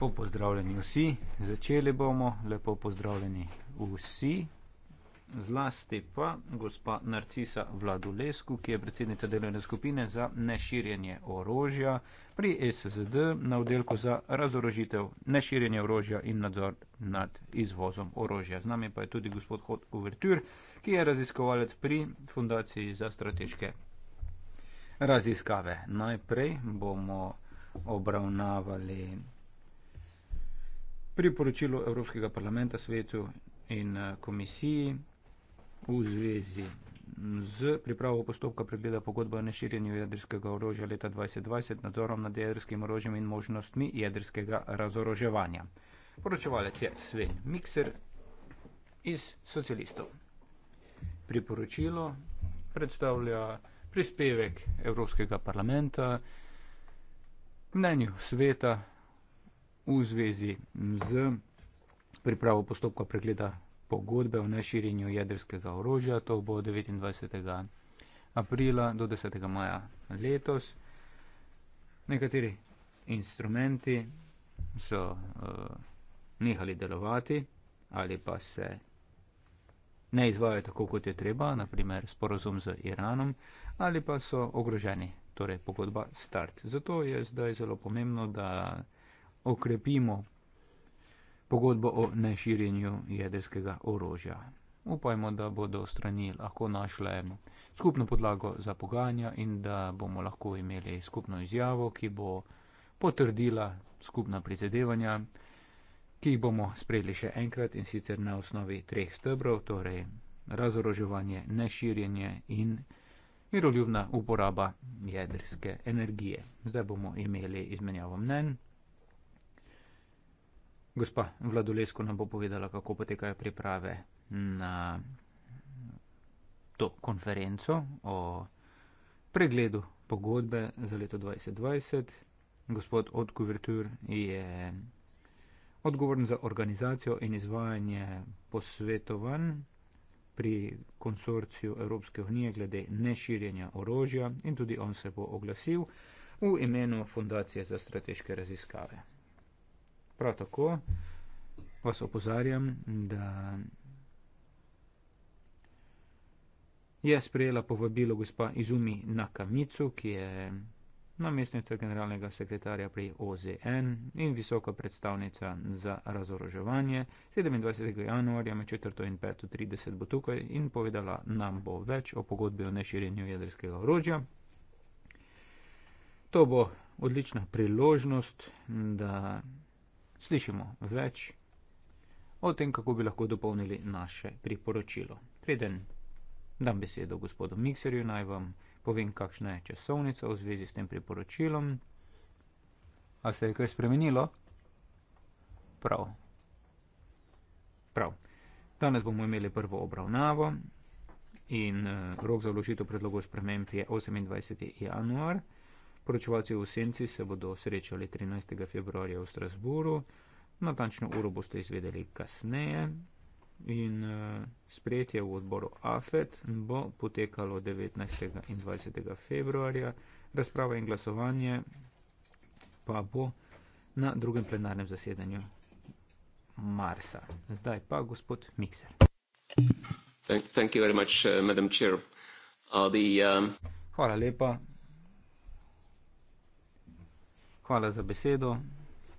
Lepo pozdravljeni vsi, začeli bomo, lepo pozdravljeni vsi, zlasti pa gospa Narcisa Vladulesku, ki je predsednica delovne skupine za neširjenje orožja pri SZD na oddelku za razorožitev, neširjenje orožja in nadzor nad izvozom orožja. Z nami pa je tudi gospod Hod Uvertur, ki je raziskovalec pri Fundaciji za strateške raziskave. Najprej bomo obravnavali priporočilo Evropskega parlamenta svetu in eh, komisiji v zvezi z pripravo postopka pregleda pogodbe o neširjenju jedrskega orožja leta 2020, nadzorom nad jedrskim orožjem in možnostmi jedrskega razoroževanja. Poročevalec je Sven Mikser iz socialistov. Priporočilo predstavlja prispevek Evropskega parlamenta mnenju sveta v zvezi z pripravo postopka pregleda pogodbe o neširjenju jedrskega orožja. To bo 29. aprila do 10. maja letos. Nekateri instrumenti so uh, nehali delovati ali pa se ne izvajajo tako, kot je treba, naprimer sporozum z Iranom, ali pa so ogroženi, torej pogodba start. Zato je zdaj zelo pomembno, da okrepimo pogodbo o neširjenju jedrskega orožja. Upajmo, da bodo strani lahko našle skupno podlago za pogajanja in da bomo lahko imeli skupno izjavo, ki bo potrdila skupna prizadevanja, ki jih bomo sprejeli še enkrat in sicer na osnovi treh stebrov, torej razoroževanje, neširjenje in miroljubna uporaba jedrske energije. Zdaj bomo imeli izmenjavo mnen. Gospa Vladolesko nam bo povedala, kako potekajo priprave na to konferenco o pregledu pogodbe za leto 2020. Gospod Odkuvertur je odgovoren za organizacijo in izvajanje posvetovanj pri konsorciju Evropske unije glede neširjenja orožja in tudi on se bo oglasil v imenu Fundacije za strateške raziskave. Prav tako vas opozarjam, da je sprejela povabilo gospa Izumi Nakamicu, ki je namestnica generalnega sekretarja pri OZN in visoka predstavnica za razoroževanje. 27. januarja med 4. in 5.30 bo tukaj in povedala nam bo več o pogodbi o neširjenju jedrskega orožja. To bo odlična priložnost, da slišimo več o tem, kako bi lahko dopolnili naše priporočilo. Preden dam besedo gospodu Mikserju, naj vam povem, kakšna je časovnica v zvezi s tem priporočilom. A se je kaj spremenilo? Prav. Prav. Danes bomo imeli prvo obravnavo in eh, rok za vložitev predlogov sprememb je 28. januar Poročevalci v Senci se bodo srečali 13. februarja v Strasburu, natančno uro boste izvedeli kasneje in uh, sprejetje v odboru AFET bo potekalo 19. in 20. februarja, razprava in glasovanje pa bo na drugem plenarnem zasedanju Marsa. Zdaj pa gospod Mikser. Thank, thank you very much, uh, Madam Chair. Uh, the, um... Hvala lepa, Hvala za besedo.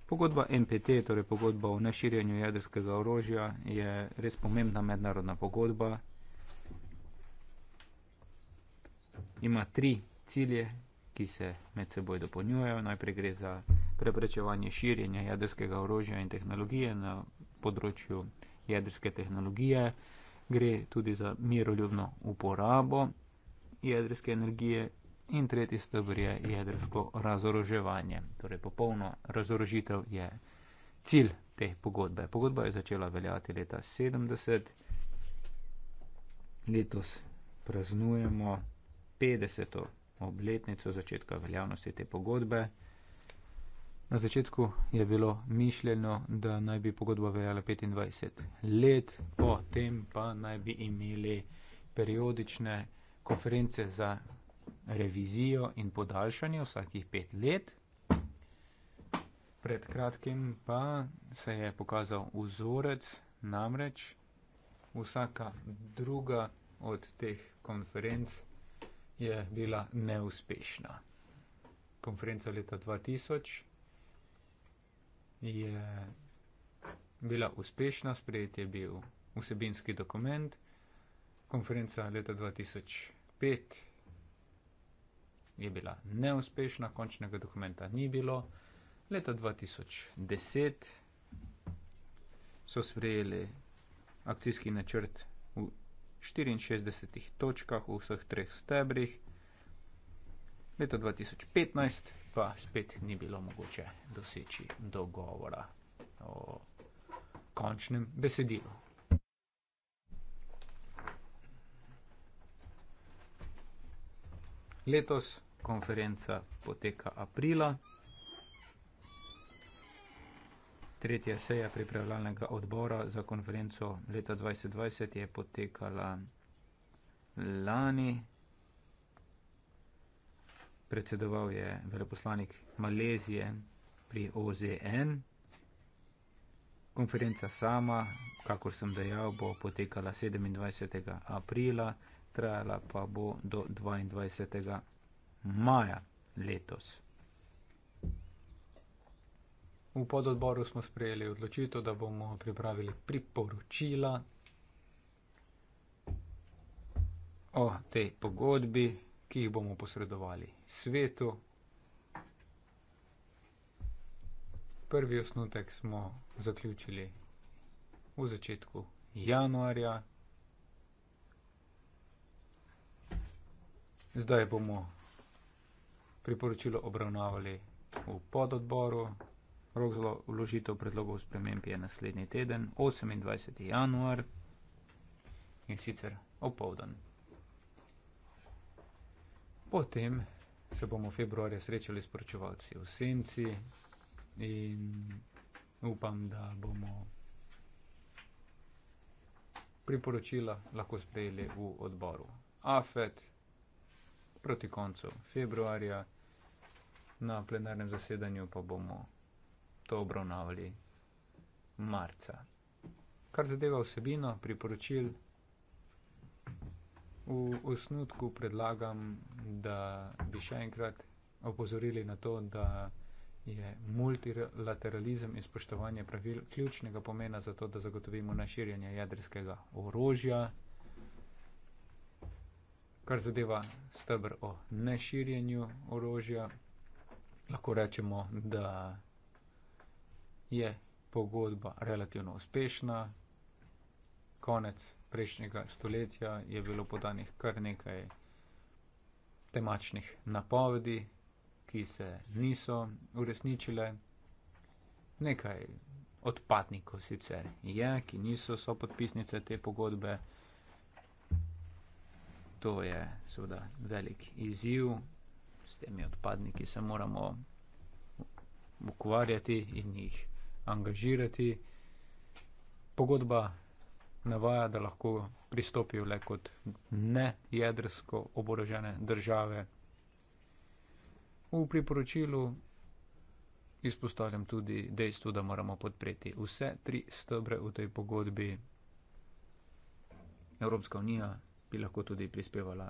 Pogodba NPT, torej pogodba o neširjenju jedrskega orožja, je res pomembna mednarodna pogodba. Ima tri cilje, ki se med seboj dopolnjujejo. Najprej gre za preprečevanje širjenja jedrskega orožja in tehnologije na področju jedrske tehnologije. Gre tudi za miroljubno uporabo jedrske energije in tretji stebr je jedrsko razoroževanje, torej popolno razorožitev je cilj te pogodbe. Pogodba je začela veljati leta 70, letos praznujemo 50. obletnico začetka veljavnosti te pogodbe. Na začetku je bilo mišljeno, da naj bi pogodba veljala 25 let, potem pa naj bi imeli periodične konference za revizijo in podaljšanje vsakih pet let. Pred kratkim pa se je pokazal vzorec, namreč vsaka druga od teh konferenc je bila neuspešna. Konferenca leta 2000 je bila uspešna, sprejet je bil vsebinski dokument. Konferenca leta 2005 je bila neuspešna, končnega dokumenta ni bilo. Leta 2010 so sprejeli akcijski načrt v 64 točkah v vseh treh stebrih. Leta 2015 pa spet ni bilo mogoče doseči dogovora o končnem besedilu. Letos konferenca poteka aprila. Tretja seja pripravljalnega odbora za konferenco leta 2020 je potekala lani. Predsedoval je veleposlanik Malezije pri OZN. Konferenca sama, kakor sem dejal, bo potekala 27. aprila 2020 trajala pa bo do 22. maja letos. V pododboru smo sprejeli odločitev, da bomo pripravili priporočila o tej pogodbi, ki jih bomo posredovali svetu. Prvi osnutek smo zaključili v začetku januarja Zdaj bomo priporočilo obravnavali v pododboru. Rok za vložitev predlogov sprememb je naslednji teden, 28. januar in sicer opovdan. Potem se bomo v februarju srečali s poročevalci v Senci in upam, da bomo priporočila lahko sprejeli v odboru. AFET proti koncu februarja, na plenarnem zasedanju pa bomo to obravnavali marca. Kar zadeva vsebino priporočil, v osnutku predlagam, da bi še enkrat opozorili na to, da je multilateralizem in spoštovanje pravil ključnega pomena za to, da zagotovimo naširjanje jedrskega orožja kar zadeva stebr o neširjenju orožja, lahko rečemo, da je pogodba relativno uspešna. Konec prejšnjega stoletja je bilo podanih kar nekaj temačnih napovedi, ki se niso uresničile. Nekaj odpadnikov sicer je, ki niso so podpisnice te pogodbe to je seveda velik izziv, s temi odpadniki se moramo ukvarjati in jih angažirati. Pogodba navaja, da lahko pristopijo le kot nejedrsko oborožene države. V priporočilu izpostavljam tudi dejstvo, da moramo podpreti vse tri stebre v tej pogodbi. Evropska unija, bi lahko tudi prispevala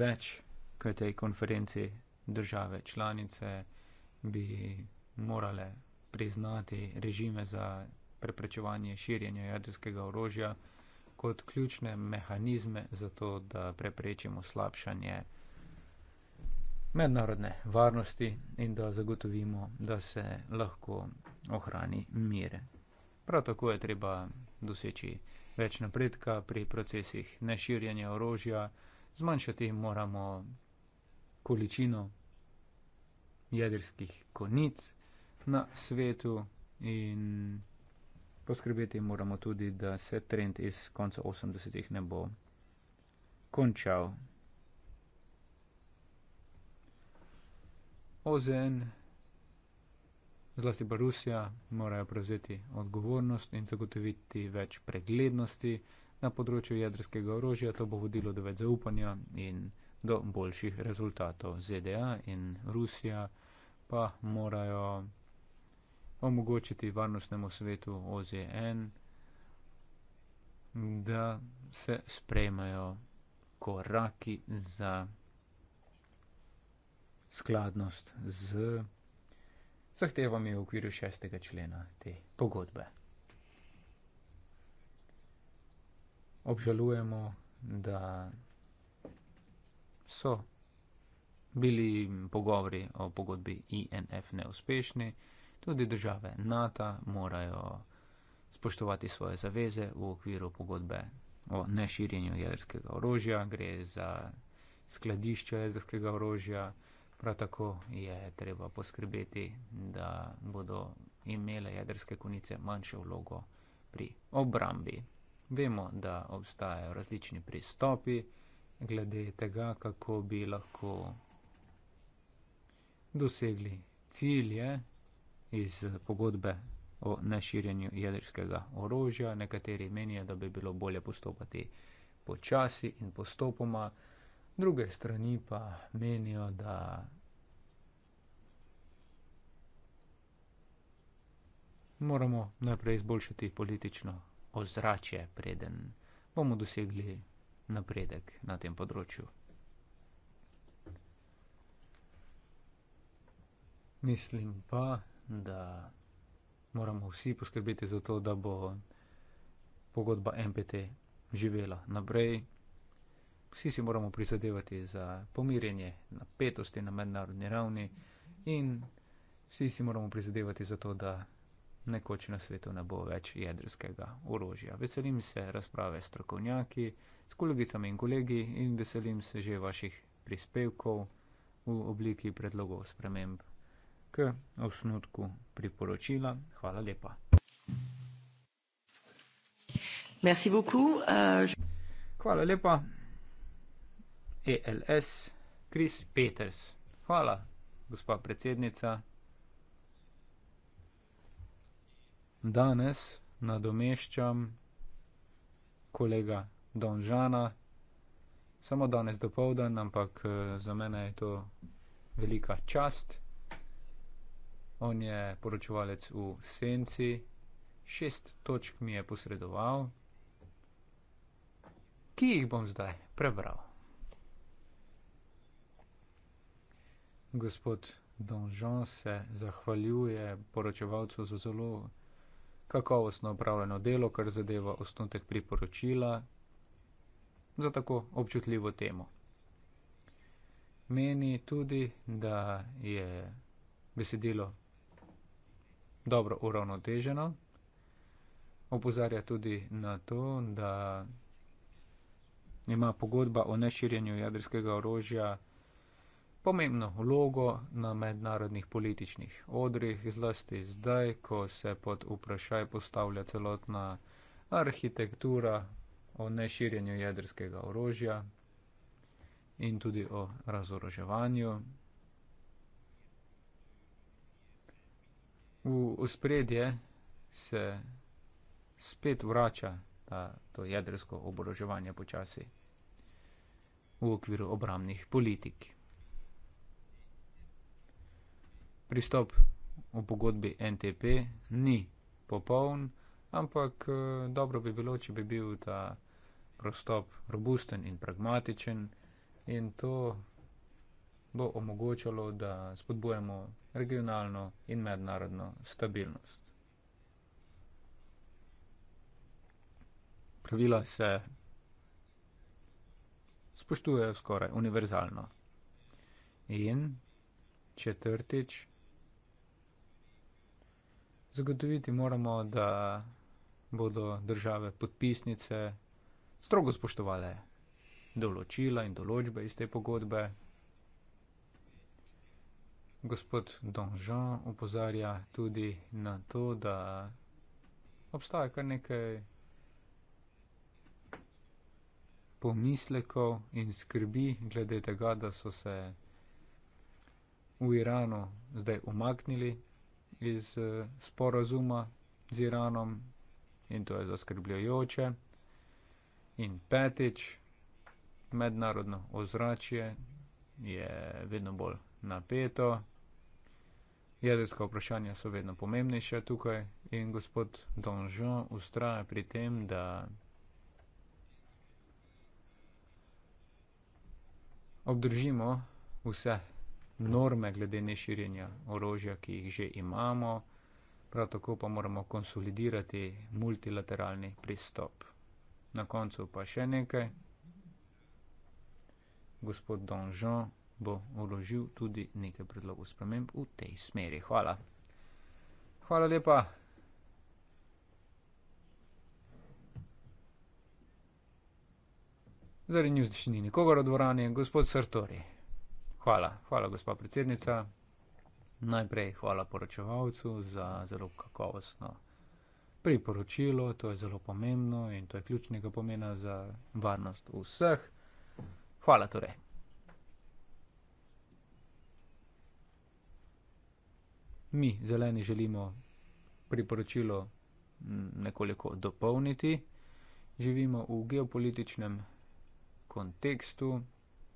več k tej konferenci. Države članice bi morale priznati režime za preprečevanje širjenja jedrskega orožja kot ključne mehanizme za to, da preprečimo slabšanje mednarodne varnosti in da zagotovimo, da se lahko ohrani mire. Prav tako je treba doseči več napredka pri procesih neširjanja orožja, zmanjšati moramo količino jedrskih konic na svetu in poskrbeti moramo tudi, da se trend iz konca 80-ih ne bo končal. OZN zlasti pa Rusija, morajo prevzeti odgovornost in zagotoviti več preglednosti na področju jedrskega orožja. To bo vodilo do več zaupanja in do boljših rezultatov. ZDA in Rusija pa morajo omogočiti varnostnemu svetu OZN, da se sprejmajo koraki za skladnost z zahtevami v okviru šestega člena te pogodbe. Obžalujemo, da so bili pogovori o pogodbi INF neuspešni, tudi države NATO morajo spoštovati svoje zaveze v okviru pogodbe o neširjenju jedrskega orožja, gre za skladišče jedrskega orožja. Prav tako je treba poskrbeti, da bodo imele jedrske konice manjšo vlogo pri obrambi. Vemo, da obstajajo različni pristopi glede tega, kako bi lahko dosegli cilje iz pogodbe o neširjenju jedrskega orožja. Nekateri menijo, da bi bilo bolje postopati počasi in postopoma druge strani pa menijo, da moramo najprej izboljšati politično ozračje, preden bomo dosegli napredek na tem področju. Mislim pa, da moramo vsi poskrbeti za to, da bo pogodba MPT živela naprej vsi si moramo prizadevati za pomirjenje napetosti na mednarodni ravni in vsi si moramo prizadevati za to, da nekoč na svetu ne bo več jedrskega orožja. Veselim se razprave s trokovnjaki, s kolegicami in kolegi in veselim se že vaših prispevkov v obliki predlogov sprememb k osnutku priporočila. Hvala lepa. Euh, Hvala lepa. ELS, Kris Peters. Hvala, gospa predsednica. Danes nadomeščam kolega Donžana. Samo danes dopoldan, ampak eh, za mene je to velika čast. On je poročevalec v Senci, šest točk mi je posredoval, ki jih bom zdaj prebral. gospod Donžon se zahvaljuje poročevalcu za zelo kakovostno upravljeno delo, kar zadeva osnutek priporočila za tako občutljivo temo. Meni tudi, da je besedilo dobro uravnoteženo. Opozarja tudi na to, da ima pogodba o neširjenju jadrskega orožja pomembno vlogo na mednarodnih političnih odrih, zlasti zdaj, ko se pod vprašaj postavlja celotna arhitektura o neširjenju jedrskega orožja in tudi o razoroževanju. V ospredje se spet vrača ta, to jedrsko oboroževanje počasi v okviru obramnih politik. pristop v pogodbi NTP ni popoln, ampak eh, dobro bi bilo, če bi bil ta prostop robusten in pragmatičen in to bo omogočalo, da spodbujemo regionalno in mednarodno stabilnost. Pravila se spoštujejo skoraj univerzalno. In četrtič, zagotoviti moramo, da bodo države podpisnice strogo spoštovale določila in določbe iz te pogodbe. Gospod Donžon upozarja tudi na to, da obstaja kar nekaj pomislekov in skrbi glede tega, da so se v Iranu zdaj umaknili iz eh, sporazuma z Iranom in to je zaskrbljajoče. In petič, mednarodno ozračje je vedno bolj napeto, jedrska vprašanja so vedno pomembnejša tukaj in gospod Donžon ustraja pri tem, da. Obdržimo vse norme glede neširjenja orožja, ki jih že imamo, prav tako pa moramo konsolidirati multilateralni pristop. Na koncu pa še nekaj. Gospod Donžon bo uložil tudi nekaj predlogov sprememb v tej smeri. Hvala. Hvala lepa. Zari njuzdišnji nikogar od dvorane, gospod Sartori hvala. Hvala, gospa predsednica. Najprej hvala poročevalcu za zelo kakovostno priporočilo. To je zelo pomembno in to je ključnega pomena za varnost vseh. Hvala torej. Mi, zeleni, želimo priporočilo nekoliko dopolniti. Živimo v geopolitičnem kontekstu,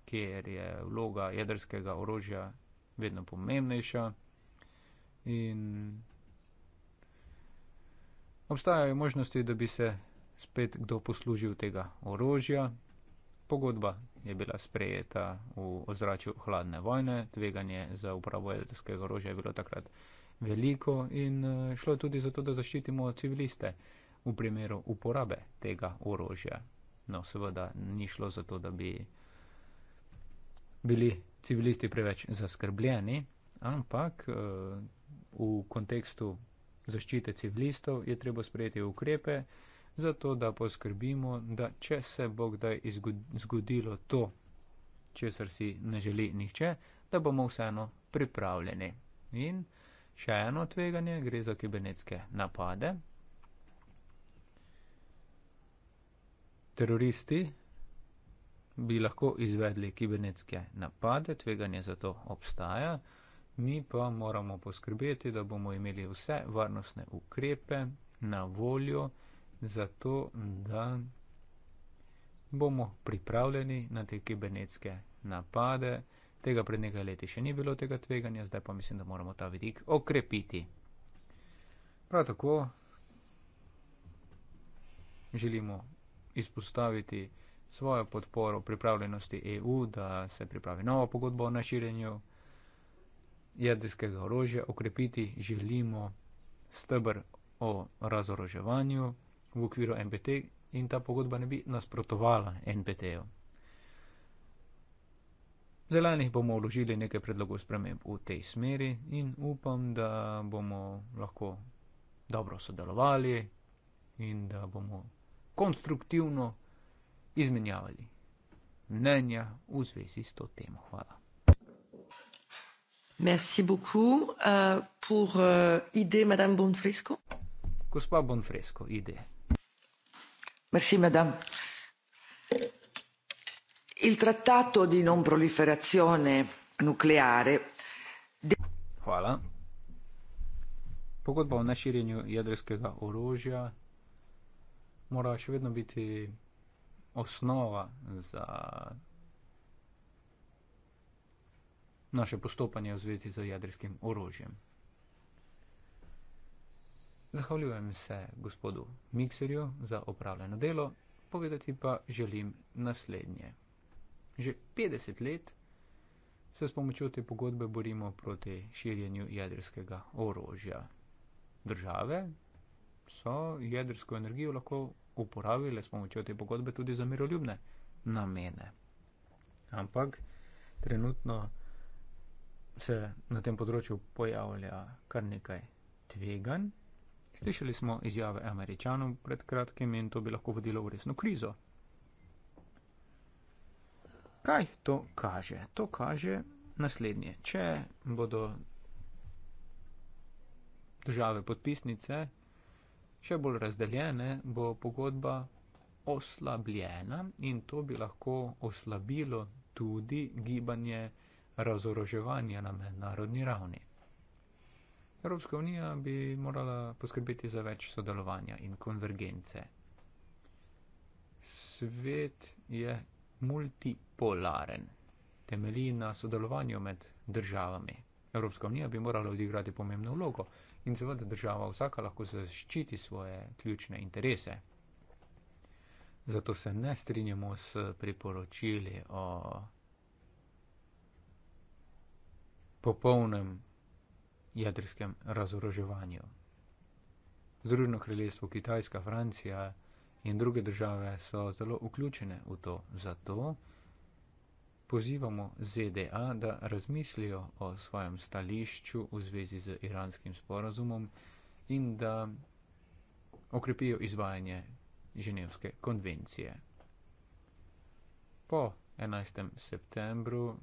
kjer je vloga jedrskega orožja vedno pomembnejša. In obstajajo možnosti, da bi se spet kdo poslužil tega orožja. Pogodba je bila sprejeta v ozračju hladne vojne, tveganje za upravo jedrskega orožja je bilo takrat veliko in eh, šlo je tudi zato, da zaščitimo civiliste v primeru uporabe tega orožja. No, seveda ni šlo zato, da bi bili civilisti preveč zaskrbljeni, ampak eh, v kontekstu zaščite civilistov je treba sprejeti ukrepe, zato da poskrbimo, da če se bo kdaj zgodilo to, česar si ne želi nihče, da bomo vseeno pripravljeni. In še eno tveganje gre za kibernetske napade. Teroristi bi lahko izvedli kibernetske napade, tveganje za to obstaja, mi pa moramo poskrbeti, da bomo imeli vse varnostne ukrepe na voljo, zato da bomo pripravljeni na te kibernetske napade. Tega pred nekaj leti še ni bilo tega tveganja, zdaj pa mislim, da moramo ta vidik okrepiti. Prav tako želimo izpostaviti svojo podporo pripravljenosti EU, da se pripravi novo pogodbo o naširjenju jedrskega orožja, okrepiti želimo stebr o razoroževanju v okviru NPT in ta pogodba ne bi nasprotovala NPT-ju. Zelenih bomo vložili nekaj predlogov sprememb v tej smeri in upam, da bomo lahko dobro sodelovali in da bomo konstruktivno izmenjavali mnenja v zvezi s to temo. Hvala. Merci beaucoup uh, pour uh, idée, Madame Bonfresco. Gospa Bonfresco, idée. Merci, Madame. Il trattato di non proliferazione nucleare. De... Voilà. Pogodba o neširjenju jedrskega orožja mora še vedno biti osnova za naše postopanje v zvezi z jedrskim orožjem. Zahvaljujem se gospodu Mikserju za opravljeno delo, povedati pa želim naslednje. Že 50 let se s pomočjo te pogodbe borimo proti širjenju jedrskega orožja. Države so jedrsko energijo lahko uporabile s pomočjo te pogodbe tudi za miroljubne namene. Ampak trenutno se na tem področju pojavlja kar nekaj tveganj. Slišali smo izjave američanov pred kratkim in to bi lahko vodilo v resno krizo. Kaj to kaže? To kaže naslednje. Če bodo države podpisnice še bolj razdeljene, bo pogodba oslabljena in to bi lahko oslabilo tudi gibanje razoroževanja na mednarodni ravni. Evropska unija bi morala poskrbeti za več sodelovanja in konvergence. Svet je multipolaren, temelji na sodelovanju med državami. Evropska unija bi morala odigrati pomembno vlogo, in seveda država vsaka lahko zaščiti svoje ključne interese. Zato se ne strinjamo s priporočili o popolnem jedrskem razoroževanju. Združeno kraljestvo Kitajska, Francija in druge države so zelo vključene v to, zato pozivamo ZDA, da razmislijo o svojem stališču v zvezi z iranskim sporazumom in da okrepijo izvajanje Ženevske konvencije. Po 11. septembru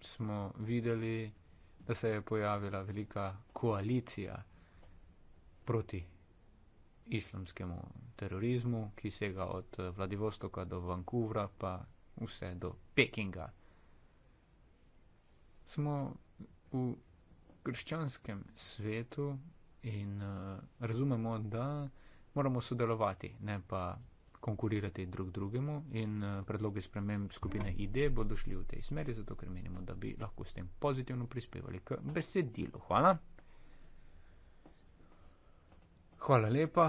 smo videli, da se je pojavila velika koalicija proti islamskemu terorizmu, ki sega od Vladivostoka do Vancouvra, pa vse do Pekinga. Smo v krščanskem svetu in uh, razumemo, da moramo sodelovati, ne pa konkurirati drug drugemu in uh, predloge sprememb skupine ID bodo šli v tej smeri, zato ker menimo, da bi lahko s tem pozitivno prispevali k besedilu. Hvala. Hvala lepa.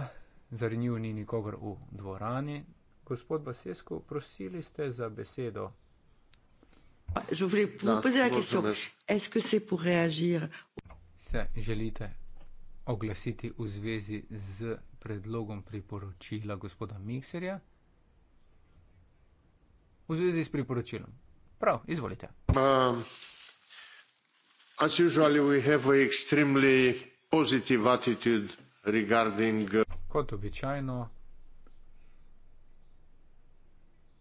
Zarinil ni nikogar v dvorani, Gospod Basesko, prosili ste za besedo. Se želite oglasiti v zvezi z predlogom priporočila gospoda Mikserja? V zvezi s priporočilom. Prav, izvolite. Um, uh, Kot običajno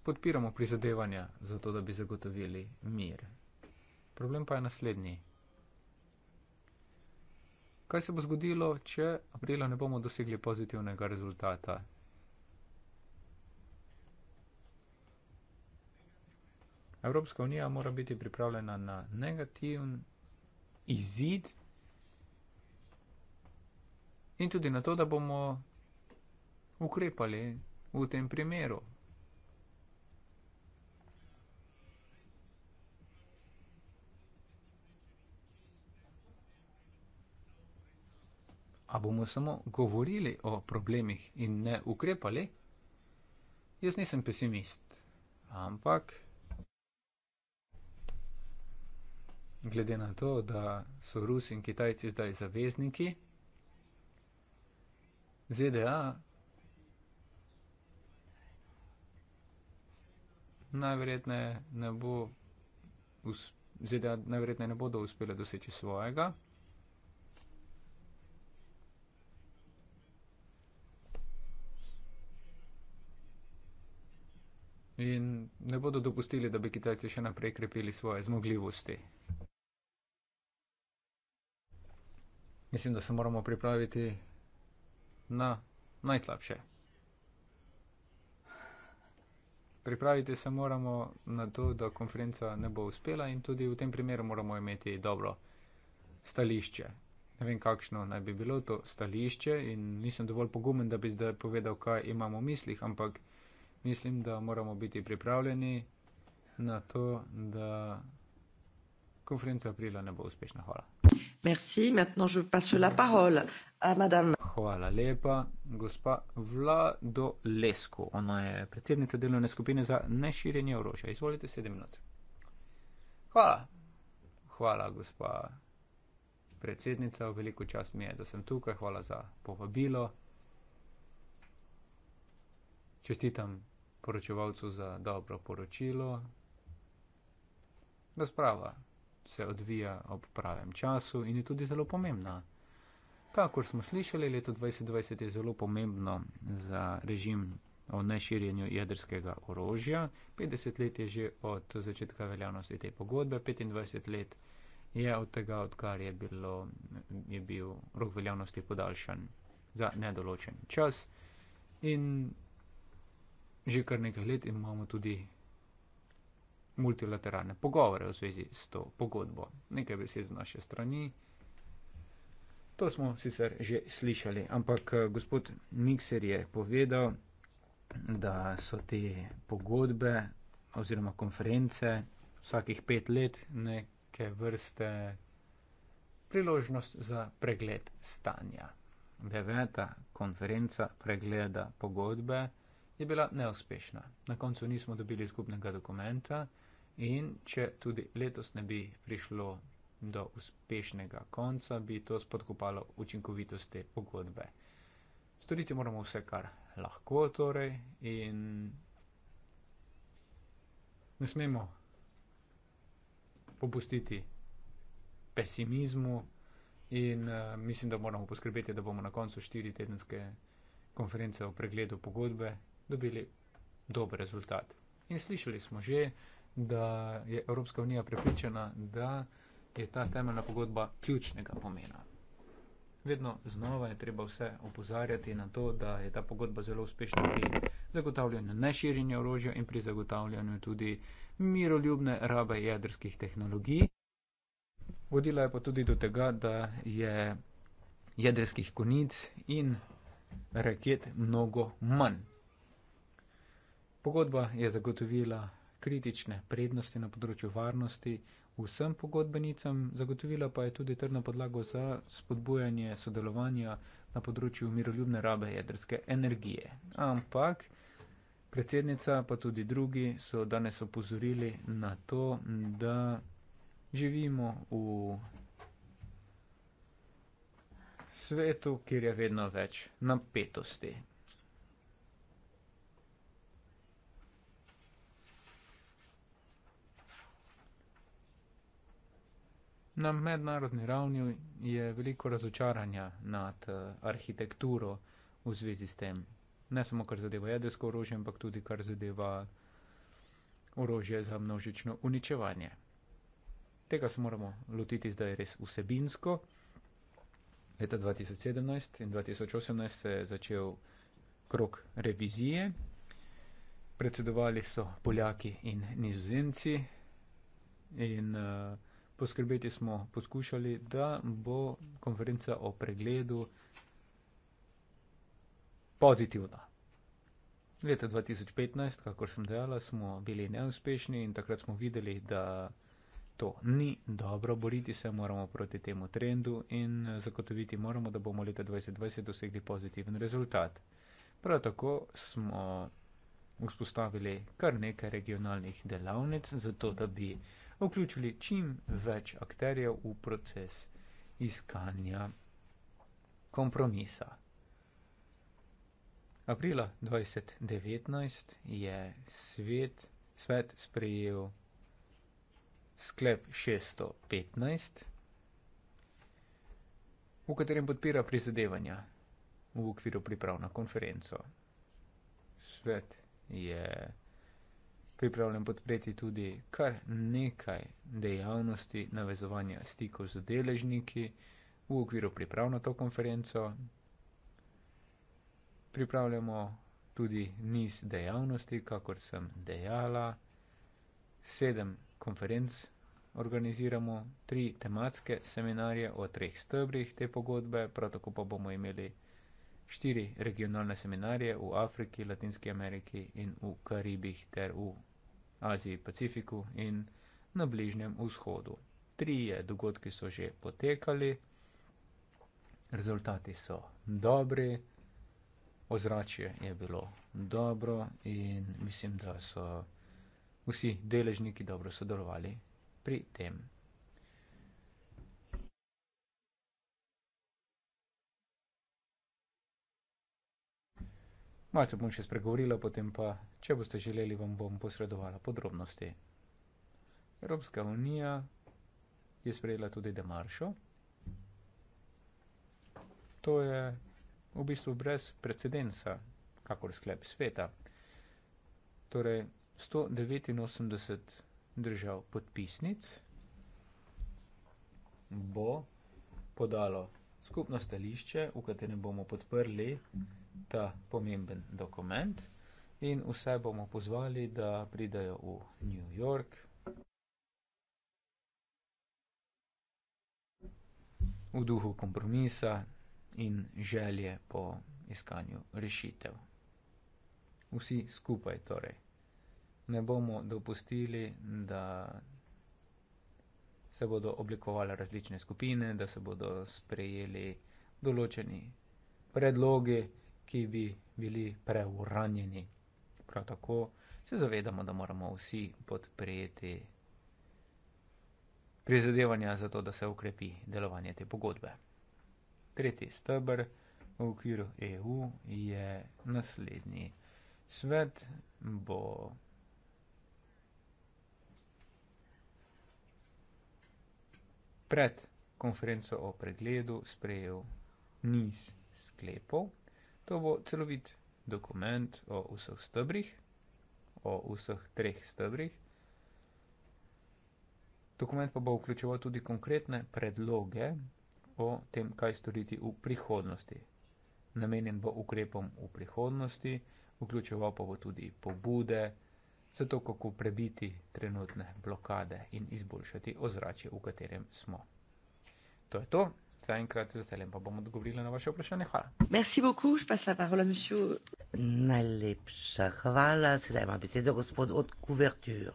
podpiramo prizadevanja za to, da bi zagotovili mir. Problem pa je naslednji. Kaj se bo zgodilo, če aprila ne bomo dosegli pozitivnega rezultata? Evropska unija mora biti pripravljena na negativen izid in tudi na to, da bomo ukrepali v tem primeru. a bomo samo govorili o problemih in ne ukrepali? Jaz nisem pesimist, ampak glede na to, da so Rusi in Kitajci zdaj zavezniki, ZDA najverjetneje ne bo uspel. ZDA najverjetneje ne bodo uspele doseči svojega, in ne bodo dopustili, da bi Kitajci še naprej krepili svoje zmogljivosti. Mislim, da se moramo pripraviti na najslabše. Pripraviti se moramo na to, da konferenca ne bo uspela in tudi v tem primeru moramo imeti dobro stališče. Ne vem, kakšno naj bi bilo to stališče in nisem dovolj pogumen, da bi zdaj povedal, kaj imamo v mislih, ampak mislim, da moramo biti pripravljeni na to, da konferenca aprila ne bo uspešna. Hvala. Merci, maintenant je passe la parole à madame. Hvala lepa, gospa Vlado Lesko. Ona je predsednica delovne skupine za neširjenje orožja. Izvolite sedem minut. Hvala. Hvala, gospa predsednica. Veliko čast mi je, da sem tukaj. Hvala za povabilo. Čestitam poročevalcu za dobro poročilo. Razprava se odvija ob pravem času in je tudi zelo pomembna. Kakor smo slišali, leto 2020 je zelo pomembno za režim o neširjenju jedrskega orožja. 50 let je že od začetka veljavnosti te pogodbe, 25 let je od tega, odkar je, bilo, je bil rok veljavnosti podaljšan za nedoločen čas. In že kar nekaj let in imamo tudi multilateralne pogovore v zvezi s to pogodbo. Nekaj besed z naše strani. To smo sicer že slišali, ampak eh, gospod Mikser je povedal, da so te pogodbe oziroma konference vsakih pet let neke vrste priložnost za pregled stanja. Deveta konferenca pregleda pogodbe je bila neuspešna. Na koncu nismo dobili skupnega dokumenta in če tudi letos ne bi prišlo do uspešnega konca, bi to spodkopalo učinkovitost te pogodbe. Storiti moramo vse, kar lahko torej in ne smemo popustiti pesimizmu in uh, mislim, da moramo poskrbeti, da bomo na koncu štiri tedenske konference o pregledu pogodbe dobili dober rezultat. In slišali smo že, da je Evropska unija prepričana, da je ta temeljna pogodba ključnega pomena. Vedno znova je treba vse opozarjati na to, da je ta pogodba zelo uspešna pri zagotavljanju neširjenja orožja in pri zagotavljanju tudi miroljubne rabe jedrskih tehnologij. Vodila je pa tudi do tega, da je jedrskih konic in raket mnogo manj. Pogodba je zagotovila kritične prednosti na področju varnosti vsem pogodbenicam, zagotovila pa je tudi trdno podlago za spodbujanje sodelovanja na področju miroljubne rabe jedrske energije. Ampak predsednica pa tudi drugi so danes opozorili na to, da živimo v svetu, kjer je vedno več napetosti. Na mednarodni ravni je veliko razočaranja nad eh, arhitekturo v zvezi s tem. Ne samo kar zadeva jedrsko orožje, ampak tudi kar zadeva orožje za množično uničevanje. Tega se moramo lotiti zdaj res vsebinsko. Leta 2017 in 2018 se je začel krok revizije. Predsedovali so Poljaki in Nizozemci in uh, poskrbeti smo poskušali, da bo konferenca o pregledu pozitivna. Leta 2015, kakor sem dejala, smo bili neuspešni in takrat smo videli, da to ni dobro, boriti se moramo proti temu trendu in zagotoviti moramo, da bomo leta 2020 dosegli pozitiven rezultat. Prav tako smo vzpostavili kar nekaj regionalnih delavnic, zato da bi vključili čim več akterjev v proces iskanja kompromisa. Aprila 2019 je svet, svet sprejel sklep 615, v katerem podpira prizadevanja v okviru priprav na konferenco. Svet je pripravljen podpreti tudi kar nekaj dejavnosti navezovanja stikov z deležniki v okviru priprav na to konferenco. Pripravljamo tudi niz dejavnosti, kakor sem dejala. Sedem konferenc organiziramo, tri tematske seminarje o treh stebrih te pogodbe, prav tako pa bomo imeli štiri regionalne seminarije v Afriki, Latinski Ameriki in v Karibih ter v Aziji, Pacifiku in na Bližnjem vzhodu. Trije dogodki so že potekali, rezultati so dobri, ozračje je bilo dobro in mislim, da so vsi deležniki dobro sodelovali pri tem. Malce bom še spregovorila, potem pa, če boste želeli, vam bom posredovala podrobnosti. Evropska unija je sprejela tudi demaršo. To je v bistvu brez precedensa, kakor sklep sveta. Torej, 189 držav podpisnic bo podalo skupno stališče, v katerem bomo podprli. Mhm ta pomemben dokument in vse bomo pozvali, da pridajo v New York. V duhu kompromisa in želje po iskanju rešitev. Vsi skupaj torej. Ne bomo dopustili, da se bodo oblikovale različne skupine, da se bodo sprejeli določeni predlogi ki bi bili preuranjeni. Prav tako se zavedamo, da moramo vsi podpreti prizadevanja za to, da se ukrepi delovanje te pogodbe. Tretji stebr v okviru EU je naslednji. Svet bo pred konferenco o pregledu sprejel niz sklepov. To bo celovit dokument o vseh stebrih, o vseh treh stebrih. Dokument pa bo vključeval tudi konkretne predloge o tem, kaj storiti v prihodnosti. Namenjen bo ukrepom v prihodnosti, vključeval pa bo tudi pobude za to, kako prebiti trenutne blokade in izboljšati ozračje, v katerem smo. To je to. Zaenkrat z veseljem pa bomo odgovorili na vaše vprašanje. Hvala. Merci beaucoup, je pa sta parola, monsieur. Najlepša hvala, sedaj ima besedo gospod od Kuvertur.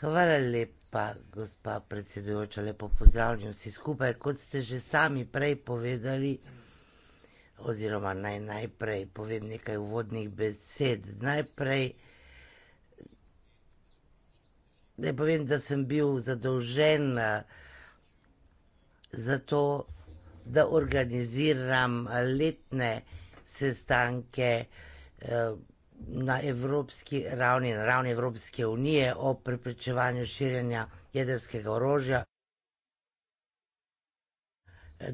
Hvala lepa, gospa predsedujoča, lepo pozdravljam vsi skupaj. Kot ste že sami prej povedali, oziroma naj najprej povem nekaj uvodnih besed. Najprej naj povem, da sem bil zadolžen uh, zato, da organiziram letne sestanke eh, na evropski ravni, na ravni Evropske unije o preprečevanju širjenja jedrskega orožja.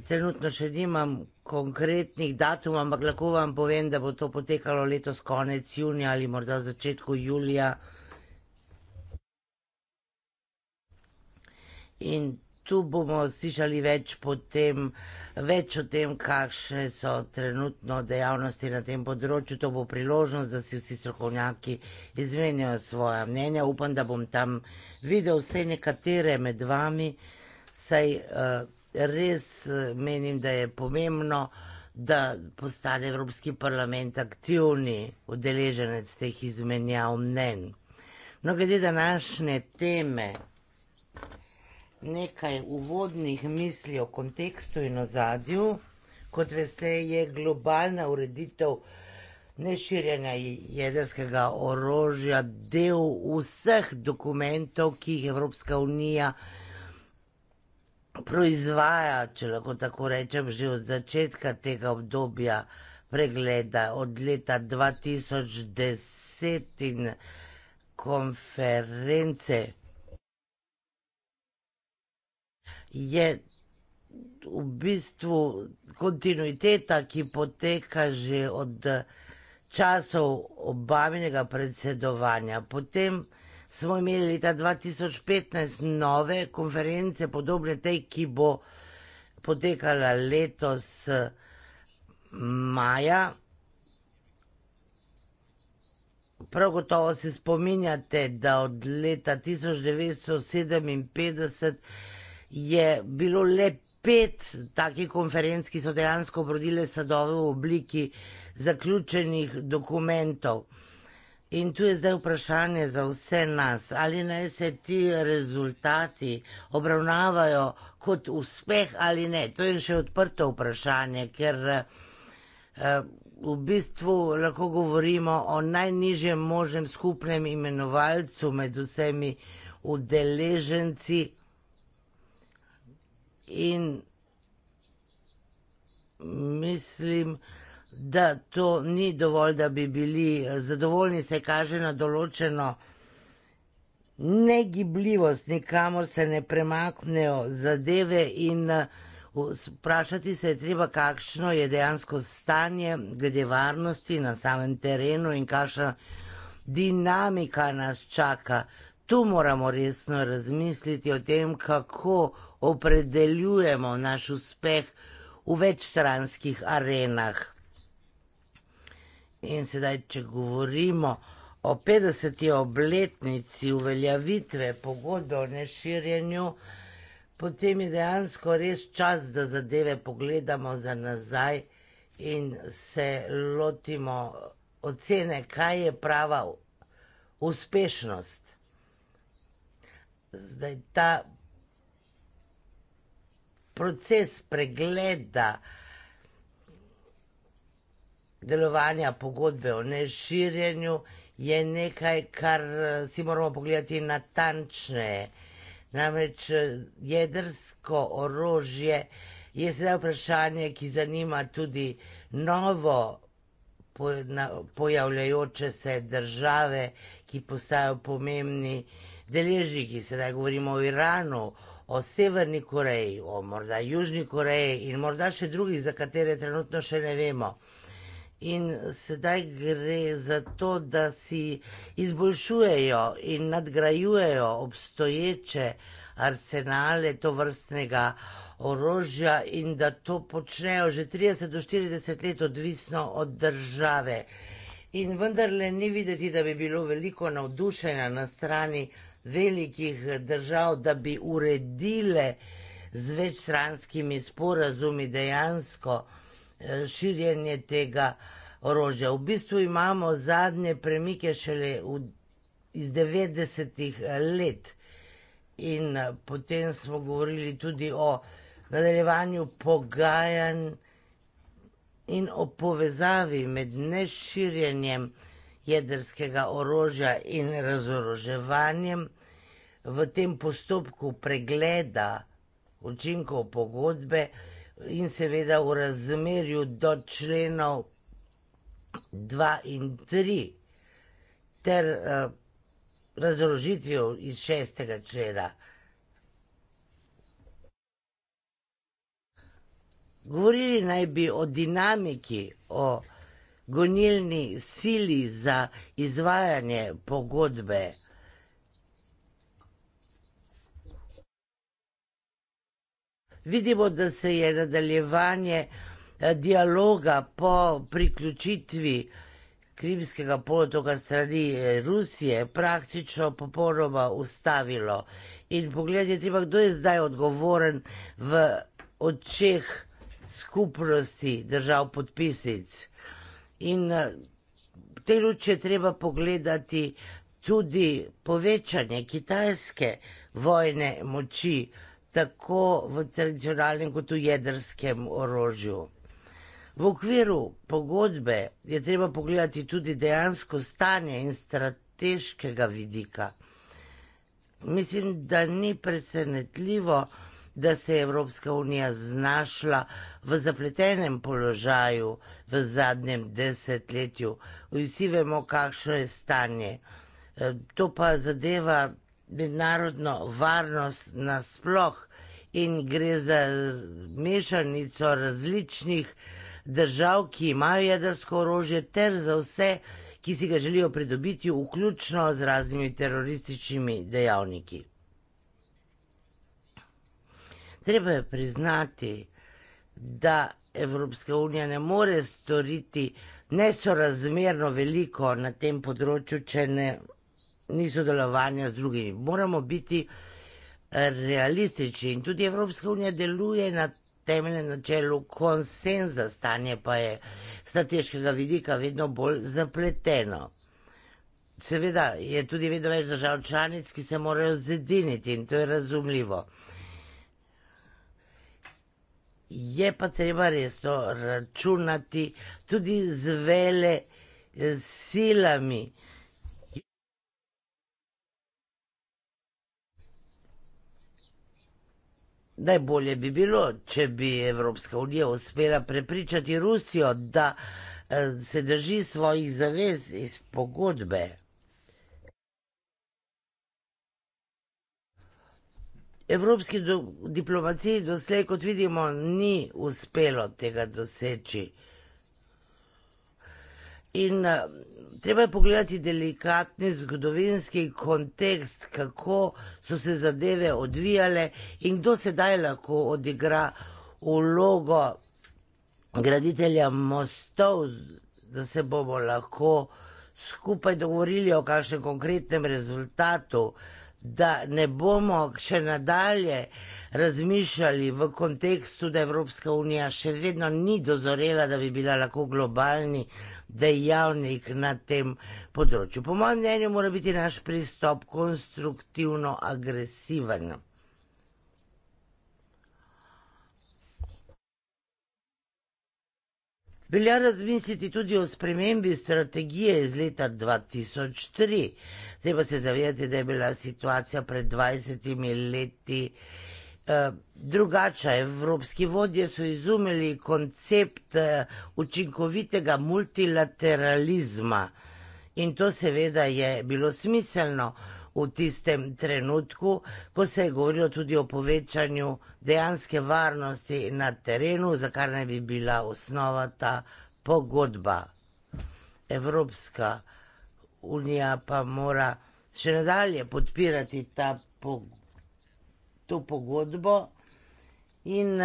Trenutno še nimam konkretnih datumov, ampak lahko vam povem, da bo to potekalo letos konec junija ali morda v začetku julija. In tu bomo slišali več, potem, več o tem, kakšne so trenutno dejavnosti na tem področju. To bo priložnost, da si vsi strokovnjaki izmenijo svoje mnenja. Upam, da bom tam videl vse nekatere med vami, saj eh, res eh, menim, da je pomembno, da postane Evropski parlament aktivni udeleženec teh izmenjav mnen. No, glede današnje teme nekaj uvodnih misli o kontekstu in ozadju. Kot veste, je globalna ureditev neširjanja jedrskega orožja del vseh dokumentov, ki jih Evropska unija proizvaja, če lahko tako rečem, že od začetka tega obdobja pregleda, od leta 2010 in konference je v bistvu kontinuiteta, ki poteka že od časov obavljenega predsedovanja. Potem smo imeli leta 2015 nove konference, podobne tej, ki bo potekala letos maja. Prav gotovo se spominjate, da od leta 1957 je bilo le pet takih konferenc, ki so dejansko obrodile sadove v obliki zaključenih dokumentov. In tu je zdaj vprašanje za vse nas, ali naj se ti rezultati obravnavajo kot uspeh ali ne. To je še odprto vprašanje, ker eh, v bistvu lahko govorimo o najnižjem možnem skupnem imenovalcu med vsemi udeleženci in mislim, da to ni dovolj, da bi bili zadovoljni, se kaže na določeno negibljivost, nikamor se ne premaknejo zadeve in uh, vprašati se je treba, kakšno je dejansko stanje glede varnosti na samem terenu in kakšna dinamika nas čaka. Tu moramo resno razmisliti o tem, kako opredeljujemo naš uspeh v večstranskih arenah. In sedaj, če govorimo o 50. obletnici uveljavitve pogodbe o neširjenju, potem je dejansko res čas, da zadeve pogledamo za nazaj in se lotimo ocene, kaj je prava uspešnost. Zdaj, ta proces pregleda delovanja pogodbe o neširjenju je nekaj, kar eh, si moramo pogledati natančneje. Namreč eh, jedrsko orožje je sedaj vprašanje, ki zanima tudi novo pojavljajoče se države, ki postajajo pomembni deležniki. Sedaj govorimo o Iranu, o Severni Koreji, o morda Južni Koreji in morda še drugih, za katere trenutno še ne vemo. In sedaj gre za to, da si izboljšujejo in nadgrajujejo obstoječe arsenale to vrstnega orožja in da to počnejo že 30 do 40 let odvisno od države. In vendarle ni videti, da bi bilo veliko navdušenja na strani velikih držav, da bi uredile z večstranskimi sporazumi dejansko eh, širjenje tega orožja. V bistvu imamo zadnje premike šele v, iz 90-ih eh, let in eh, potem smo govorili tudi o nadaljevanju pogajanj in o povezavi med neširjenjem jedrskega orožja in razoroževanjem. V tem postopku pregleda učinkov pogodbe in seveda v razmerju do členov 2 in 3 ter eh, razložitvijo iz 6. člena. Govorili naj bi o dinamiki, o dinamiki, gonilni sili za izvajanje pogodbe. Vidimo, da se je nadaljevanje eh, dialoga po priključitvi Krimskega polotoka strani eh, Rusije praktično popolnoma ustavilo. In pogledajte, treba, kdo je zdaj odgovoren v očeh skupnosti držav podpisnic. In v eh, tej luči je treba pogledati tudi povečanje kitajske vojne moči, tako v tradicionalnem kot v jedrskem orožju. V okviru pogodbe je treba pogledati tudi dejansko stanje in strateškega vidika. Mislim, da ni presenetljivo, da se je Evropska unija znašla v zapletenem položaju, v zadnjem desetletju. Vsi vemo, kakšno je stanje. E, to pa zadeva mednarodno varnost nasploh in gre za mešanico različnih držav, ki imajo jedrsko orožje, ter za vse, ki si ga želijo pridobiti, vključno z raznimi terorističnimi dejavniki. Treba je priznati, da Evropska unija ne more storiti nesorazmerno veliko na tem področju, če ne, ni sodelovanja z drugimi. Moramo biti eh, realistični in tudi Evropska unija deluje na temeljem načelu konsenza, stanje pa je strateškega vidika vedno bolj zapleteno. Seveda je tudi vedno več držav članic, ki se morajo zediniti in to je razumljivo. Je pa treba resno računati tudi z vele eh, silami. Najbolje bi bilo, če bi Evropska unija uspela prepričati Rusijo, da eh, se drži svojih zavez iz pogodbe. Evropski do, diplomaciji doslej, kot vidimo, ni uspelo tega doseči. In eh, treba je pogledati delikatni zgodovinski kontekst, kako so se zadeve odvijale in kdo sedaj lahko odigra ulogo graditelja mostov, da se bomo lahko skupaj dogovorili o kakšnem konkretnem rezultatu da ne bomo še nadalje razmišljali v kontekstu, da Evropska unija še vedno ni dozorela, da bi bila lahko globalni dejavnik na tem področju. Po mojem mnenju mora biti naš pristop konstruktivno agresiven. Velja razmisliti tudi o spremembi strategije iz leta 2003. Treba se zavedati, da je bila situacija pred 20 leti eh, drugačna. Evropski vodje so izumili koncept eh, učinkovitega multilateralizma in to seveda je bilo smiselno. V tistem trenutku, ko se je govorilo tudi o povečanju dejanske varnosti na terenu, za kar naj bi bila osnova ta pogodba, evropska unija pa mora še nadalje podpirati ta po, to pogodbo in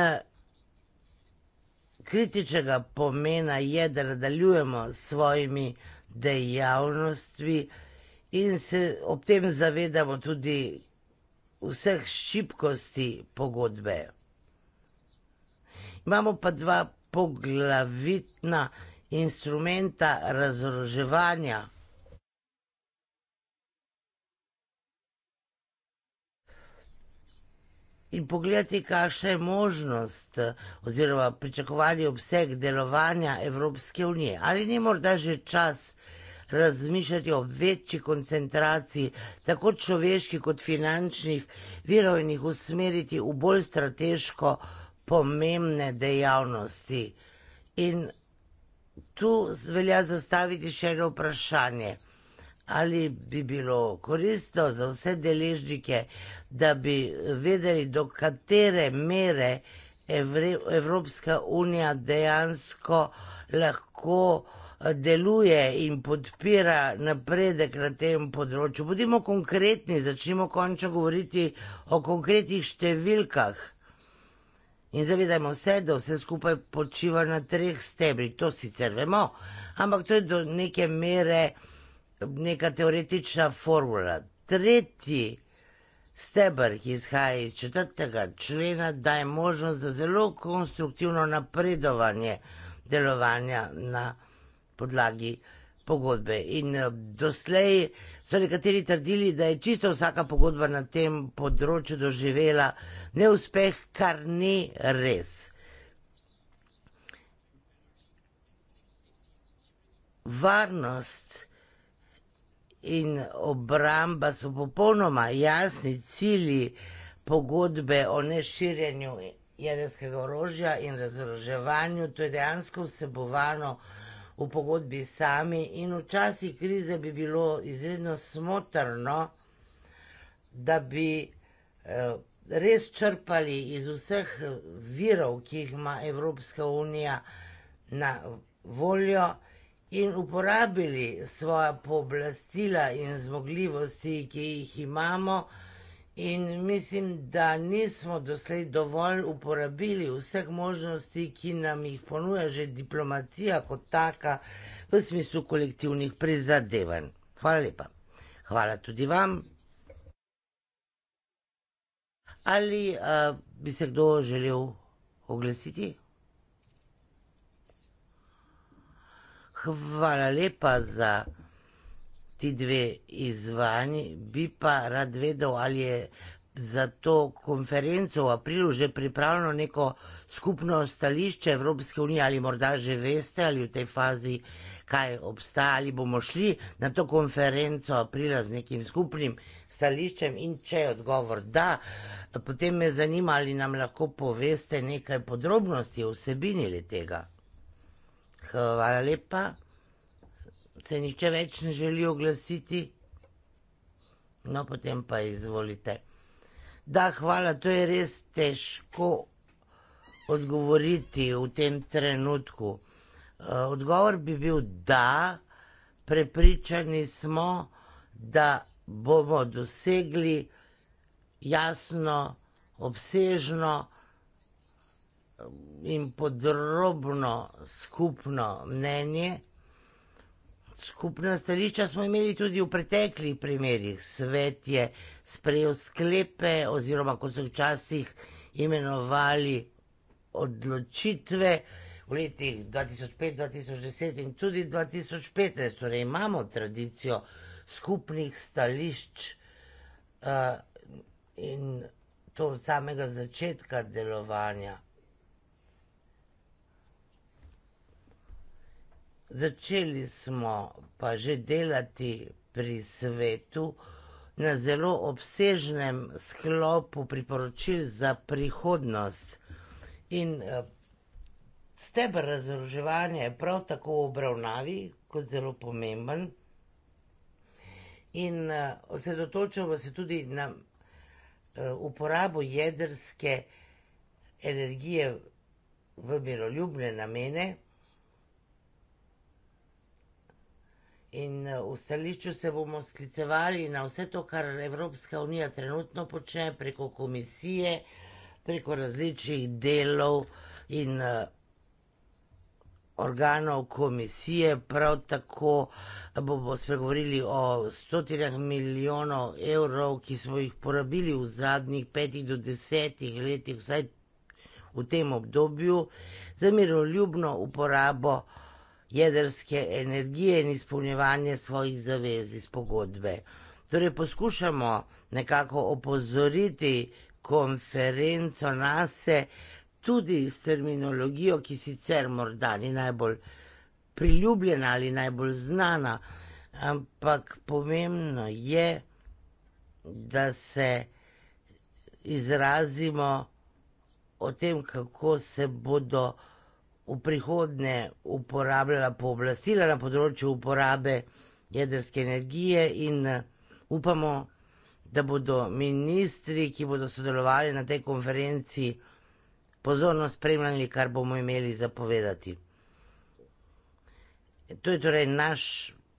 kritičnega pomena je, da nadaljujemo s svojimi dejavnostmi in se ob tem zavedamo tudi vseh šibkosti pogodbe. Imamo pa dva poglavitna instrumenta razoroževanja. in pogledati, kakšna je možnost oziroma pričakovani obseg delovanja Evropske unije. Ali ni morda že čas razmišljati o večji koncentraciji tako človeških kot finančnih virov in jih usmeriti v bolj strateško pomembne dejavnosti. In tu velja zastaviti še eno vprašanje ali bi bilo koristno za vse deležnike, da bi vedeli, do katere mere Evropska unija dejansko lahko eh, deluje in podpira napredek na tem področju. Budimo konkretni, začnimo končno govoriti o konkretnih številkah. In zavedajmo se, da vse skupaj počiva na treh stebrih. To sicer vemo, ampak to je do neke mere neka teoretična formula. Tretji steber, ki izhaja iz četrtega člena, daje možnost za zelo konstruktivno napredovanje delovanja na podlagi pogodbe. In eh, doslej so nekateri trdili, da je čisto vsaka pogodba na tem področju doživela neuspeh, kar ni res. Varnost in obramba so popolnoma jasni cilji pogodbe o neširjenju jedrskega orožja in razoroževanju. To je dejansko vsebovano v pogodbi sami in v časi krize bi bilo izredno smotrno, da bi eh, res črpali iz vseh virov, ki jih ima Evropska unija na voljo, in uporabili svoja pooblastila in zmogljivosti, ki jih imamo. In mislim, da nismo doslej dovolj uporabili vseh možnosti, ki nam jih ponuja že diplomacija kot taka v smislu kolektivnih prizadevanj. Hvala lepa. Hvala tudi vam. Ali uh, bi se kdo želel oglasiti? hvala lepa za ti dve izvajanji. Bi pa rad vedel, ali je za to konferenco v aprilu že pripravljeno neko skupno stališče Evropske unije, ali morda že veste, ali v tej fazi kaj obstaja, ali bomo šli na to konferenco aprila z nekim skupnim stališčem in če je odgovor da, potem me zanima, ali nam lahko poveste nekaj podrobnosti o vsebini tega. Hvala lepa. Se niče več ne želi oglasiti? No, potem pa izvolite. Da, hvala, to je res težko odgovoriti v tem trenutku. Eh, odgovor bi bil da, prepričani smo, da bomo dosegli jasno, obsežno, in podrobno skupno mnenje. Skupna stališča smo imeli tudi v preteklih primerih. Svet je sprejel sklepe oziroma kot so včasih imenovali odločitve v letih 2005-2010 in tudi 2015. Torej imamo tradicijo skupnih stališč uh, in to samega začetka delovanja. Začeli smo pa že delati pri svetu na zelo obsežnem sklopu priporočil za prihodnost. In eh, stebr razoroževanja je prav tako v obravnavi kot zelo pomemben. In eh, osredotočamo se tudi na eh, uporabo jedrske energije v miroljubne namene. In eh, v stališču se bomo sklicevali na vse to, kar Evropska unija trenutno počne preko komisije, preko različnih delov in eh, organov komisije. Prav tako bomo spregovorili o stotinah milijonov evrov, ki smo jih porabili v zadnjih petih do desetih letih, vsaj v tem obdobju, za miroljubno uporabo jedrske energije in izpolnjevanje svojih zavez iz pogodbe. Torej poskušamo nekako opozoriti konferenco nase tudi s terminologijo, ki sicer morda ni najbolj priljubljena ali najbolj znana, ampak pomembno je, da se izrazimo o tem, kako se bodo v prihodnje uporabljala pooblastila na področju uporabe jedrske energije in eh, upamo, da bodo ministri, ki bodo sodelovali na tej konferenci, pozorno spremljali, kar bomo imeli zapovedati. To je torej naš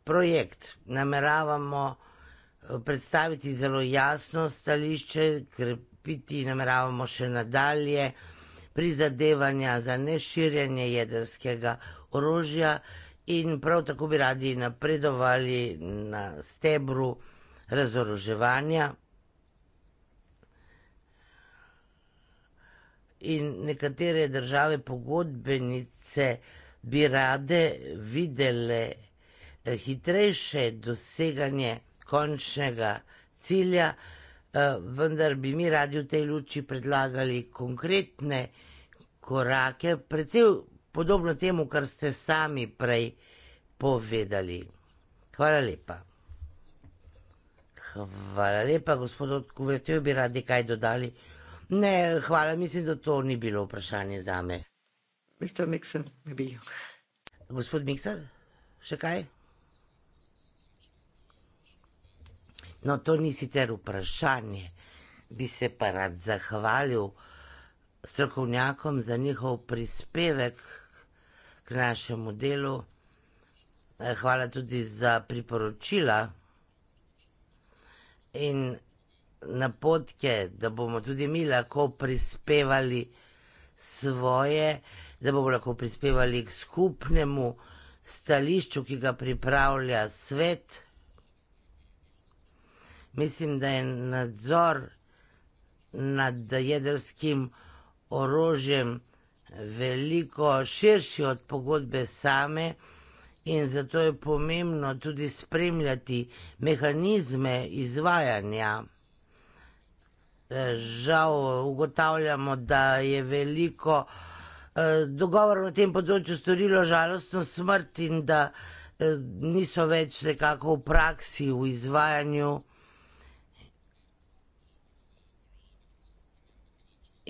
projekt. Nameravamo eh, predstaviti zelo jasno stališče, krepiti nameravamo še nadalje prizadevanja za neširjanje jedrskega orožja in prav tako bi radi napredovali na stebru razoroževanja. In nekatere države pogodbenice bi rade videle eh, hitrejše doseganje končnega cilja, Eh, vendar bi mi radi v tej luči predlagali konkretne korake, predvsem podobno temu, kar ste sami prej povedali. Hvala lepa. Hvala lepa, gospod Kuvetev, bi radi kaj dodali. Ne, hvala, mislim, da to ni bilo vprašanje za me. Mr. Mixon, maybe. Gospod Mixon, še kaj? No, to ni sicer vprašanje, bi se pa rad zahvalil strokovnjakom za njihov prispevek k našemu delu. Eh, hvala tudi za priporočila in napotke, da bomo tudi mi lahko prispevali svoje, da bomo lahko prispevali k skupnemu stališču, ki ga pripravlja svet. Mislim, da je nadzor nad jedrskim orožjem veliko širši od pogodbe same in zato je pomembno tudi spremljati mehanizme izvajanja. Žal ugotavljamo, da je veliko eh, dogovorov na tem področju storilo žalostno smrt in da eh, niso več nekako v praksi, v izvajanju.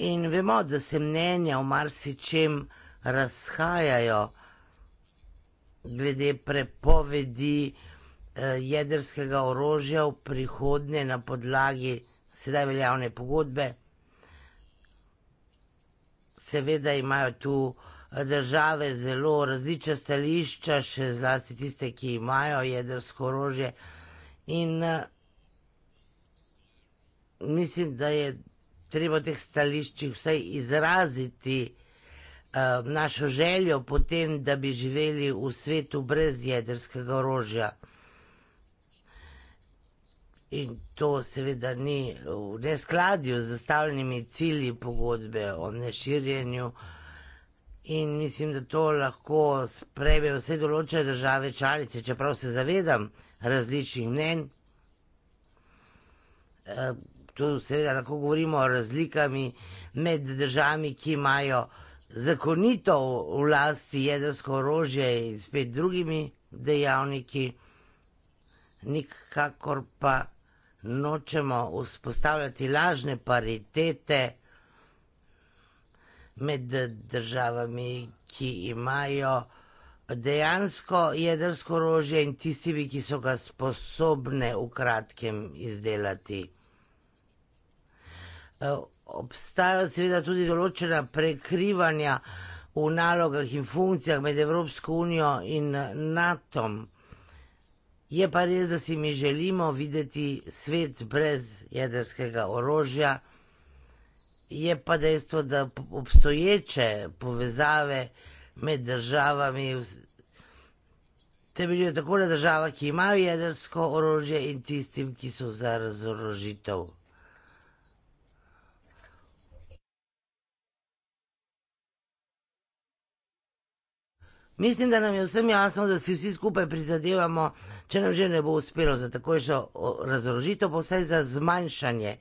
In vemo, da se mnenja o marsičem razhajajo glede prepovedi eh, jedrskega orožja v prihodnje na podlagi sedaj veljavne pogodbe. Seveda imajo tu eh, države zelo različna stališča, še zlasti tiste, ki imajo jedrsko orožje. In eh, mislim, da je treba v teh stališčih vsaj izraziti uh, našo željo po tem, da bi živeli v svetu brez jedrskega orožja. In to seveda ni v neskladju z zastavljenimi cilji pogodbe o neširjenju. In mislim, da to lahko sprejme vse določene države članice, čeprav se zavedam različnih mnen. Uh, eh, tu seveda lahko govorimo o razlikami med državami, ki imajo zakonito v lasti jedrsko orožje in spet drugimi dejavniki, nikakor pa nočemo vzpostavljati lažne paritete med državami, ki imajo dejansko jedrsko orožje in tistimi, ki so ga sposobne v kratkem izdelati. Eh, obstajajo seveda tudi določena prekrivanja v nalogah in funkcijah med Evropsko unijo in NATO. Je pa res, da si mi želimo videti svet brez jedrskega orožja, je pa dejstvo, da obstoječe povezave med državami temeljijo tako na državah, ki imajo jedrsko orožje in tistim, ki so za razorožitev. Mislim, da nam je vsem jasno, da si vsi skupaj prizadevamo, če nam že ne bo uspelo za takojšo razložitev, pa vsaj za zmanjšanje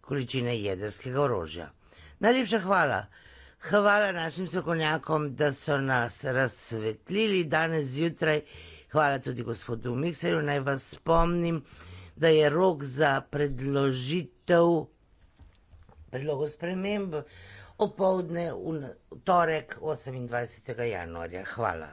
količine jedrskega orožja. Najlepša hvala. Hvala našim sokonjakom, da so nas razsvetlili danes zjutraj. Hvala tudi gospodu Mikserju. Naj vas spomnim, da je rok za predložitev predlogo sprememb opoldne v torek 28. januarja. Hvala.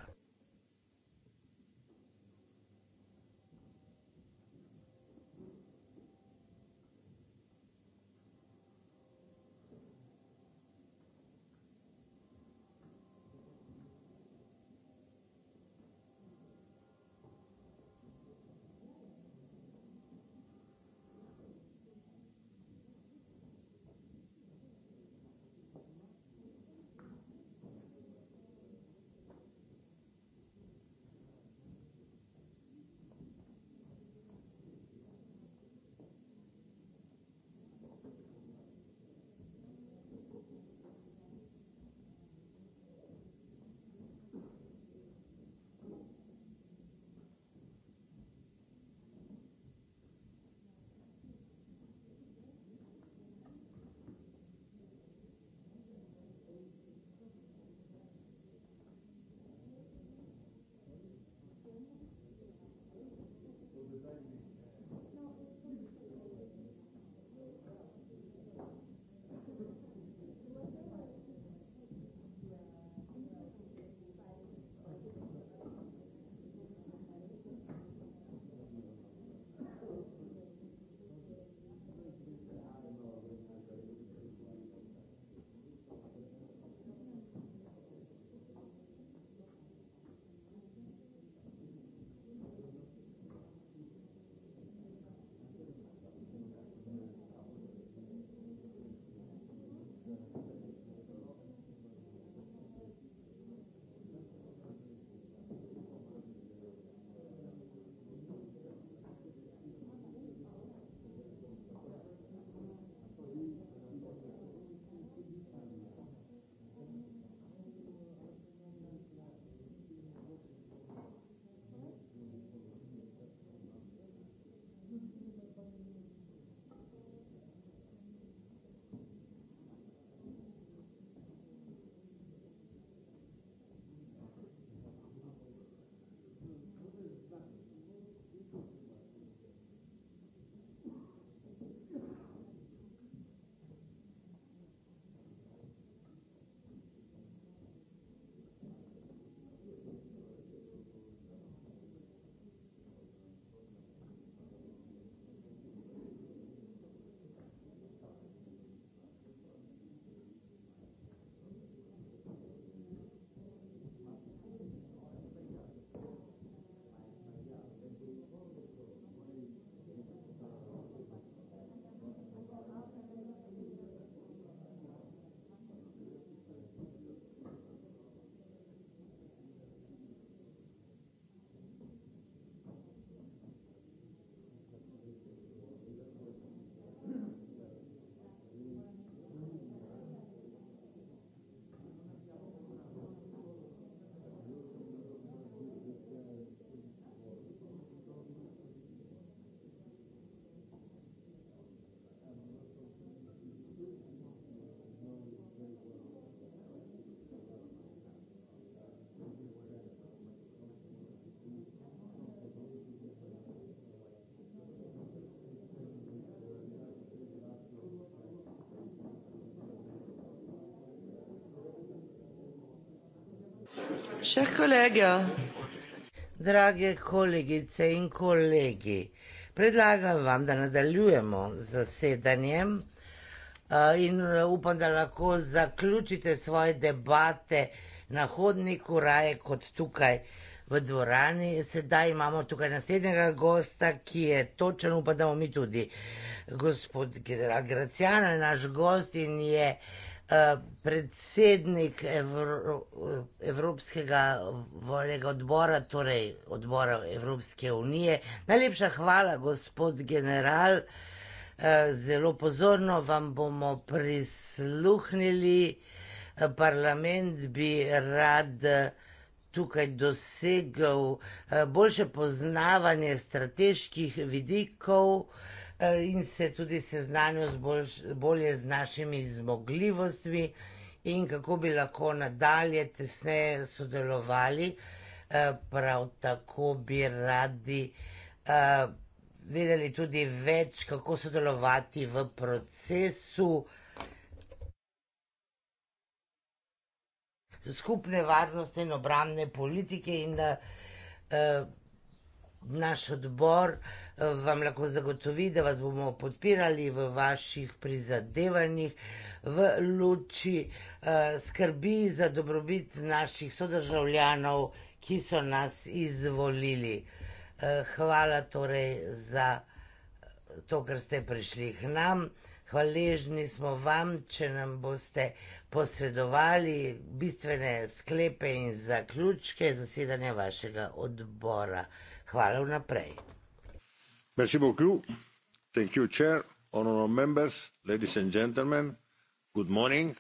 Chers collègues. Drage kolegice in kolegi, predlagam vam, da nadaljujemo z zasedanjem eh, in eh, upam, da lahko zaključite svoje debate na hodniku, raje kot tukaj v dvorani. Sedaj imamo tukaj naslednjega gosta, ki je točen, upam, da bomo mi tudi. Gospod Graciano je naš gost in je predsednik Evro, Evropskega voljnega odbora, torej odbora Evropske unije. Najlepša hvala, gospod general. Eh, zelo pozorno vam bomo prisluhnili. Eh, parlament bi rad eh, tukaj dosegel boljše poznavanje strateških vidikov. Eh, in se tudi seznanil bolj, bolje z našimi zmogljivostmi in kako bi lahko nadalje tesneje sodelovali. Eh, prav tako bi radi eh, vedeli tudi več, kako sodelovati v procesu skupne varnostne in obramne politike in Naš odbor eh, vam lahko zagotovi, da vas bomo podpirali v vaših prizadevanjih v luči eh, skrbi za dobrobit naših sodržavljanov, ki so nas izvolili. Eh, hvala torej za to, kar ste prišli k nam. Hvaležni smo vam, če nam boste posredovali bistvene sklepe in zaključke zasedanja vašega odbora. Hvala vnaprej. Merci beaucoup. Thank you, chair. Honorable members, ladies and gentlemen, good morning.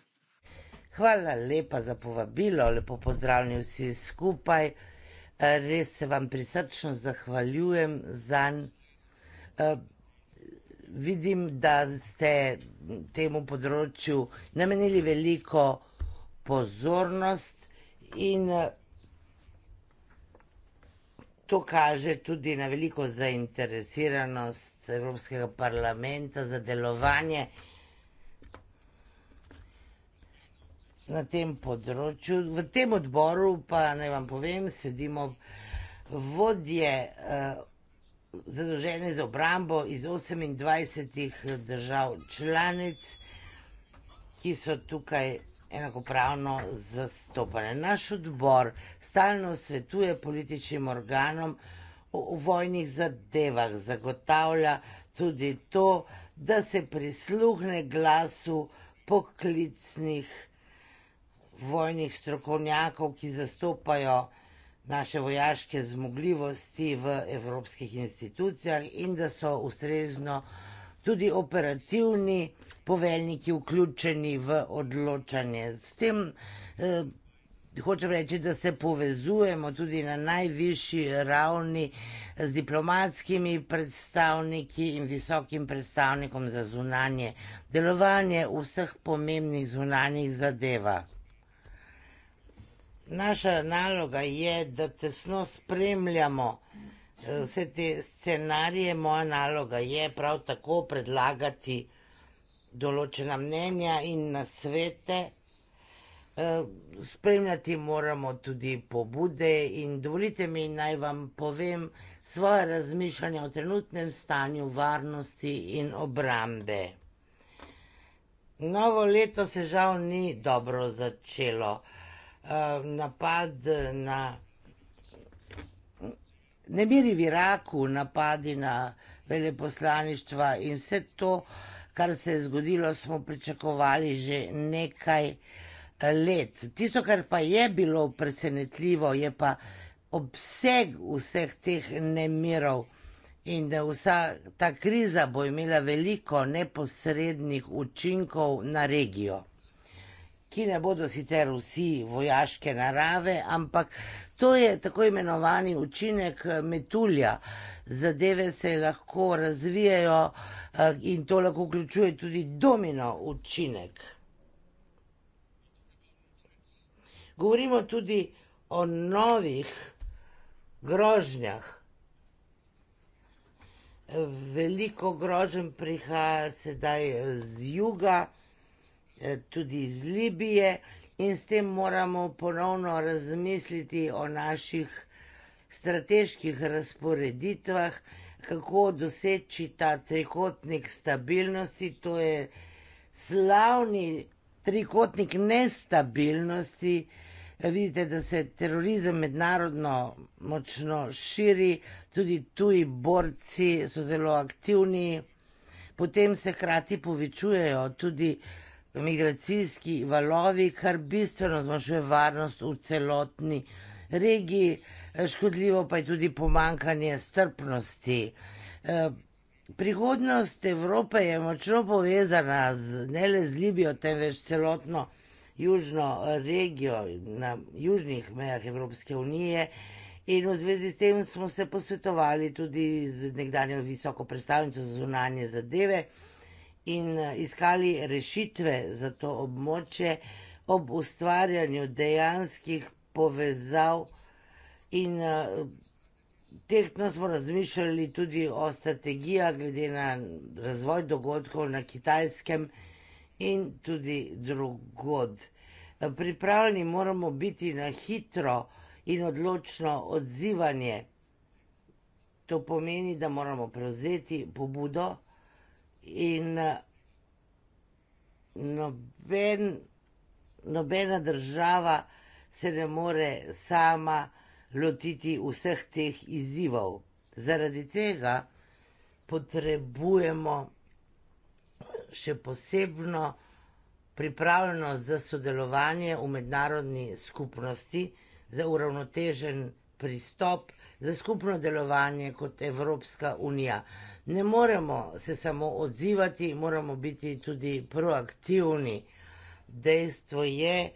Hvala lepa za povabilo, lepo pozdravljeni vsi skupaj. Eh, res se vam prisrčno zahvaljujem za eh, vidim, da ste temu področju namenili veliko pozornost in eh, To kaže tudi na veliko zainteresiranost Evropskega parlamenta za delovanje na tem področju. V tem odboru pa naj vam povem, sedimo vodje uh, eh, zadolžene za obrambo iz 28 držav članic, ki so tukaj enakopravno zastopane. Naš odbor stalno svetuje političnim organom v vojnih zadevah, zagotavlja tudi to, da se prisluhne glasu poklicnih vojnih strokovnjakov, ki zastopajo naše vojaške zmogljivosti v evropskih institucijah in da so ustrezno tudi operativni poveljniki vključeni v odločanje. S tem eh, hočem reči, da se povezujemo tudi na najvišji ravni z diplomatskimi predstavniki in visokim predstavnikom za zunanje delovanje v vseh pomembnih zunanjih zadeva. Naša naloga je, da tesno spremljamo vse te scenarije, moja naloga je prav tako predlagati določena mnenja in nasvete. Eh, spremljati moramo tudi pobude in dovolite mi naj vam povem svoje razmišljanje o trenutnem stanju varnosti in obrambe. Novo leto se žal ni dobro začelo. Eh, napad na nemiri v Iraku, napadi na veleposlaništva in vse to, kar se je zgodilo, smo pričakovali že nekaj eh, let. Tisto, kar pa je bilo presenetljivo, je pa obseg vseh teh nemirov in da vsa ta kriza bo imela veliko neposrednih učinkov na regijo. Ki ne bodo sicer vsi vojaške narave, ampak To je tako imenovani učinek eh, metulja. Zadeve se lahko razvijajo eh, in to lahko vključuje tudi domino učinek. Govorimo tudi o novih grožnjah. Veliko grožen prihaja sedaj z juga, eh, tudi iz Libije in s tem moramo ponovno razmisliti o naših strateških razporeditvah, kako doseči ta trikotnik stabilnosti, to je slavni trikotnik nestabilnosti. Vidite, da se terorizem mednarodno močno širi, tudi tuji borci so zelo aktivni, potem se hkrati povečujejo tudi migracijski valovi, kar bistveno zmanjšuje varnost v celotni regiji, eh, škodljivo pa je tudi pomankanje strpnosti. Eh, prihodnost Evrope je močno povezana z, ne le z Libijo, temveč celotno južno eh, regijo na južnih mejah Evropske unije. In v zvezi s tem smo se posvetovali tudi z nekdanjo visoko predstavnico za zunanje zadeve, in eh, iskali rešitve za to območje ob ustvarjanju dejanskih povezav in eh, tehtno smo razmišljali tudi o strategijah glede na razvoj dogodkov na kitajskem in tudi drugod. Pripravljeni moramo biti na hitro in odločno odzivanje. To pomeni, da moramo prevzeti pobudo, in eh, noben, nobena država se ne more sama lotiti vseh teh izzivov. Zaradi tega potrebujemo še posebno pripravljenost za sodelovanje v mednarodni skupnosti, za uravnotežen pristop, za skupno delovanje kot Evropska unija ne moremo se samo odzivati, moramo biti tudi proaktivni. Dejstvo je,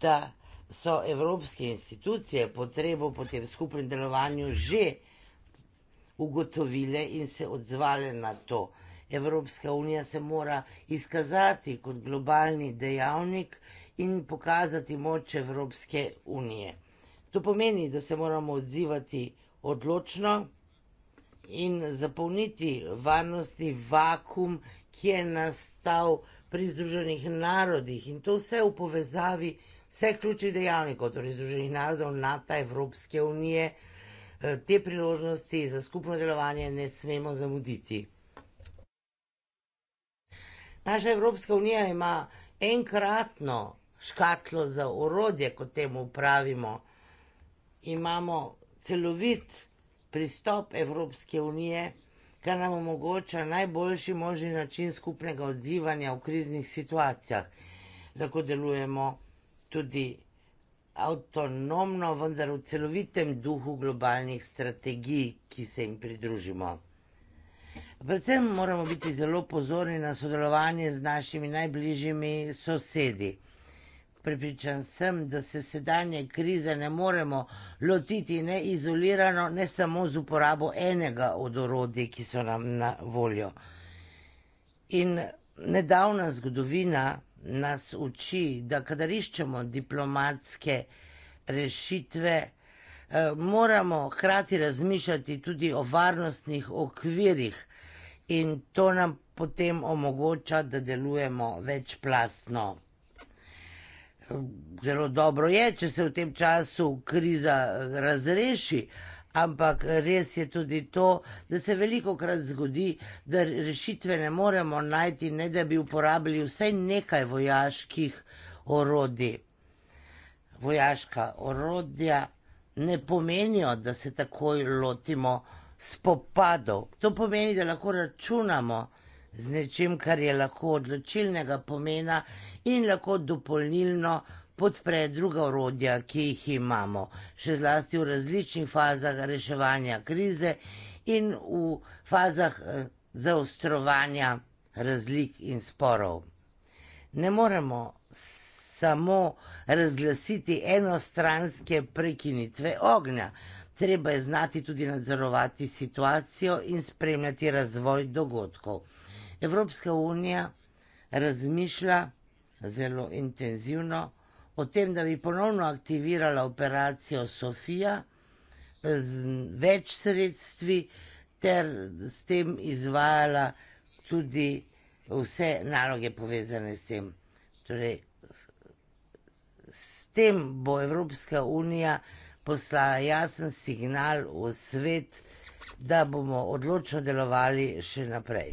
da so evropske institucije potrebo po tem skupnem delovanju že ugotovile in se odzvale na to. Evropska unija se mora izkazati kot globalni dejavnik in pokazati moč Evropske unije. To pomeni, da se moramo odzivati odločno in zapolniti varnostni vakum, ki je nastal pri Združenih narodih in to vse v povezavi vse ključi dejavnikov, torej Združenih narodov, NATO, Evropske unije, e, te priložnosti za skupno delovanje ne smemo zamuditi. Naša Evropska unija ima enkratno škatlo za orodje, kot temu pravimo. Imamo celovit pristop Evropske unije, kar nam omogoča najboljši možni način skupnega odzivanja v kriznih situacijah. Lahko delujemo tudi avtonomno, vendar v celovitem duhu globalnih strategij, ki se jim pridružimo. Predvsem moramo biti zelo pozorni na sodelovanje z našimi najbližjimi sosedi. Pripričan sem, da se sedanje krize ne moremo lotiti ne izolirano, ne samo z uporabo enega od orodij, ki so nam na voljo. In nedavna zgodovina nas uči, da kadar iščemo diplomatske rešitve, eh, moramo hkrati razmišljati tudi o varnostnih okvirih in to nam potem omogoča, da delujemo večplastno zelo dobro je, če se v tem času kriza eh, razreši. Ampak eh, res je tudi to, da se veliko krat zgodi, da rešitve ne moremo najti, ne da bi uporabili vsaj nekaj vojaških orodij. Vojaška orodja ne pomenijo, da se takoj lotimo spopadov. To pomeni, da lahko računamo z nečim, kar je lahko odločilnega pomena in lahko dopolnilno podpre druga urodja, ki jih imamo, še zlasti v različnih fazah reševanja krize in v fazah eh, zaostrovanja razlik in sporov. Ne moremo samo razglasiti enostranske prekinitve ognja. Treba je znati tudi nadzorovati situacijo in spremljati razvoj dogodkov. Evropska unija razmišlja zelo intenzivno o tem, da bi ponovno aktivirala operacijo Sofija z več sredstvi ter s tem izvajala tudi vse naloge povezane s tem. Torej, s tem bo Evropska unija poslala jasen signal v svet, da bomo odločno delovali še naprej.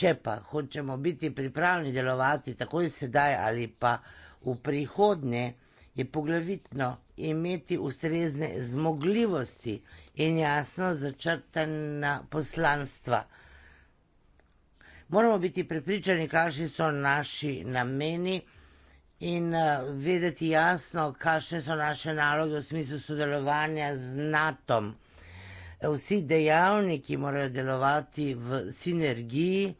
Če pa hočemo biti pripravljeni delovati takoj sedaj ali pa v prihodnje, je poglavitno imeti ustrezne zmogljivosti in jasno začrtana poslanstva. Moramo biti prepričani, kakšni so naši nameni in eh, vedeti jasno, kakšne so naše naloge v smislu sodelovanja z NATO-om. Vsi dejavniki morajo delovati v sinergiji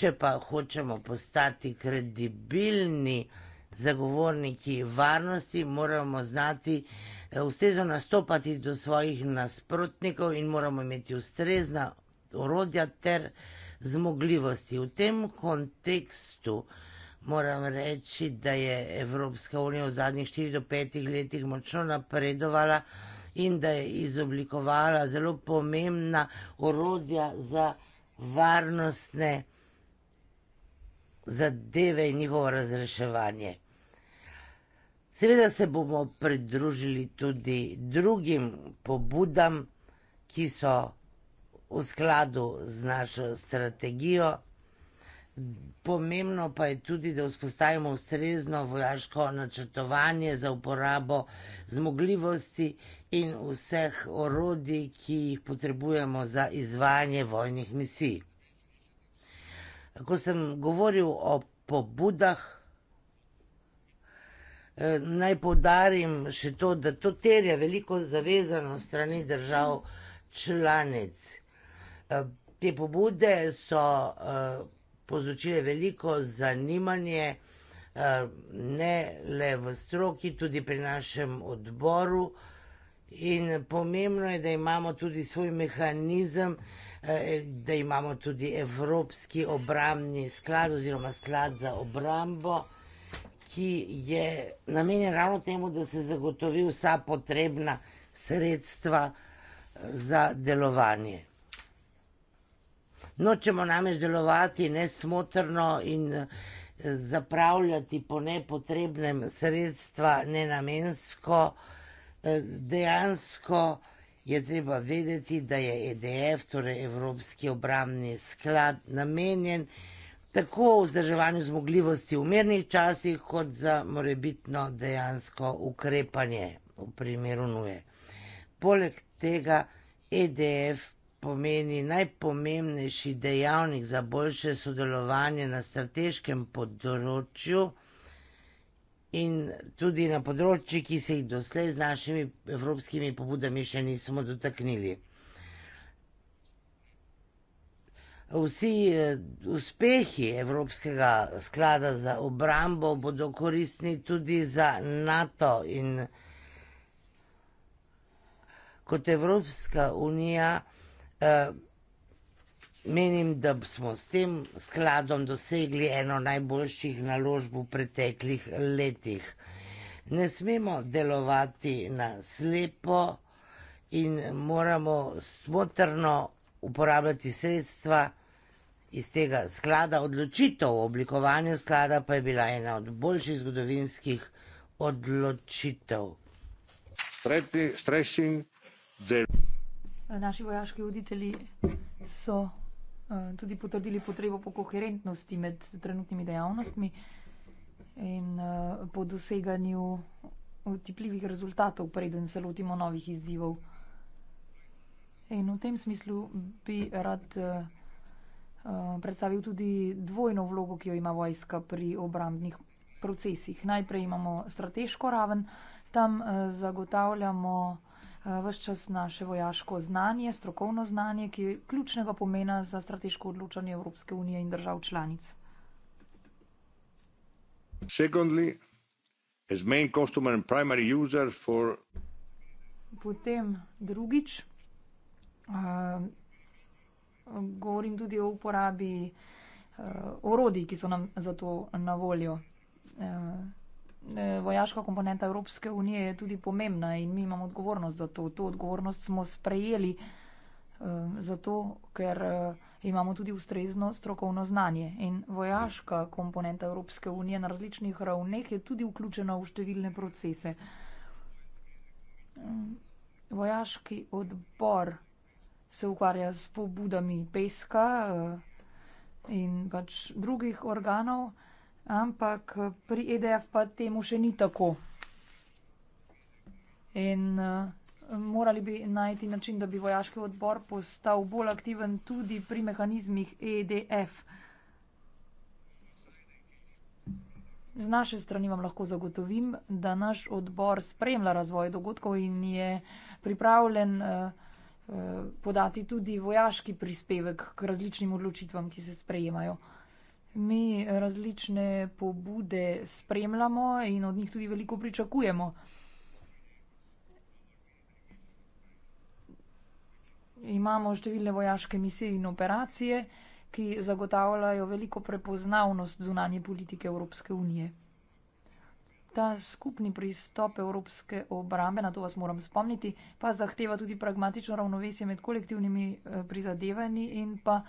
če pa hočemo postati kredibilni zagovorniki varnosti, moramo znati eh, ustrezno nastopati do svojih nasprotnikov in moramo imeti ustrezna orodja ter zmogljivosti. V tem kontekstu moram reči, da je Evropska unija v zadnjih 4 do 5 letih močno napredovala in da je izoblikovala zelo pomembna orodja za varnostne zadeve in njihovo razreševanje. Seveda se bomo pridružili tudi drugim pobudam, ki so v skladu z našo strategijo. Pomembno pa je tudi, da vzpostavimo ustrezno vojaško načrtovanje za uporabo zmogljivosti in vseh orodij, ki jih potrebujemo za izvajanje vojnih misij ko sem govoril o pobudah, eh, naj podarim še to, da to terja veliko zavezano strani držav članic. Eh, te pobude so eh, povzročile veliko zanimanje, ne le v stroki, tudi pri našem odboru. In pomembno je, da imamo tudi svoj mehanizem, Eh, da imamo tudi Evropski obrambni sklad oziroma sklad za obrambo, ki je namenjen ravno temu, da se zagotovi vsa potrebna sredstva eh, za delovanje. Nočemo namreč delovati nesmotrno in eh, zapravljati po nepotrebnem sredstva nenamensko, dejansko je treba vedeti, da je EDF, torej Evropski obramni sklad, namenjen tako vzdrževanju zmogljivosti v mirnih časih, kot za morebitno dejansko ukrepanje v primeru nuje. Poleg tega EDF pomeni najpomembnejši dejavnik za boljše sodelovanje na strateškem področju, in tudi na področji, ki se jih doslej z našimi evropskimi pobudami še nismo dotaknili. Vsi eh, uspehi Evropskega sklada za obrambo bodo koristni tudi za NATO in kot Evropska unija eh, Menim, da smo s tem skladom dosegli eno najboljših naložb v preteklih letih. Ne smemo delovati na slepo in moramo smotrno uporabljati sredstva iz tega sklada. Odločitev o oblikovanju sklada pa je bila ena od boljših zgodovinskih odločitev. Stretni, stretni, Naši vojaški voditelji so Eh, tudi potrdili potrebo po koherentnosti med trenutnimi dejavnostmi in eh, po doseganju otipljivih rezultatov, preden se lotimo novih izzivov. In v tem smislu bi rad eh, predstavil tudi dvojno vlogo, ki jo ima vojska pri obrambnih procesih. Najprej imamo strateško raven, tam zagotavljamo Eh, vse čas naše vojaško znanje, strokovno znanje, ki je ključnega pomena za strateško odločanje Evropske unije in držav članic. Secondly, as main customer and primary user for... Potem drugič, uh, govorim tudi o uporabi uh, orodij, ki so nam za to na voljo. Uh, Eh, vojaška komponenta Evropske unije je tudi pomembna in mi imamo odgovornost za to. To odgovornost smo sprejeli eh, zato, ker eh, imamo tudi ustrezno strokovno znanje. In vojaška komponenta Evropske unije na različnih ravneh je tudi vključena v številne procese. Mm, vojaški odbor se ukvarja s pobudami peska in pač drugih organov. Ampak eh, pri EDF pa temu še ni tako. In uh, morali bi najti način, da bi vojaški odbor postal bolj aktiven tudi pri mehanizmih EDF. Z naše strani vam lahko zagotovim, da naš odbor spremlja razvoj dogodkov in je pripravljen uh, uh, podati tudi vojaški prispevek k različnim odločitvam, ki se sprejemajo. Mi različne pobude spremljamo in od njih tudi veliko pričakujemo. Imamo številne vojaške misije in operacije, ki zagotavljajo veliko prepoznavnost zunanje politike Evropske unije. Ta skupni pristop Evropske obrambe, na to vas moram spomniti, pa zahteva tudi pragmatično ravnovesje med kolektivnimi eh, prizadevanji in pa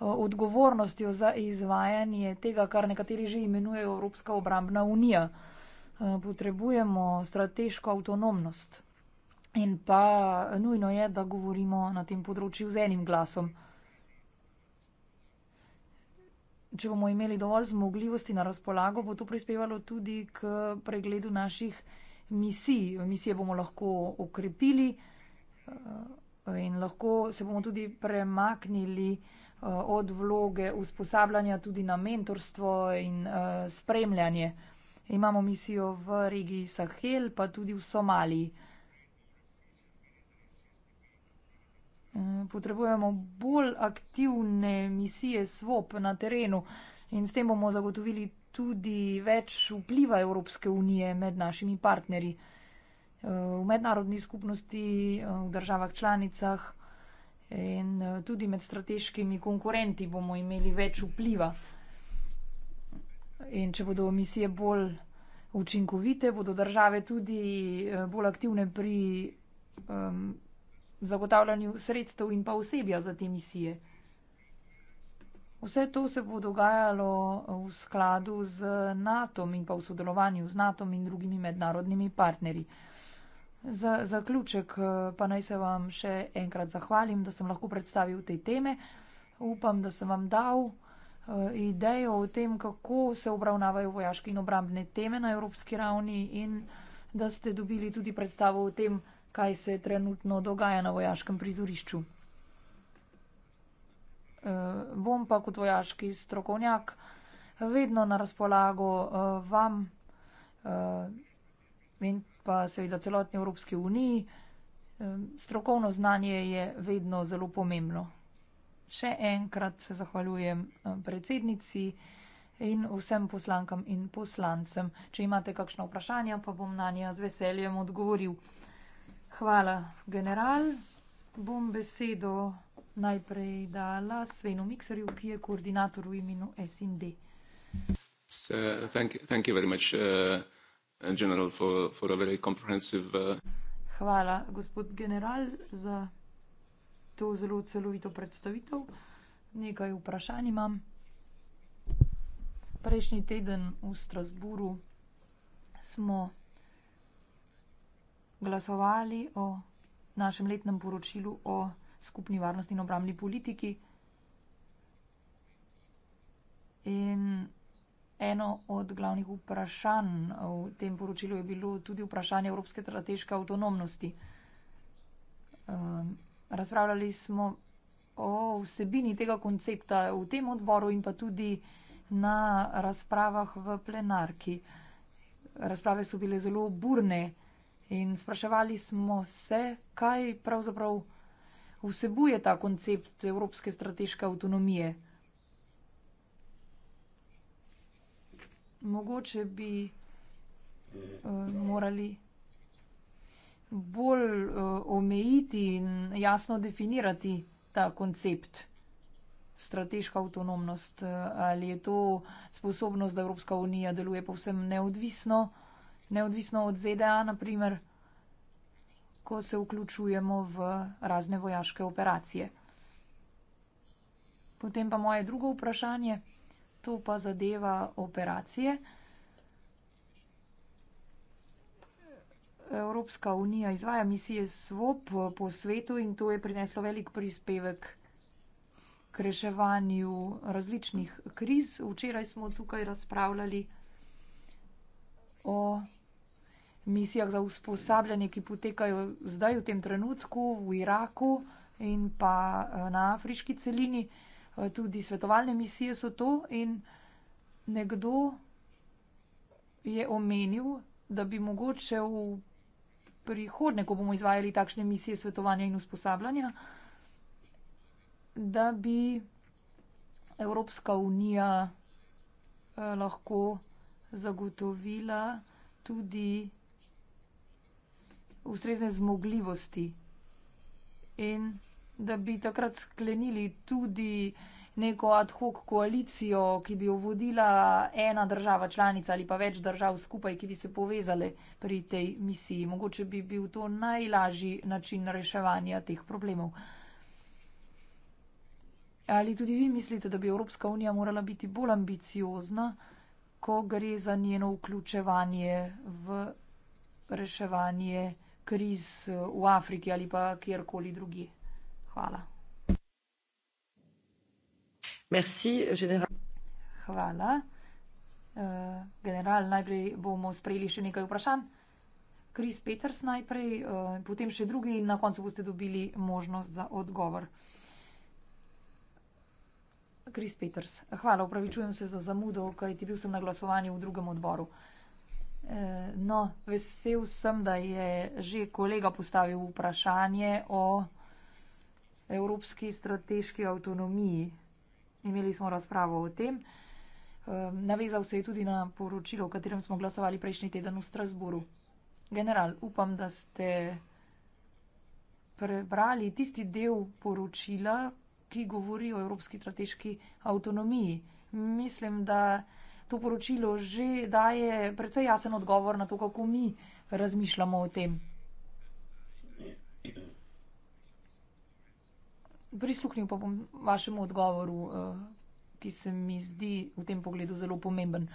Eh, odgovornostjo za izvajanje tega, kar nekateri že imenujejo Evropska obrambna unija. Eh, potrebujemo strateško avtonomnost in pa eh, nujno je, da govorimo na tem področju z enim glasom. Če bomo imeli dovolj zmogljivosti na razpolago, bo to prispevalo tudi k pregledu naših misij. Misije bomo lahko okrepili in lahko se bomo tudi premaknili uh, Eh, od vloge usposabljanja tudi na mentorstvo in eh, spremljanje. Imamo misijo v regiji Sahel, pa tudi v Somaliji. Eh, potrebujemo bolj aktivne misije SWOP na terenu in s tem bomo zagotovili tudi več vpliva Evropske unije med našimi partnerji. V mednarodni skupnosti, v državah članicah. In eh, tudi med strateškimi konkurenti bomo imeli več vpliva. In če bodo misije bolj učinkovite, bodo države tudi eh, bolj aktivne pri um, zagotavljanju sredstev in pa osebja za te misije. Vse to se bo dogajalo v skladu z NATO in pa v sodelovanju z NATO in drugimi mednarodnimi partnerji. Za zaključek eh, pa naj se vam še enkrat zahvalim, da sem lahko predstavil te teme. Upam, da sem vam dal eh, idejo o tem, kako se obravnavajo vojaške in obrambne teme na evropski ravni in da ste dobili tudi predstavo o tem, kaj se trenutno dogaja na vojaškem prizorišču. Eh, bom pa kot vojaški strokovnjak vedno na razpolago vam in pa seveda celotni Evropski uniji. Strokovno znanje je vedno zelo pomembno. Še enkrat se zahvaljujem predsednici in vsem poslankam in poslancem. Če imate kakšno vprašanje, pa bom na nje z veseljem odgovoril. Hvala, general. Bom besedo najprej dala Svenu Mikserju, ki je koordinator v imenu SND. So, thank you, thank you very much. Uh... Uh, Hvala, gospod general, za to zelo celovito predstavitev. Nekaj vprašanj imam. Prejšnji teden v Strasbourgu smo glasovali o našem letnem poročilu o skupni varnosti in obrambni politiki. In... Eno od glavnih vprašanj v tem poročilu je bilo tudi vprašanje evropske strateške avtonomnosti. Ehm, razpravljali smo o vsebini tega koncepta v tem odboru in pa tudi na razpravah v plenarki. Razprave so bile zelo burne in spraševali smo se, kaj pravzaprav vsebuje ta koncept evropske strateške avtonomije. mogoče bi eh, morali bolj eh, omejiti in jasno definirati ta koncept, strateška avtonomnost, eh, ali je to sposobnost, da Evropska unija deluje povsem neodvisno, neodvisno od ZDA, na primer, ko se vključujemo v razne vojaške operacije. Potem pa moje drugo vprašanje to pa zadeva operacije. Evropska unija izvaja misije SWOP po svetu in to je prineslo velik prispevek k reševanju različnih kriz. Včeraj smo tukaj razpravljali o misijah za usposabljanje, ki potekajo zdaj v tem trenutku v Iraku in pa eh, na afriški celini. Eh, tudi svetovalne misije so to in nekdo je omenil, da bi mogoče v prihodnje, ko bomo izvajali takšne misije svetovanja in usposabljanja, da bi Evropska unija eh, lahko zagotovila tudi ustrezne zmogljivosti. In da bi takrat sklenili tudi neko ad hoc koalicijo, ki bi jo vodila ena država članica ali pa več držav skupaj, ki bi se povezale pri tej misiji. Mogoče bi bil to najlažji način reševanja teh problemov. Ali tudi vi mislite, da bi Evropska unija morala biti bolj ambiciozna, ko gre za njeno vključevanje v reševanje kriz v Afriki ali pa kjerkoli drugi? Hvala. Merci, general. Hvala. Eh, general, najprej bomo sprejeli še nekaj vprašanj. Kris Peters najprej, eh, potem še drugi in na koncu boste dobili možnost za odgovor. Kris Peters, hvala, upravičujem se za zamudo, kajti bil sem na glasovanju v drugem odboru. Eh, no, vesel sem, da je že kolega postavil vprašanje o evropski strateški avtonomiji. Imeli smo razpravo o tem. Ehm, navezal se je tudi na poročilo, o katerem smo glasovali prejšnji teden v Strasburu. General, upam, da ste prebrali tisti del poročila, ki govori o evropski strateški avtonomiji. Mislim, da to poročilo že daje precej jasen odgovor na to, kako mi razmišljamo o tem. prisluhnil pa bom vašemu odgovoru, eh, ki se mi zdi v tem pogledu zelo pomemben.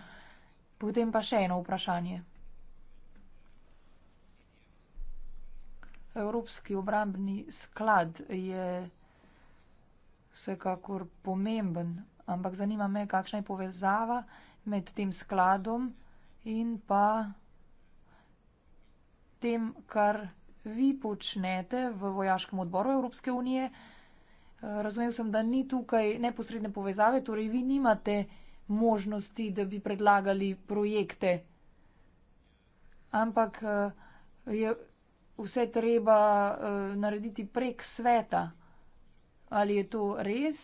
Potem pa še eno vprašanje. Evropski obrambni sklad je vsekakor pomemben, ampak zanima me, kakšna je povezava med tem skladom in pa tem, kar vi počnete v vojaškem odboru Evropske unije. Razumem, sem, da ni tukaj neposredne povezave, torej vi nimate možnosti, da bi predlagali projekte. Ampak eh, je vse treba eh, narediti prek sveta. Ali je to res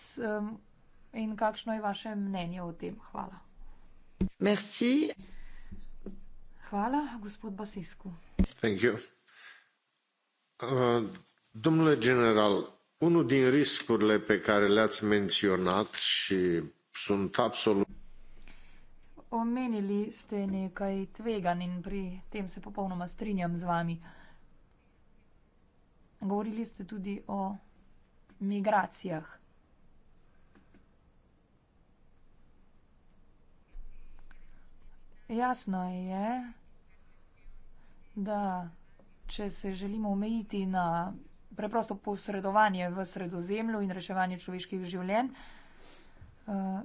in kakšno je vaše mnenje o tem? Hvala. Merci. Hvala, gospod Basisku. Hvala. Uh, eh, domnule general, Unul din riscurile pe care le-ați menționat și sunt absolut... Omenili ste nekaj tveganin pri tem se popolnoma strinjam z vami. Govorili ste tudi o migracijah. Jasno je, da če se želimo omejiti na migracijah, preprosto posredovanje v sredozemlju in reševanje človeških življenj. Eh,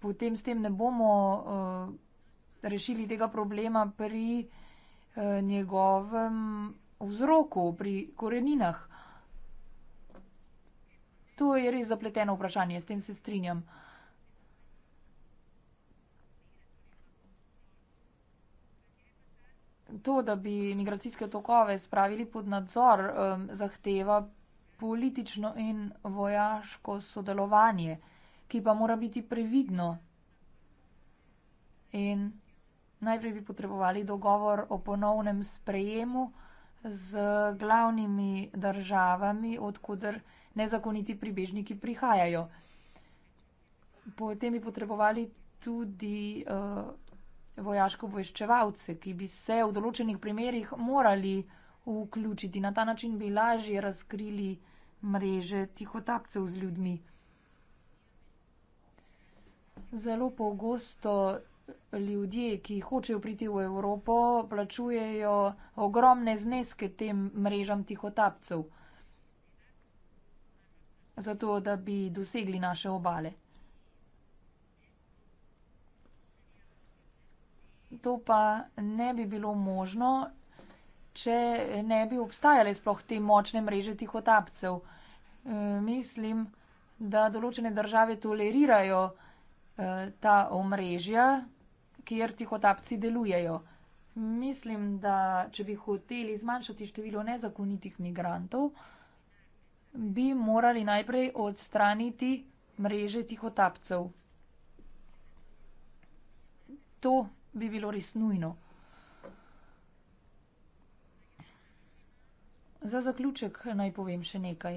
potem s tem ne bomo eh, rešili tega problema pri eh, njegovem vzroku, pri koreninah. To je res zapleteno vprašanje, s tem se strinjam. to, da bi migracijske tokove spravili pod nadzor, zahteva politično in vojaško sodelovanje, ki pa mora biti previdno. In najprej bi potrebovali dogovor o ponovnem sprejemu z glavnimi državami, odkuder nezakoniti pribežniki prihajajo. Potem bi potrebovali tudi uh, vojaško-obveščevalce, ki bi se v določenih primerjih morali vključiti. Na ta način bi lažje razkrili mreže tihotapcev z ljudmi. Zelo pogosto ljudje, ki hočejo priti v Evropo, plačujejo ogromne zneske tem mrežam tihotapcev, zato da bi dosegli naše obale. to pa ne bi bilo možno, če ne bi obstajale sploh te močne mreže tihotapcev. E, mislim, da določene države tolerirajo e, ta omrežja, kjer tihotapci delujejo. Mislim, da če bi hoteli zmanjšati število nezakonitih migrantov, bi morali najprej odstraniti mreže tihotapcev. To bi bilo res nujno. Za zaključek naj povem še nekaj.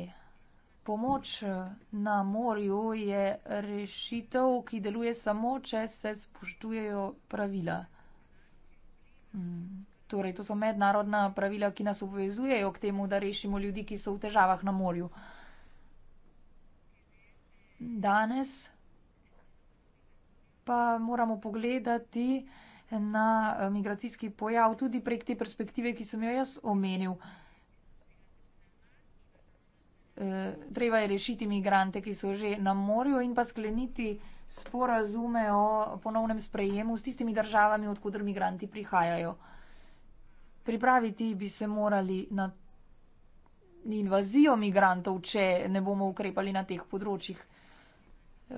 Pomoč eh, na morju je rešitev, ki deluje samo, če se spoštujejo pravila. Mm, torej, to so mednarodna pravila, ki nas obvezujejo k temu, da rešimo ljudi, ki so v težavah na morju. Danes pa moramo pogledati na eh, migracijski pojav tudi prek te perspektive, ki sem jo jaz omenil. Eh, treba je rešiti migrante, ki so že na morju in pa skleniti sporazume o ponovnem sprejemu s tistimi državami, odkudr migranti prihajajo. Pripraviti bi se morali na invazijo migrantov, če ne bomo ukrepali na teh področjih. Eh,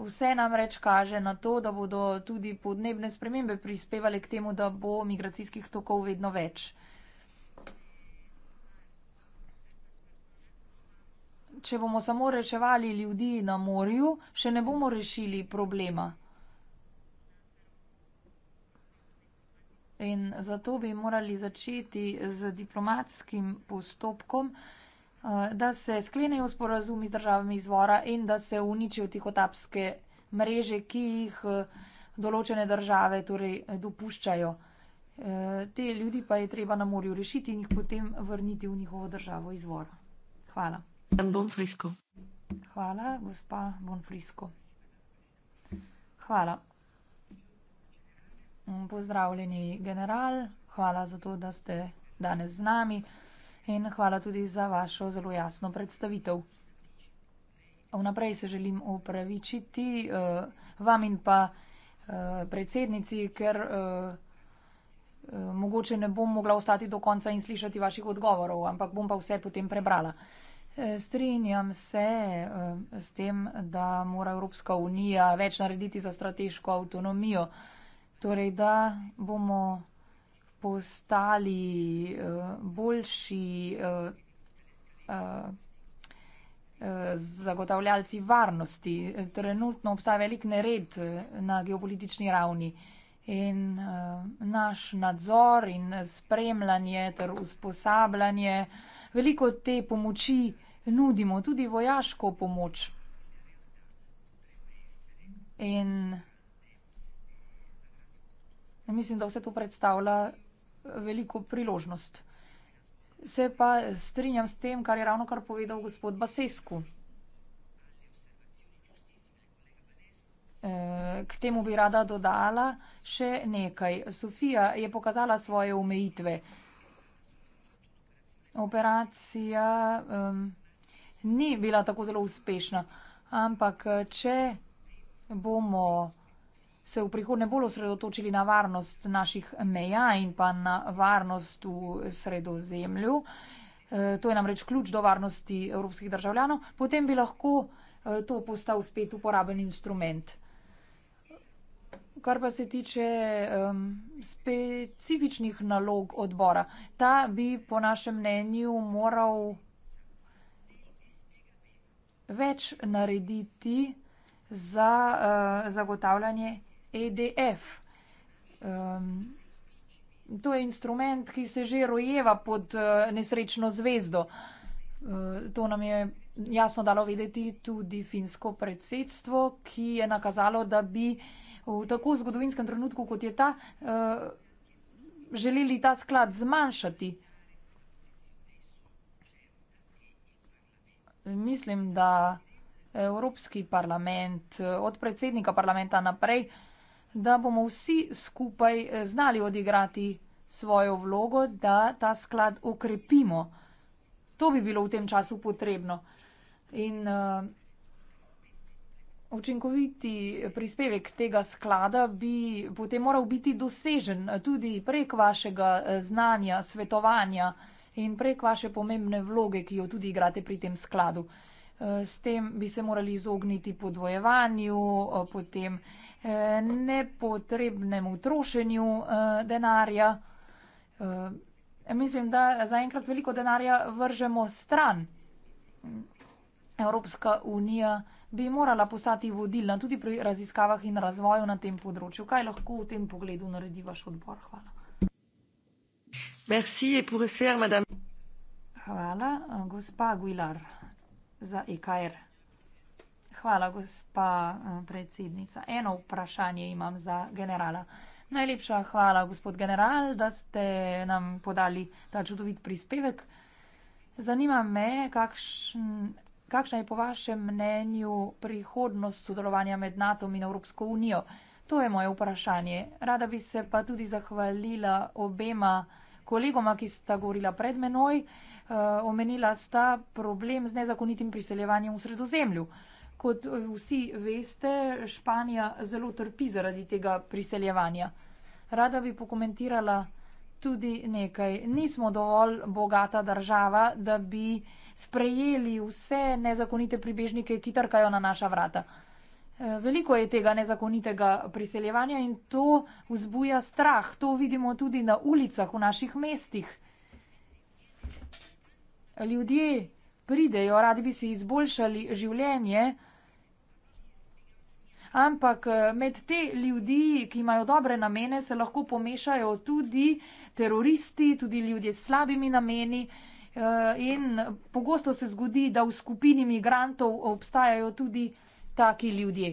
vse namreč kaže na to, da bodo tudi podnebne spremembe prispevali k temu, da bo migracijskih tokov vedno več. Če bomo samo reševali ljudi na morju, še ne bomo rešili problema. In zato bi morali začeti z diplomatskim postopkom. Eh, da se sklenejo sporazumi z državami izvora in da se uničijo tihotapske mreže, ki jih eh, določene države torej eh, dopuščajo. Te ljudi pa je treba na morju rešiti in jih potem vrniti v njihovo državo izvora. Hvala. Bonfrisko. Hvala, gospa Bonfrisko. Hvala. Mm, pozdravljeni general, hvala za to, da ste danes z nami in hvala tudi za vašo zelo jasno predstavitev. Vnaprej se želim upravičiti uh, eh, vam in pa uh, predsednici, ker uh, uh, mogoče ne bom mogla ostati do konca in slišati vaših odgovorov, ampak bom pa vse potem prebrala. Strinjam se uh, s tem, da mora Evropska unija več narediti za strateško avtonomijo. Torej, da bomo postali eh, boljši eh, eh, zagotavljalci varnosti. Trenutno obstaja velik nered na geopolitični ravni in naš nadzor in spremljanje ter usposabljanje, veliko te pomoči nudimo, tudi vojaško pomoč. In mislim, da vse to predstavlja veliko priložnost. Se pa strinjam s tem, kar je ravno kar povedal gospod Basescu. E, k temu bi rada dodala še nekaj. Sofija je pokazala svoje omejitve. Operacija um, ni bila tako zelo uspešna, ampak če bomo se v prihodnje bolj osredotočili na varnost naših meja in pa na varnost v sredozemlju. E, to je namreč ključ do varnosti evropskih državljanov, potem bi lahko e, to postal spet uporaben instrument. Kar pa se tiče um, specifičnih nalog odbora, ta bi po našem mnenju moral več narediti za uh, zagotavljanje EDF. Um, to je instrument, ki se že rojeva pod uh, nesrečno zvezdo. Uh, to nam je jasno dalo vedeti tudi finsko predsedstvo, ki je nakazalo, da bi v tako zgodovinskem trenutku, kot je ta, uh, želeli ta sklad zmanjšati. Mislim, da Evropski parlament od predsednika parlamenta naprej uh, da bomo vsi skupaj eh, znali odigrati svojo vlogo, da ta sklad okrepimo. To bi bilo v tem času potrebno. In uh, učinkoviti prispevek tega sklada bi potem moral biti dosežen tudi prek vašega eh, znanja, svetovanja in prek vaše pomembne vloge, ki jo tudi igrate pri tem skladu. Uh, s tem bi se morali izogniti podvojevanju, uh, potem uh, nepotrebnemu trošenju eh, denarja. Eh, mislim, da zaenkrat veliko denarja vržemo stran. Evropska unija bi morala postati vodilna tudi pri raziskavah in razvoju na tem področju. Kaj lahko v tem pogledu naredi vaš odbor? Hvala. Merci et pour faire, madame. Hvala, eh, gospa Guilar za EKR. Hvala, gospa eh, predsednica. Eno vprašanje imam za generala. Najlepša hvala, gospod general, da ste nam podali ta čudovit prispevek. Zanima me, kakšen, kakšna je po vašem mnenju prihodnost sodelovanja med NATO in Evropsko unijo. To je moje vprašanje. Rada bi se pa tudi zahvalila obema kolegoma, ki sta govorila pred menoj. Uh, omenila sta problem z nezakonitim priseljevanjem v sredozemlju. Uh, kot eh, vsi veste, Španija zelo trpi zaradi tega priseljevanja. Rada bi pokomentirala tudi nekaj. Nismo dovolj bogata država, da bi sprejeli vse nezakonite pribežnike, ki trkajo na naša vrata. Eh, veliko je tega nezakonitega priseljevanja in to vzbuja strah. To vidimo tudi na ulicah v naših mestih. Ljudje pridejo, radi bi si izboljšali življenje ampak eh, med te ljudi, ki imajo dobre namene, se lahko pomešajo tudi teroristi, tudi ljudje s slabimi nameni. Eh, in pogosto se zgodi, da v skupini migrantov obstajajo tudi taki ljudje.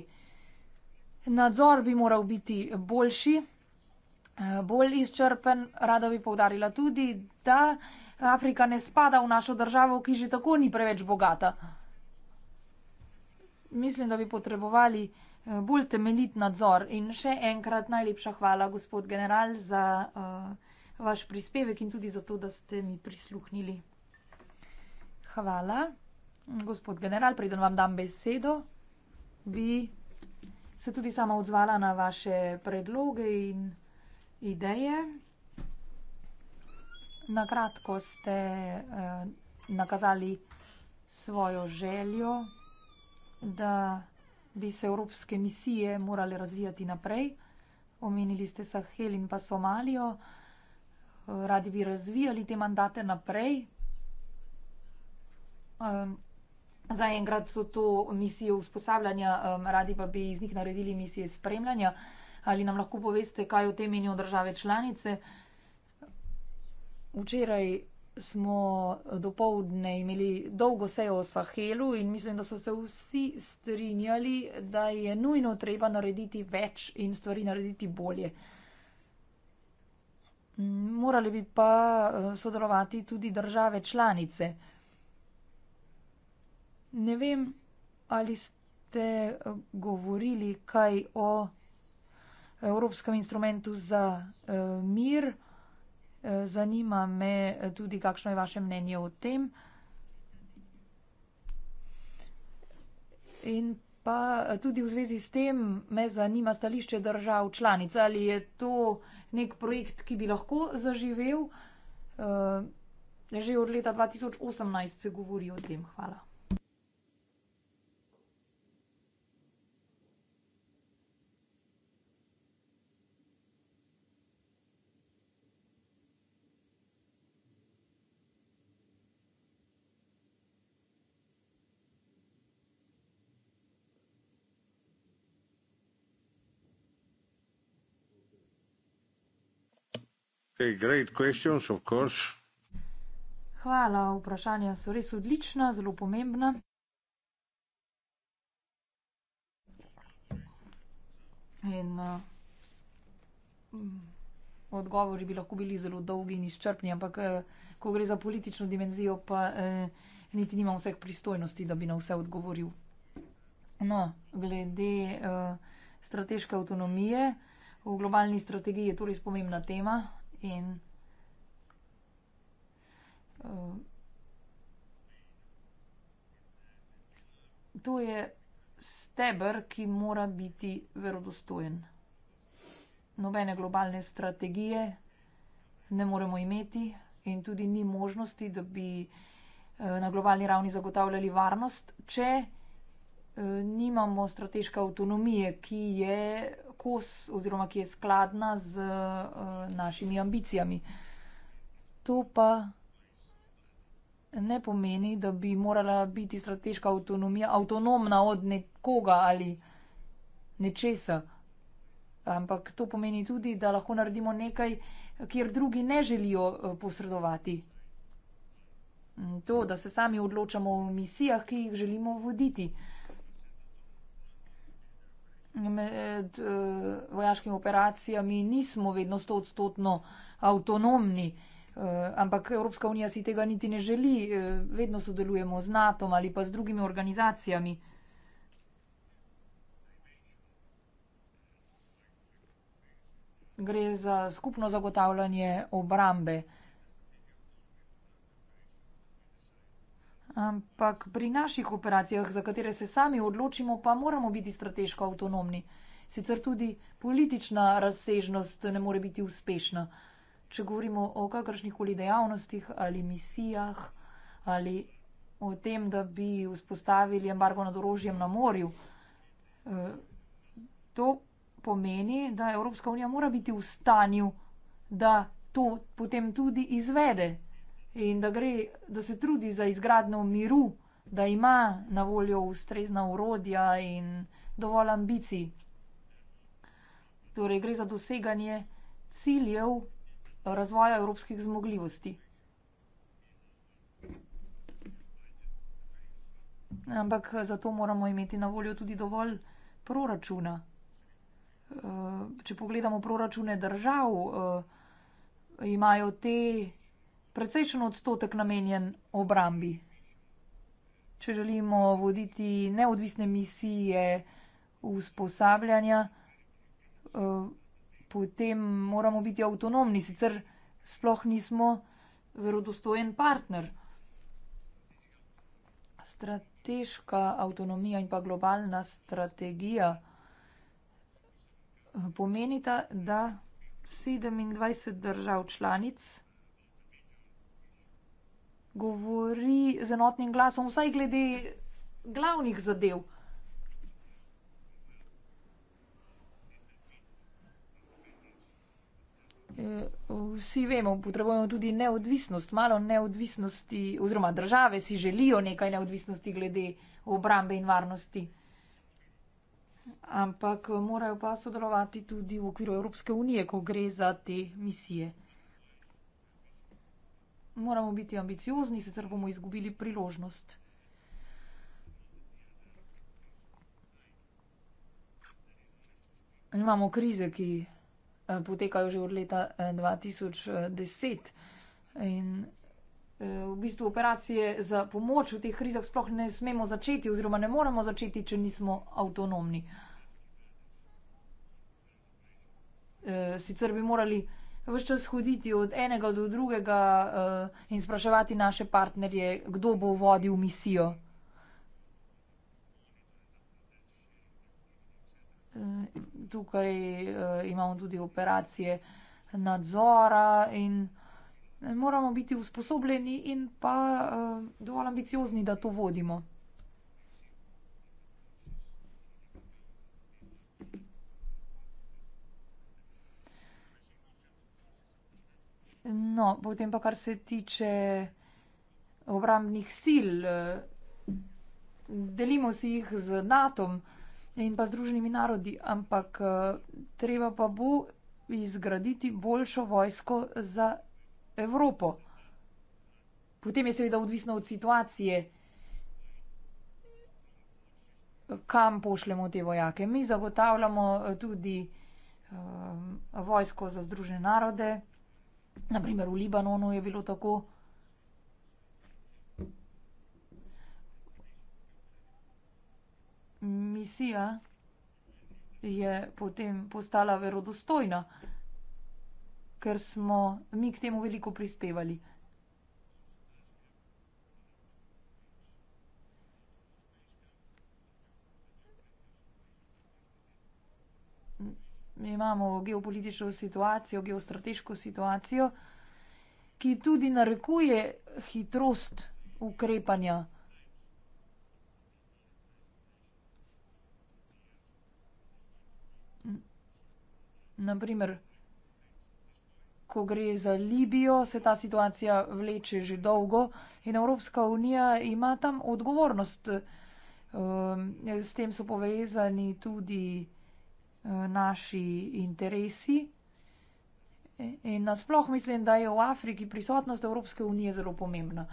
Nadzor bi moral biti boljši, eh, bolj izčrpen. Rada bi povdarila tudi, da Afrika ne spada v našo državo, ki že tako ni preveč bogata. Mislim, da bi potrebovali. Eh, bolj temeljit nadzor. In še enkrat najlepša hvala, gospod general, za uh, vaš prispevek in tudi za to, da ste mi prisluhnili. Hvala. Gospod general, preden vam dam besedo, bi se tudi sama odzvala na vaše predloge in ideje. Na kratko ste eh, nakazali svojo željo, da bi se evropske misije morale razvijati naprej. Omenili ste Sahel in pa Somalijo. Radi bi razvijali te mandate naprej. Zaenkrat so to misije usposabljanja, radi pa bi iz njih naredili misije spremljanja. Ali nam lahko poveste, kaj o tem menijo države članice? Včeraj smo dopoledne imeli dolgo sejo o Sahelu in mislim, da so se vsi strinjali, da je nujno treba narediti več in stvari narediti bolje. Morali bi pa eh, sodelovati tudi države članice. Ne vem, ali ste eh, govorili kaj o eh, Evropskem instrumentu za mir. Zanima me tudi, kakšno je vaše mnenje o tem. In pa tudi v zvezi s tem me zanima stališče držav članic. Ali je to nek projekt, ki bi lahko zaživel? Eh, že od leta 2018 se govori o tem. Hvala. Hvala, vprašanja so res odlična, zelo pomembna. In uh, odgovori bi lahko bili zelo dolgi in izčrpni, ampak uh, ko gre za politično dimenzijo, pa uh, niti nimam vseh pristojnosti, da bi na vse odgovoril. No, glede uh, strateške avtonomije, v globalni strategiji je to res pomembna tema in uh, to je steber, ki mora biti verodostojen. Nobene globalne strategije ne moremo imeti in tudi ni možnosti, da bi eh, na globalni ravni zagotavljali varnost, če eh, nimamo strateške avtonomije, ki je kos oziroma ki je skladna z uh, našimi ambicijami. To pa ne pomeni, da bi morala biti strateška avtonomija avtonomna od nekoga ali nečesa. Ampak to pomeni tudi, da lahko naredimo nekaj, kjer drugi ne želijo eh, posredovati. Mm, to, da se sami odločamo o misijah, ki jih želimo voditi med eh, vojaškimi operacijami nismo vedno stotstotno avtonomni, eh, ampak Evropska unija si tega niti ne želi, eh, vedno sodelujemo z NATO ali pa z drugimi organizacijami. Gre za skupno zagotavljanje obrambe. Ampak pri naših operacijah, za katere se sami odločimo, pa moramo biti strateško avtonomni. Sicer tudi politična razsežnost ne more biti uspešna. Če govorimo o kakršnih koli dejavnostih ali misijah ali o tem, da bi vzpostavili embargo nad orožjem na morju, eh, to pomeni, da Evropska unija mora biti v stanju, da to potem tudi izvede in da gre, da se trudi za izgradno miru, da ima na voljo ustrezna urodja in dovolj ambicij. Torej, gre za doseganje ciljev razvoja evropskih zmogljivosti. Ampak eh, zato moramo imeti na voljo tudi dovolj proračuna. Eh, če pogledamo proračune držav, eh, imajo te precejšen odstotek namenjen obrambi. Če želimo voditi neodvisne misije usposabljanja, eh, potem moramo biti avtonomni, sicer sploh nismo verodostojen partner. Strateška avtonomija in pa globalna strategija eh, pomenita, da sedemindvajset držav članic govori z enotnim glasom, vsaj glede glavnih zadev. E, vsi vemo, potrebujemo tudi neodvisnost, malo neodvisnosti, oziroma države si želijo nekaj neodvisnosti glede obrambe in varnosti. Ampak morajo pa sodelovati tudi v okviru Evropske unije, ko gre za te misije. Moramo biti ambiciozni, sicer bomo izgubili priložnost. Imamo krize, ki eh, potekajo že od leta 2010 eh, in eh, v bistvu operacije za pomoč v teh krizah sploh ne smemo začeti oziroma ne moramo začeti, če nismo avtonomni. Sicer bi morali vse čas hoditi od enega do drugega uh, in spraševati naše partnerje, kdo bo vodil misijo. Eh, tukaj uh, imamo tudi operacije nadzora in moramo biti usposobljeni in pa uh, dovolj ambiciozni, da to vodimo. No, potem pa kar se tiče obrambnih sil, delimo si jih z NATO in pa Združenimi narodi, ampak treba pa bo izgraditi boljšo vojsko za Evropo. Potem je seveda odvisno od situacije, kam pošljemo te vojake. Mi zagotavljamo tudi um, vojsko za Združene narode. Naprimer v Libanonu je bilo tako. Misija je potem postala verodostojna, ker smo mi k temu veliko prispevali. imamo geopolitično situacijo, geostrateško situacijo, ki tudi narekuje hitrost ukrepanja. Naprimer, ko gre za Libijo, se ta situacija vleče že dolgo in Evropska unija ima tam odgovornost. Ehm, s tem so povezani tudi. Eh, naši interesi. E, in nasploh mislim, da je v Afriki prisotnost Evropske unije zelo pomembna.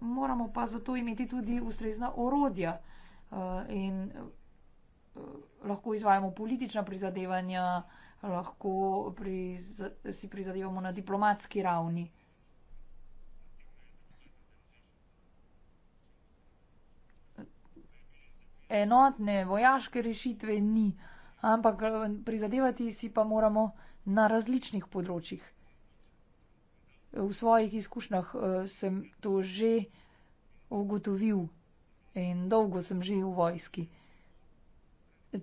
Moramo pa zato imeti tudi ustrezna orodja eh, in eh, lahko izvajamo politična prizadevanja, lahko si prizadevamo na diplomatski ravni. Enotne vojaške rešitve ni ampak eh, prizadevati si pa moramo na različnih področjih. V svojih izkušnjah eh, sem to že ugotovil in dolgo sem že v vojski.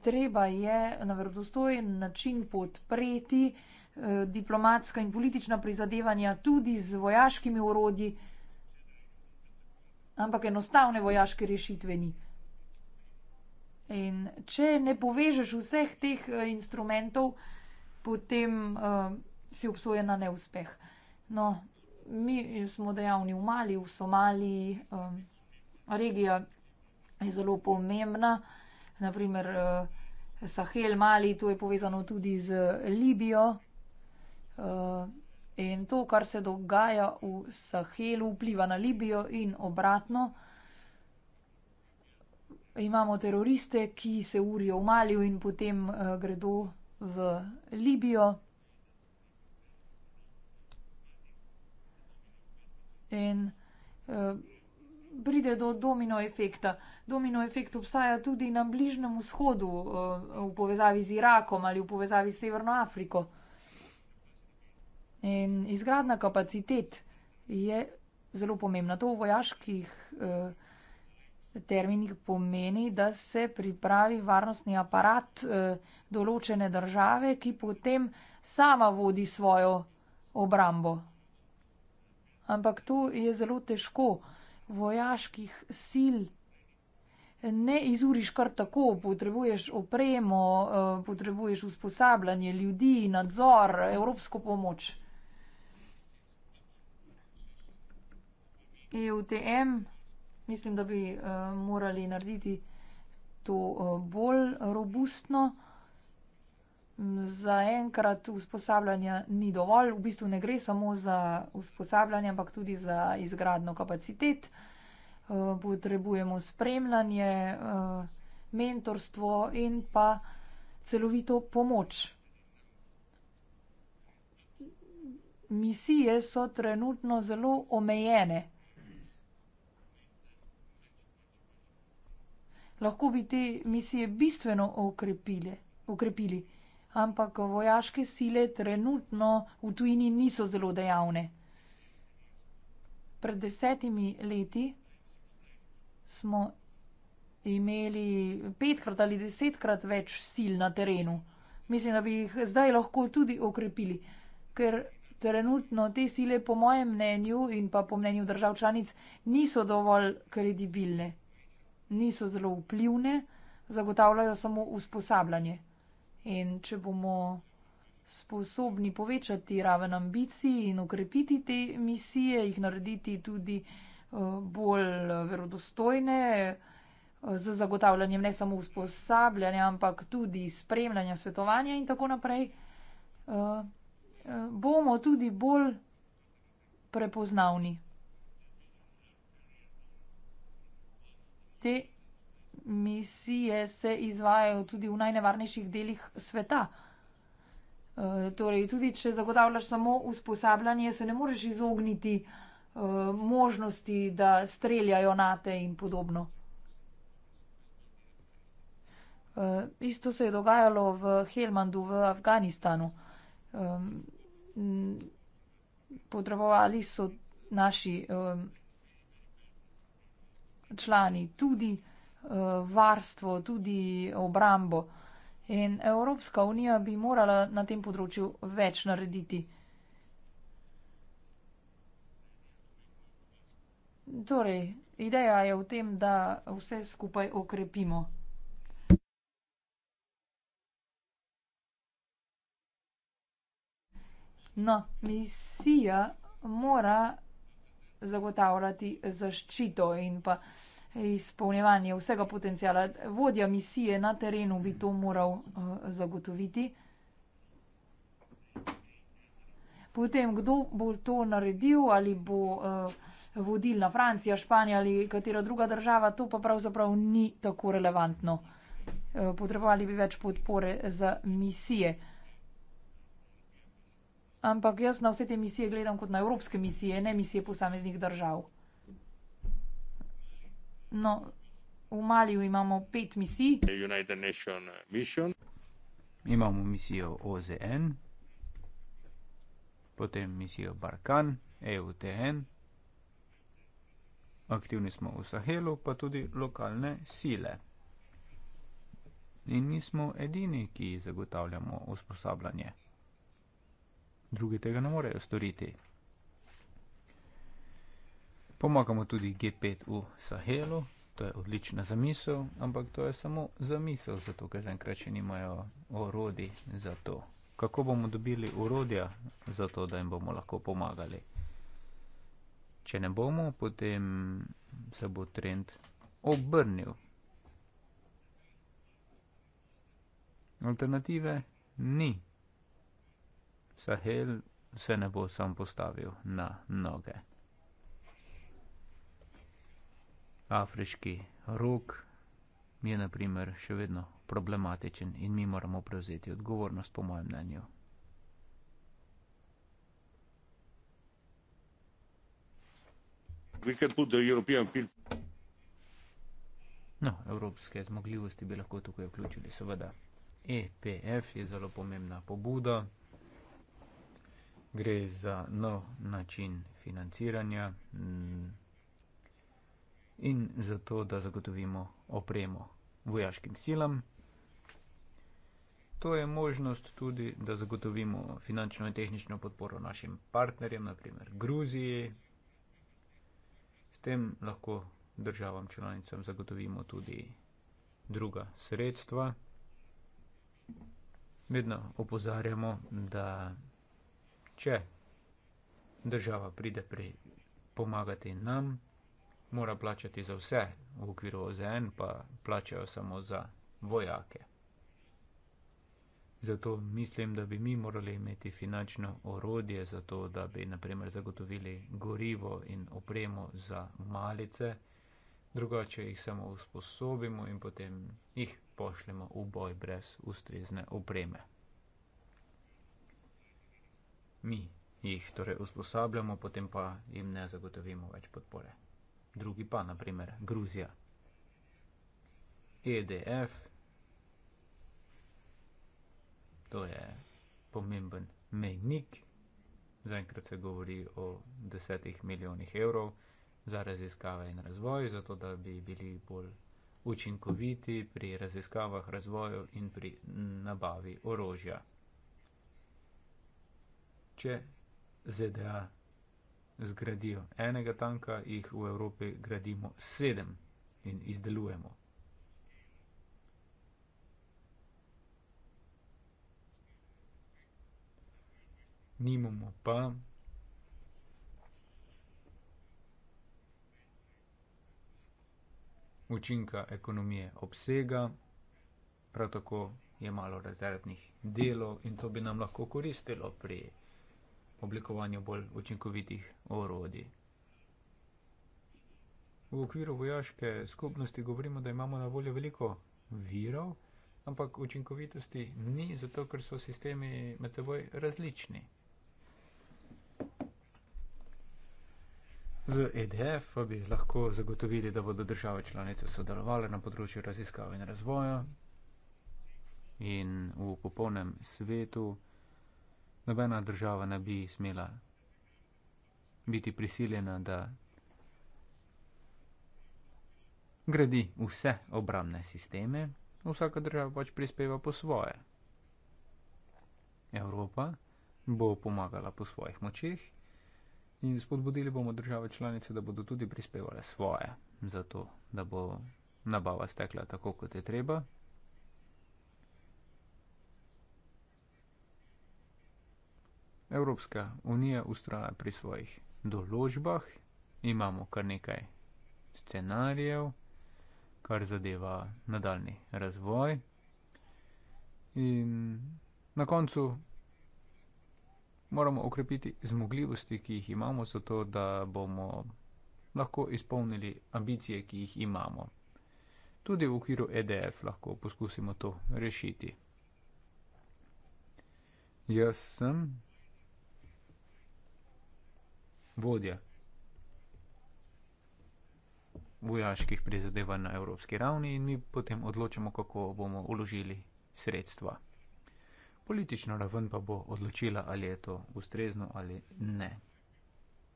Treba je na verodostojen način podpreti eh, diplomatska in politična prizadevanja tudi z vojaškimi urodji, ampak enostavne vojaške rešitve ni. In če ne povežeš vseh teh eh, instrumentov, potem uh, si obsojen na neuspeh. No, mi smo dejavni v Mali, v Somaliji, um, regija je zelo pomembna, naprimer uh, Sahel, Mali, to je povezano tudi z Libijo. Uh, in to, kar se dogaja v Sahelu, vpliva na Libijo in obratno imamo teroriste, ki se urijo v Maliju in potem eh, gredo v Libijo. In uh, pride do domino efekta. Domino efekt obstaja tudi na Bližnem vzhodu, uh, v povezavi z Irakom ali v povezavi s Severno Afriko. In izgradna kapacitet je zelo pomembna. To v vojaških uh, terminih pomeni, da se pripravi varnostni aparat eh, določene države, ki potem sama vodi svojo obrambo. Ampak to je zelo težko. Vojaških sil ne izuriš kar tako, potrebuješ opremo, eh, potrebuješ usposabljanje ljudi, nadzor, evropsko pomoč. EUTM. Mislim, da bi uh, morali narediti to uh, bolj robustno. Za enkrat usposabljanja ni dovolj, v bistvu ne gre samo za usposabljanje, ampak tudi za izgradno kapacitet. Eh, potrebujemo spremljanje, mentorstvo in pa celovito pomoč. Misije so trenutno zelo omejene. lahko bi te misije bistveno okrepile, okrepili, ampak vojaške sile trenutno v tujini niso zelo dejavne. Pred desetimi leti smo imeli petkrat ali desetkrat več sil na terenu. Mislim, da bi jih zdaj lahko tudi okrepili, ker trenutno te sile, po mojem mnenju in pa po mnenju držav članic, niso dovolj kredibilne niso zelo vplivne, zagotavljajo samo usposabljanje. In če bomo sposobni povečati raven ambicij in okrepiti te misije, jih narediti tudi eh, bolj eh, verodostojne, eh, z zagotavljanjem ne samo usposabljanja, ampak tudi spremljanja, svetovanja in tako naprej, bomo tudi bolj prepoznavni. te misije se izvajajo tudi v najnevarnejših delih sveta. E, torej, tudi če zagotavljaš samo usposabljanje, se ne moreš izogniti e, možnosti, da streljajo na te in podobno. E, isto se je dogajalo v Helmandu v Afganistanu. E, potrebovali so naši. E, člani, tudi uh, varstvo, tudi obrambo. In Evropska unija bi morala na tem področju več narediti. Torej, ideja je v tem, da vse skupaj okrepimo. No, misija mora zagotavljati zaščito in pa izpolnjevanje vsega potencijala. Vodja misije na terenu bi to moral uh, zagotoviti. Potem, kdo bo to naredil, ali bo uh, vodilna Francija, Španija ali katera druga država, to pa pravzaprav ni tako relevantno. Uh, potrebovali bi več podpore za misije. Uh, Ampak jaz na vse te misije gledam kot na evropske misije, ne misije posameznih držav. No, v Maliju imamo pet misij. Imamo misijo OZN, potem misijo Barkan, EUTN. Aktivni smo v Sahelu, pa tudi lokalne sile. In nismo edini, ki zagotavljamo usposabljanje drugi tega ne morejo storiti. Pomagamo tudi G5 v Sahelu, to je odlična zamisel, ampak to je samo zamisel, zato ker zaenkrat še nimajo orodi za to. Kako bomo dobili urodja za to, da jim bomo lahko pomagali? Če ne bomo, potem se bo trend obrnil. Alternative ni. Sahel se ne bo sam postavil na noge. Afriški rok je naprimer še vedno problematičen in mi moramo prevzeti odgovornost po mojem mnenju. No, evropske zmogljivosti bi lahko tukaj vključili, seveda. EPF je zelo pomembna pobuda, gre za nov način financiranja mm, in za to, da zagotovimo opremo vojaškim silam. To je možnost tudi, da zagotovimo finančno in tehnično podporo našim partnerjem, naprimer Gruziji. S tem lahko državam članicam zagotovimo tudi druga sredstva. Vedno opozarjamo, da če država pride pri pomagati nam, mora plačati za vse v okviru OZN, pa plačajo samo za vojake. Zato mislim, da bi mi morali imeti finančno orodje za to, da bi naprimer zagotovili gorivo in opremo za malice, drugače jih samo usposobimo in potem jih pošljemo v boj brez ustrezne opreme mi jih torej usposabljamo, potem pa jim ne zagotovimo več podpore. Drugi pa, naprimer, Gruzija, EDF, to je pomemben mejnik, zaenkrat se govori o desetih milijonih evrov za raziskave in razvoj, zato da bi bili bolj učinkoviti pri raziskavah, razvoju in pri nabavi orožja če ZDA zgradijo enega tanka, jih v Evropi gradimo sedem in izdelujemo. Nimamo pa učinka ekonomije obsega, prav tako je malo rezervnih delov in to bi nam lahko koristilo pri oblikovanju bolj učinkovitih orodij. V okviru vojaške skupnosti govorimo, da imamo na voljo veliko virov, ampak učinkovitosti ni, zato ker so sistemi med seboj različni. Z EDF pa bi lahko zagotovili, da bodo države članice sodelovali na področju raziskav in razvoja in v popolnem svetu nobena država ne bi smela biti prisiljena, da gradi vse obramne sisteme, vsaka država pač prispeva po svoje. Evropa bo pomagala po svojih močeh in spodbudili bomo države članice, da bodo tudi prispevale svoje, zato da bo nabava stekla tako, kot je treba. Evropska unija ustraja pri svojih določbah, imamo kar nekaj scenarijev, kar zadeva nadaljni razvoj. In na koncu moramo okrepiti zmogljivosti, ki jih imamo, zato da bomo lahko izpolnili ambicije, ki jih imamo. Tudi v okviru EDF lahko poskusimo to rešiti. Jaz sem vodja vojaških prizadevanj na evropski ravni in mi potem odločamo, kako bomo uložili sredstva. Politična raven pa bo odločila, ali je to ustrezno ali ne.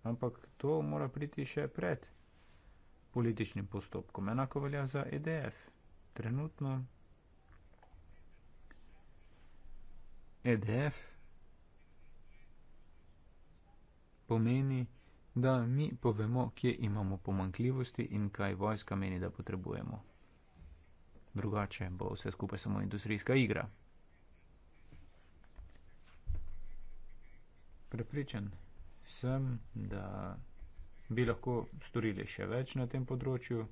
Ampak to mora priti še pred političnim postopkom. Enako velja za EDF. Trenutno EDF pomeni da mi povemo, kje imamo pomankljivosti in kaj vojska meni, da potrebujemo. Drugače bo vse skupaj samo industrijska igra. Prepričan sem, da bi lahko storili še več na tem področju.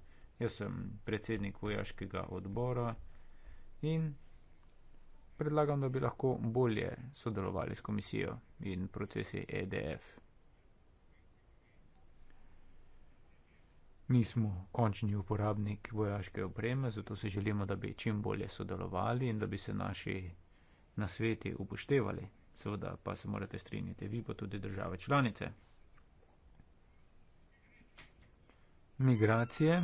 Jaz sem predsednik vojaškega odbora in predlagam, da bi lahko bolje sodelovali s komisijo in procesi EDF. Mi smo končni uporabniki vojaške opreme, zato si želimo, da bi čim bolje sodelovali in da bi se naši nasveti upoštevali. Seveda pa se morate strinjati vi, pa tudi države članice. Migracije.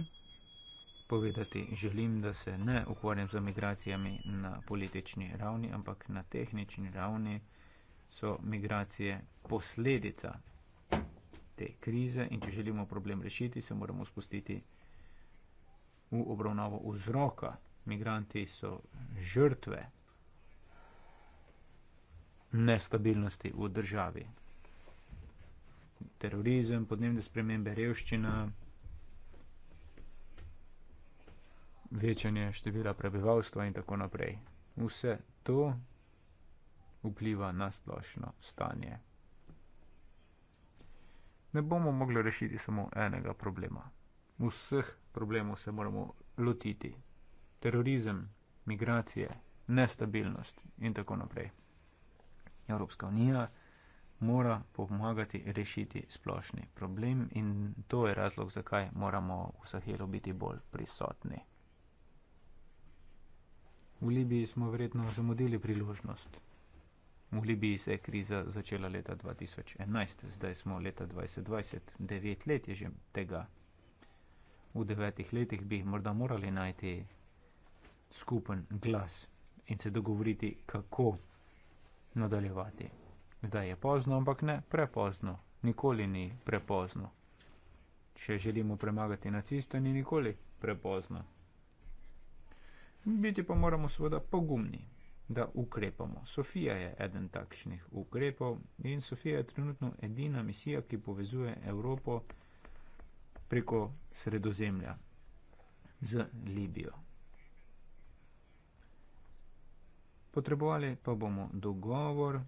Povedati želim, da se ne ukvarjam z migracijami na politični ravni, ampak na tehnični ravni so migracije posledica te krize in če želimo problem rešiti, se moramo spustiti v obravnavo vzroka. Migranti so žrtve nestabilnosti v državi. Terorizem, podnebne spremembe, revščina, večanje števila prebivalstva in tako naprej. Vse to vpliva na splošno stanje ne bomo mogli rešiti samo enega problema. Vseh problemov se moramo lotiti. Terorizem, migracije, nestabilnost in tako naprej. Evropska unija mora pomagati rešiti splošni problem in to je razlog, zakaj moramo v Sahelu biti bolj prisotni. V Libiji smo verjetno zamudili priložnost. Mogli bi se kriza začela leta 2011, zdaj smo leta 2020, devet let je že tega. V devetih letih bi morda morali najti skupen glas in se dogovoriti, kako nadaljevati. Zdaj je pozno, ampak ne prepozno. Nikoli ni prepozno. Če želimo premagati naciste, ni nikoli prepozno. Biti pa moramo seveda pogumni da ukrepamo. Sofija je eden takšnih ukrepov in Sofija je trenutno edina misija, ki povezuje Evropo preko sredozemlja z Libijo. Potrebovali pa bomo dogovor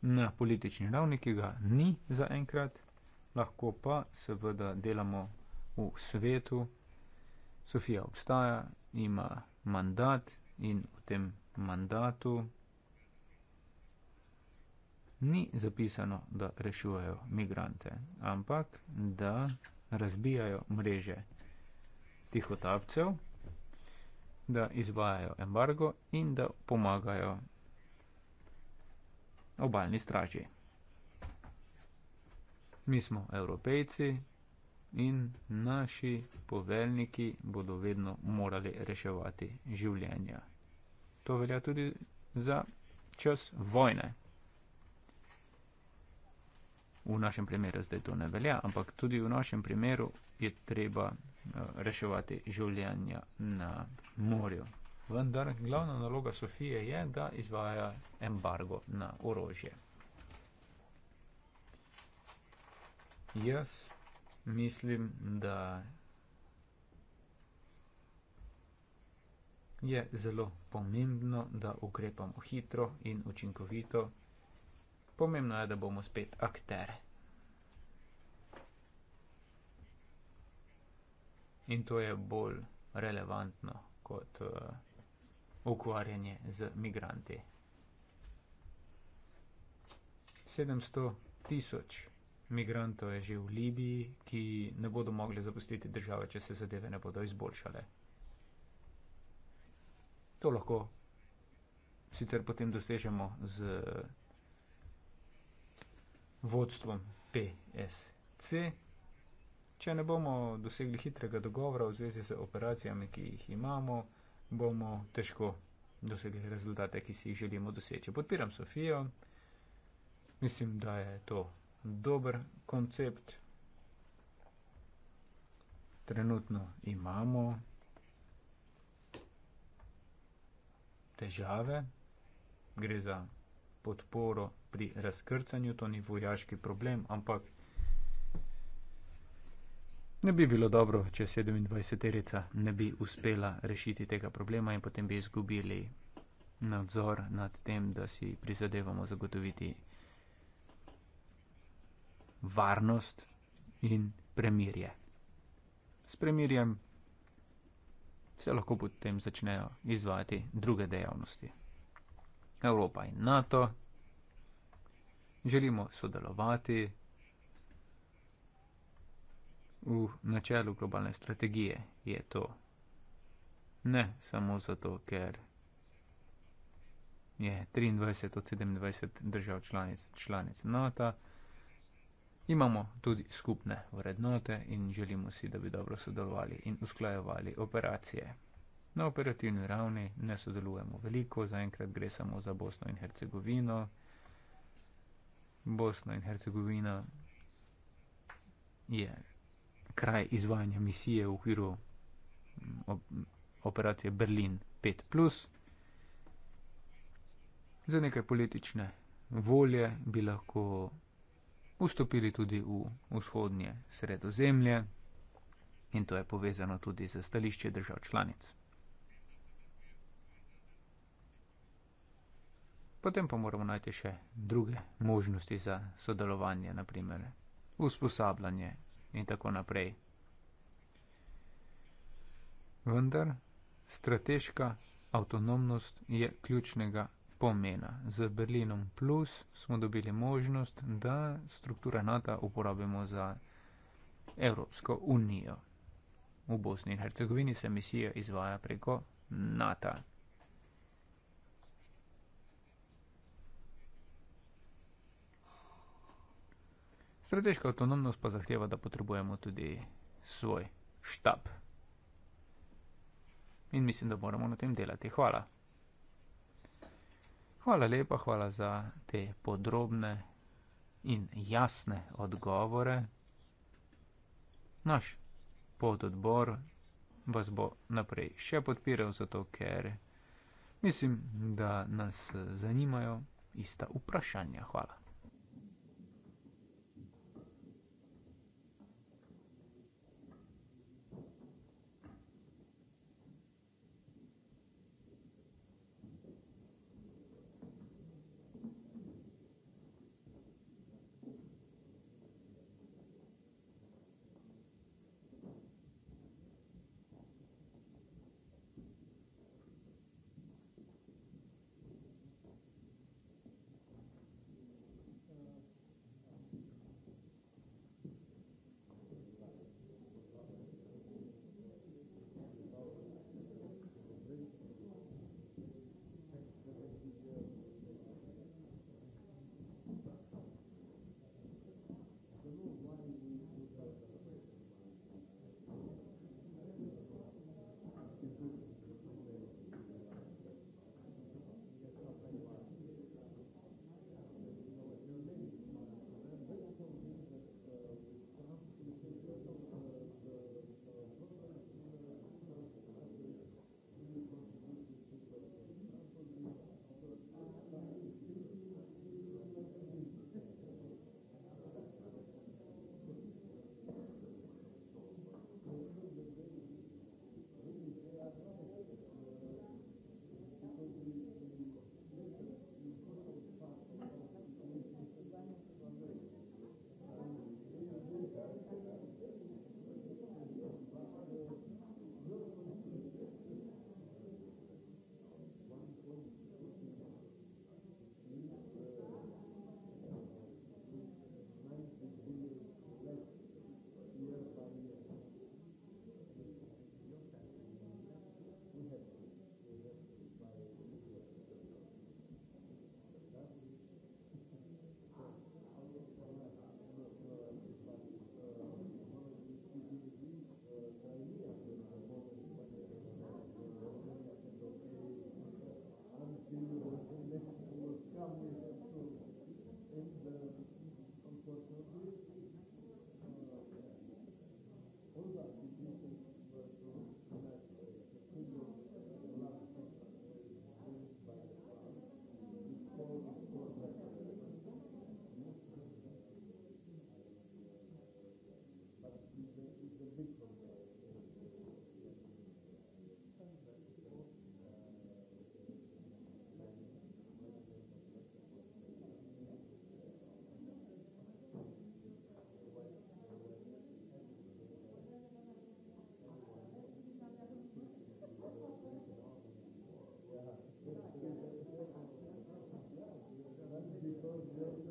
na politični ravni, ki ga ni zaenkrat, lahko pa seveda delamo v svetu, Sofija obstaja, ima mandat in v tem mandatu ni zapisano, da rešujejo migrante, ampak da razbijajo mreže tihotapcev, da izvajajo embargo in da pomagajo obaljni straži. Mi smo evropejci, in naši poveljniki bodo vedno morali reševati življenja. To velja tudi za čas vojne. V našem primeru zdaj to ne velja, ampak tudi v našem primeru je treba eh, reševati življenja na morju. Vendar glavna naloga Sofije je, da izvaja embargo na orožje. Jaz Mislim, da je zelo pomembno, da ukrepamo hitro in učinkovito. Pomembno je, da bomo spet aktere. In to je bolj relevantno kot uh, ukvarjanje z migranti. 700 tisoč migrantov je že v Libiji, ki ne bodo mogli zapustiti države, če se zadeve ne bodo izboljšale. To lahko sicer potem dosežemo z vodstvom PSC, če ne bomo dosegli hitrega dogovora v zvezi z operacijami, ki jih imamo, bomo težko dosegli rezultate, ki si jih želimo doseči. Podpiram Sofijo, mislim, da je to dober koncept. Trenutno imamo težave, gre za podporo pri razkrcanju, to ni vojaški problem, ampak ne bi bilo dobro, če 27-erica ne bi uspela rešiti tega problema in potem bi izgubili nadzor nad tem, da si prizadevamo zagotoviti varnost in premirje. S premirjem se lahko potem začnejo izvajati druge dejavnosti. Evropa in NATO želimo sodelovati v načelu globalne strategije. Je to ne samo zato, ker je 23 od 27 držav članic članic NATO. Imamo tudi skupne vrednote in želimo si, da bi dobro sodelovali in usklajevali operacije. Na operativni ravni ne sodelujemo veliko, zaenkrat gre samo za Bosno in Hercegovino. Bosna in Hercegovina je kraj izvajanja misije v okviru mm, operacije Berlin 5. Za nekaj politične volje bi lahko vstopili tudi v vzhodnje sredozemlje in to je povezano tudi z stališče držav članic. Potem pa moramo najti še druge možnosti za sodelovanje, naprimer usposabljanje in tako naprej. Vendar strateška avtonomnost je ključnega pomena. Z Berlinom plus smo dobili možnost, da strukture NATO uporabimo za Evropsko unijo. V Bosni in Hercegovini se misija izvaja preko NATO. Strateška avtonomnost pa zahteva, da potrebujemo tudi svoj štab. In mislim, da moramo na tem delati. Hvala. Hvala lepa, hvala za te podrobne in jasne odgovore. Naš pododbor vas bo naprej še podpiral, zato ker mislim, da nas zanimajo ista vprašanja. Hvala. Thank you.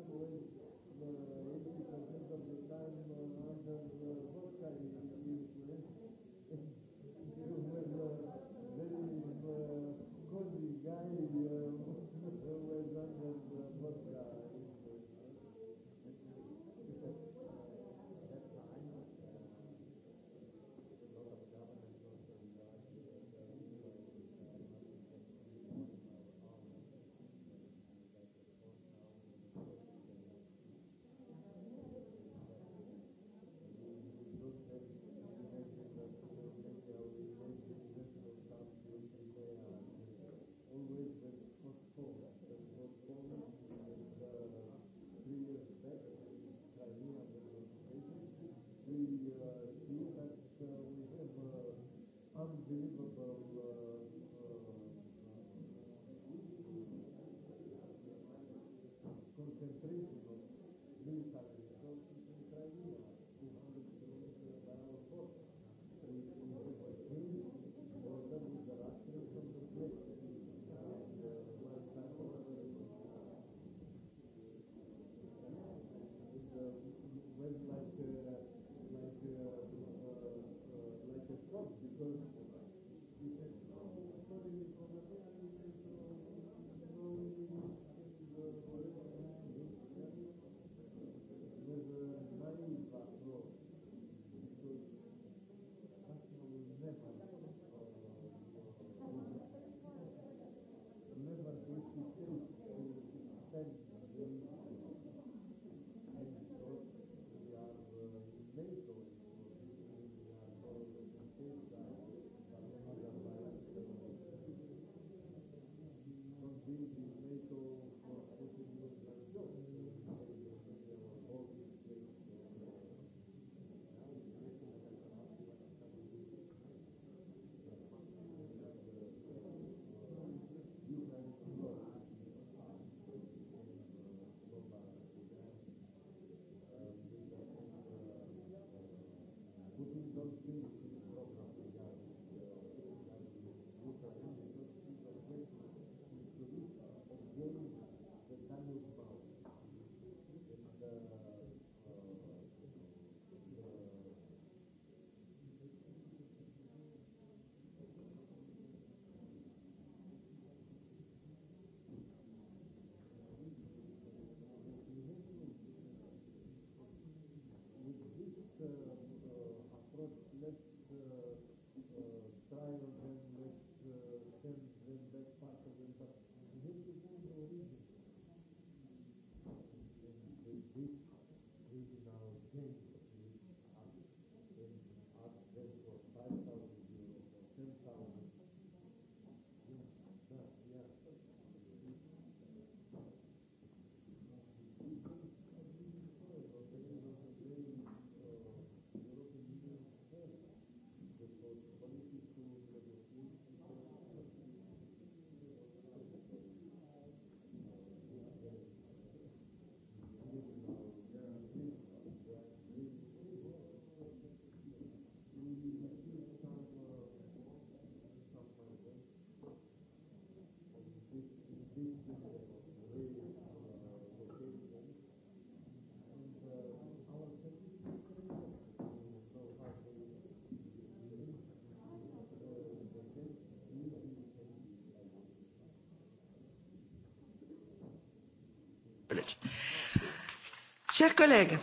Chers collègues,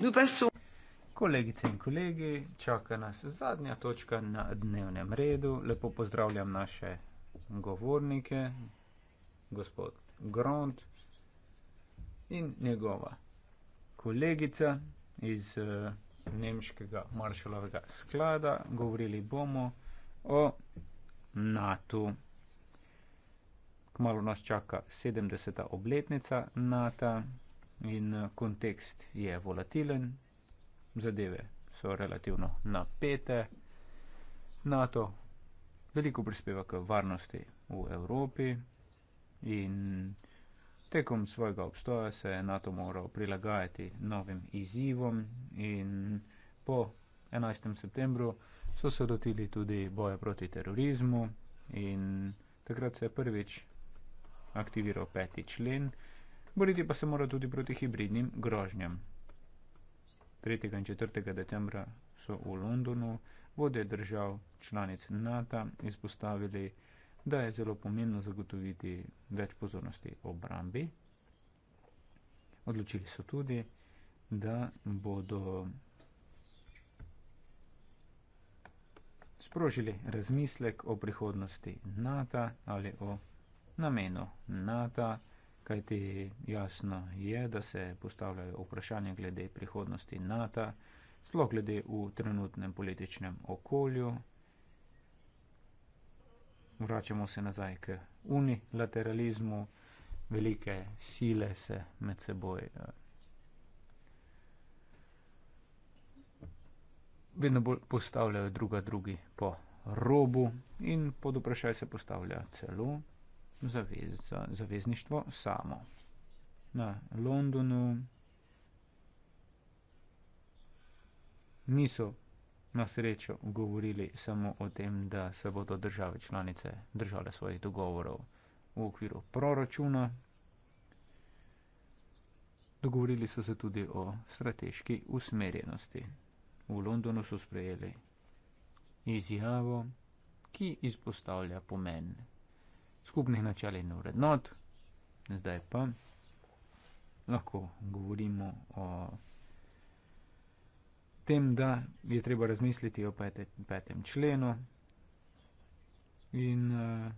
nous passons. Kolegice in kolegi, čaka nas zadnja točka na dnevnem redu. Lepo pozdravljam naše govornike, gospod Grond in njegova kolegica iz uh, nemškega maršalovega sklada. Govorili bomo o NATO. Kmalo nas čaka 70. obletnica NATO in uh, kontekst je volatilen, zadeve so relativno napete. NATO veliko prispeva k varnosti v Evropi in tekom svojega obstoja se je NATO moral prilagajati novim izzivom in po 11. septembru so se dotili tudi boja proti terorizmu in takrat se je prvič aktiviral peti člen, boriti pa se mora tudi proti hibridnim grožnjam. 3. in 4. decembra so v Londonu vode držav članic NATO izpostavili da je zelo pomembno zagotoviti več pozornosti obrambi. Odločili so tudi, da bodo sprožili razmislek o prihodnosti NATO ali o namenu NATO, kajti jasno je, da se postavljajo vprašanja glede prihodnosti NATO, sploh glede v trenutnem političnem okolju vračamo se nazaj k unilateralizmu, velike sile se med seboj. Eh, vedno bolj postavljajo druga drugi po robu in pod vprašaj se postavlja celo zavez, zavezništvo samo. Na Londonu niso na srečo govorili samo o tem, da se bodo države članice držale svojih dogovorov v okviru proračuna. Dogovorili so se tudi o strateški usmerjenosti. V Londonu so sprejeli izjavo, ki izpostavlja pomen skupnih načel in vrednot. Zdaj pa lahko govorimo o tem, da je treba razmisliti o pete, petem členu. In uh,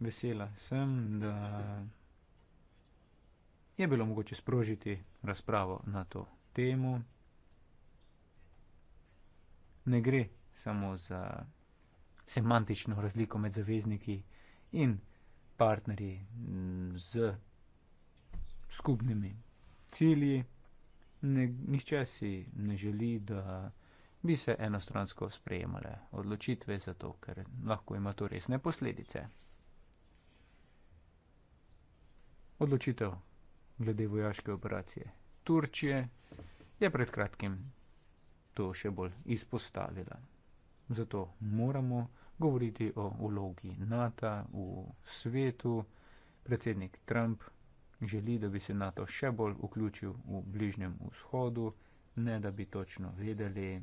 vesela sem, da je bilo mogoče sprožiti razpravo na to temo. Ne gre samo za semantično razliko med zavezniki in partnerji z skupnimi cilji ne, nihče si ne želi, da bi se enostransko sprejemale odločitve za to, ker lahko ima to resne posledice. Odločitev glede vojaške operacije Turčije je pred kratkim to še bolj izpostavila. Zato moramo govoriti o vlogi NATO v svetu. Predsednik Trump želi, da bi se NATO še bolj vključil v bližnjem vzhodu, ne da bi točno vedeli,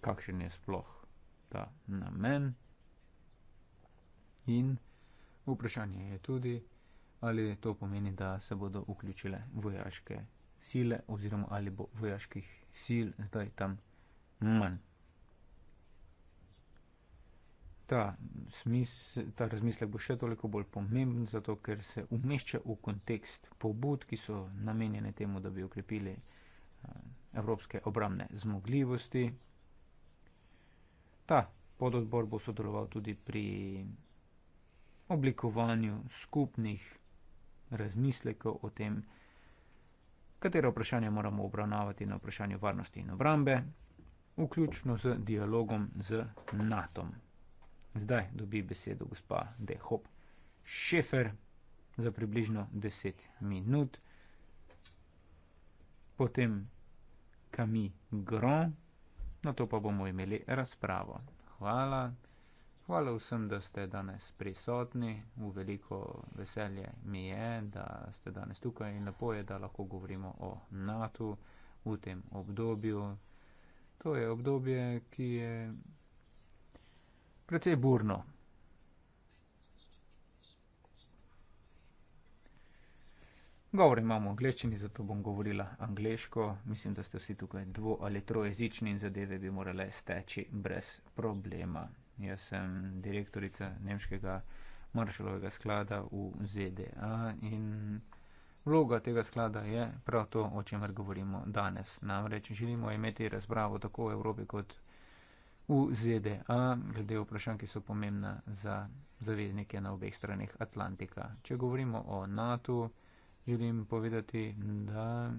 kakšen je sploh ta namen. In vprašanje je tudi, ali to pomeni, da se bodo vključile vojaške sile oziroma ali bo vojaških sil zdaj tam manj ta, smisl, ta razmislek bo še toliko bolj pomemben, zato ker se umešča v kontekst pobud, ki so namenjene temu, da bi ukrepili eh, evropske obramne zmogljivosti. Ta pododbor bo sodeloval tudi pri oblikovanju skupnih razmislekov o tem, katero vprašanje moramo obravnavati na vprašanju varnosti in obrambe, vključno z dialogom z NATO. -om. Zdaj dobi besedo gospa De Hop Šefer za približno 10 minut, potem Kami Gron, na to pa bomo imeli razpravo. Hvala. Hvala vsem, da ste danes prisotni. V veliko veselje mi je, da ste danes tukaj in lepo je, da lahko govorimo o NATO v tem obdobju. To je obdobje, ki je precej burno. Govor imamo angleščini, zato bom govorila angleško. Mislim, da ste vsi tukaj dvo- ali trojezični in zadeve bi morale steči brez problema. Jaz sem direktorica Nemškega maršalovega sklada v ZDA in vloga tega sklada je prav to, o čemer govorimo danes. Namreč želimo imeti razpravo tako v Evropi kot v v ZDA, glede vprašanj, ki so pomembna za zaveznike na obeh stranih Atlantika. Če govorimo o NATO, želim povedati, da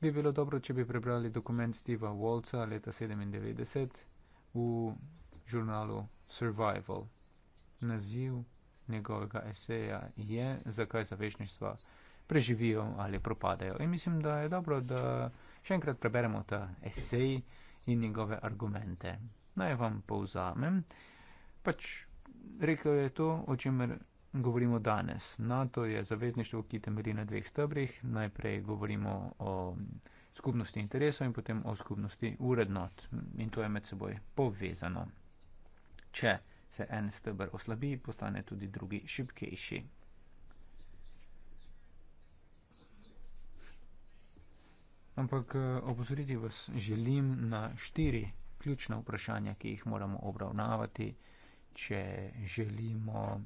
bi bilo dobro, če bi prebrali dokument Steva Waltza leta 97 v žurnalu Survival. Naziv njegovega eseja je, zakaj zavešništva preživijo ali propadajo. In mislim, da je dobro, da. Še enkrat preberemo ta esej in njegove argumente. Naj vam povzamem. Pač rekel je to, o čemer govorimo danes. NATO je zavezništvo, ki temelji na dveh stebrih. Najprej govorimo o skupnosti interesov in potem o skupnosti urednot. In to je med seboj povezano. Če se en steber oslabi, postane tudi drugi šibkejši. Ampak eh, opozoriti vas želim na štiri ključna vprašanja, ki jih moramo obravnavati, če želimo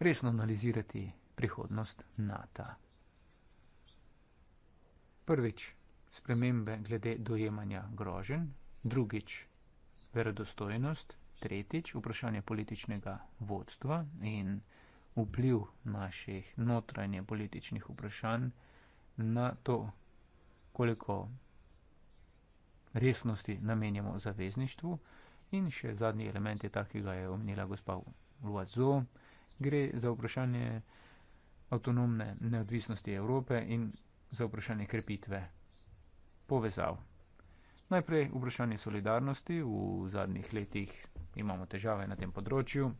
resno analizirati prihodnost NATO. Prvič, spremembe glede dojemanja grožen, drugič, verodostojnost, tretjič, vprašanje političnega vodstva in vpliv naših notranje političnih vprašanj na to, koliko resnosti namenjamo zavezništvu. In še zadnji element je ta, ki ga je omenila gospa Luazo. Gre za vprašanje avtonomne neodvisnosti Evrope in za vprašanje krepitve povezav. Najprej vprašanje solidarnosti. V zadnjih letih imamo težave na tem področju.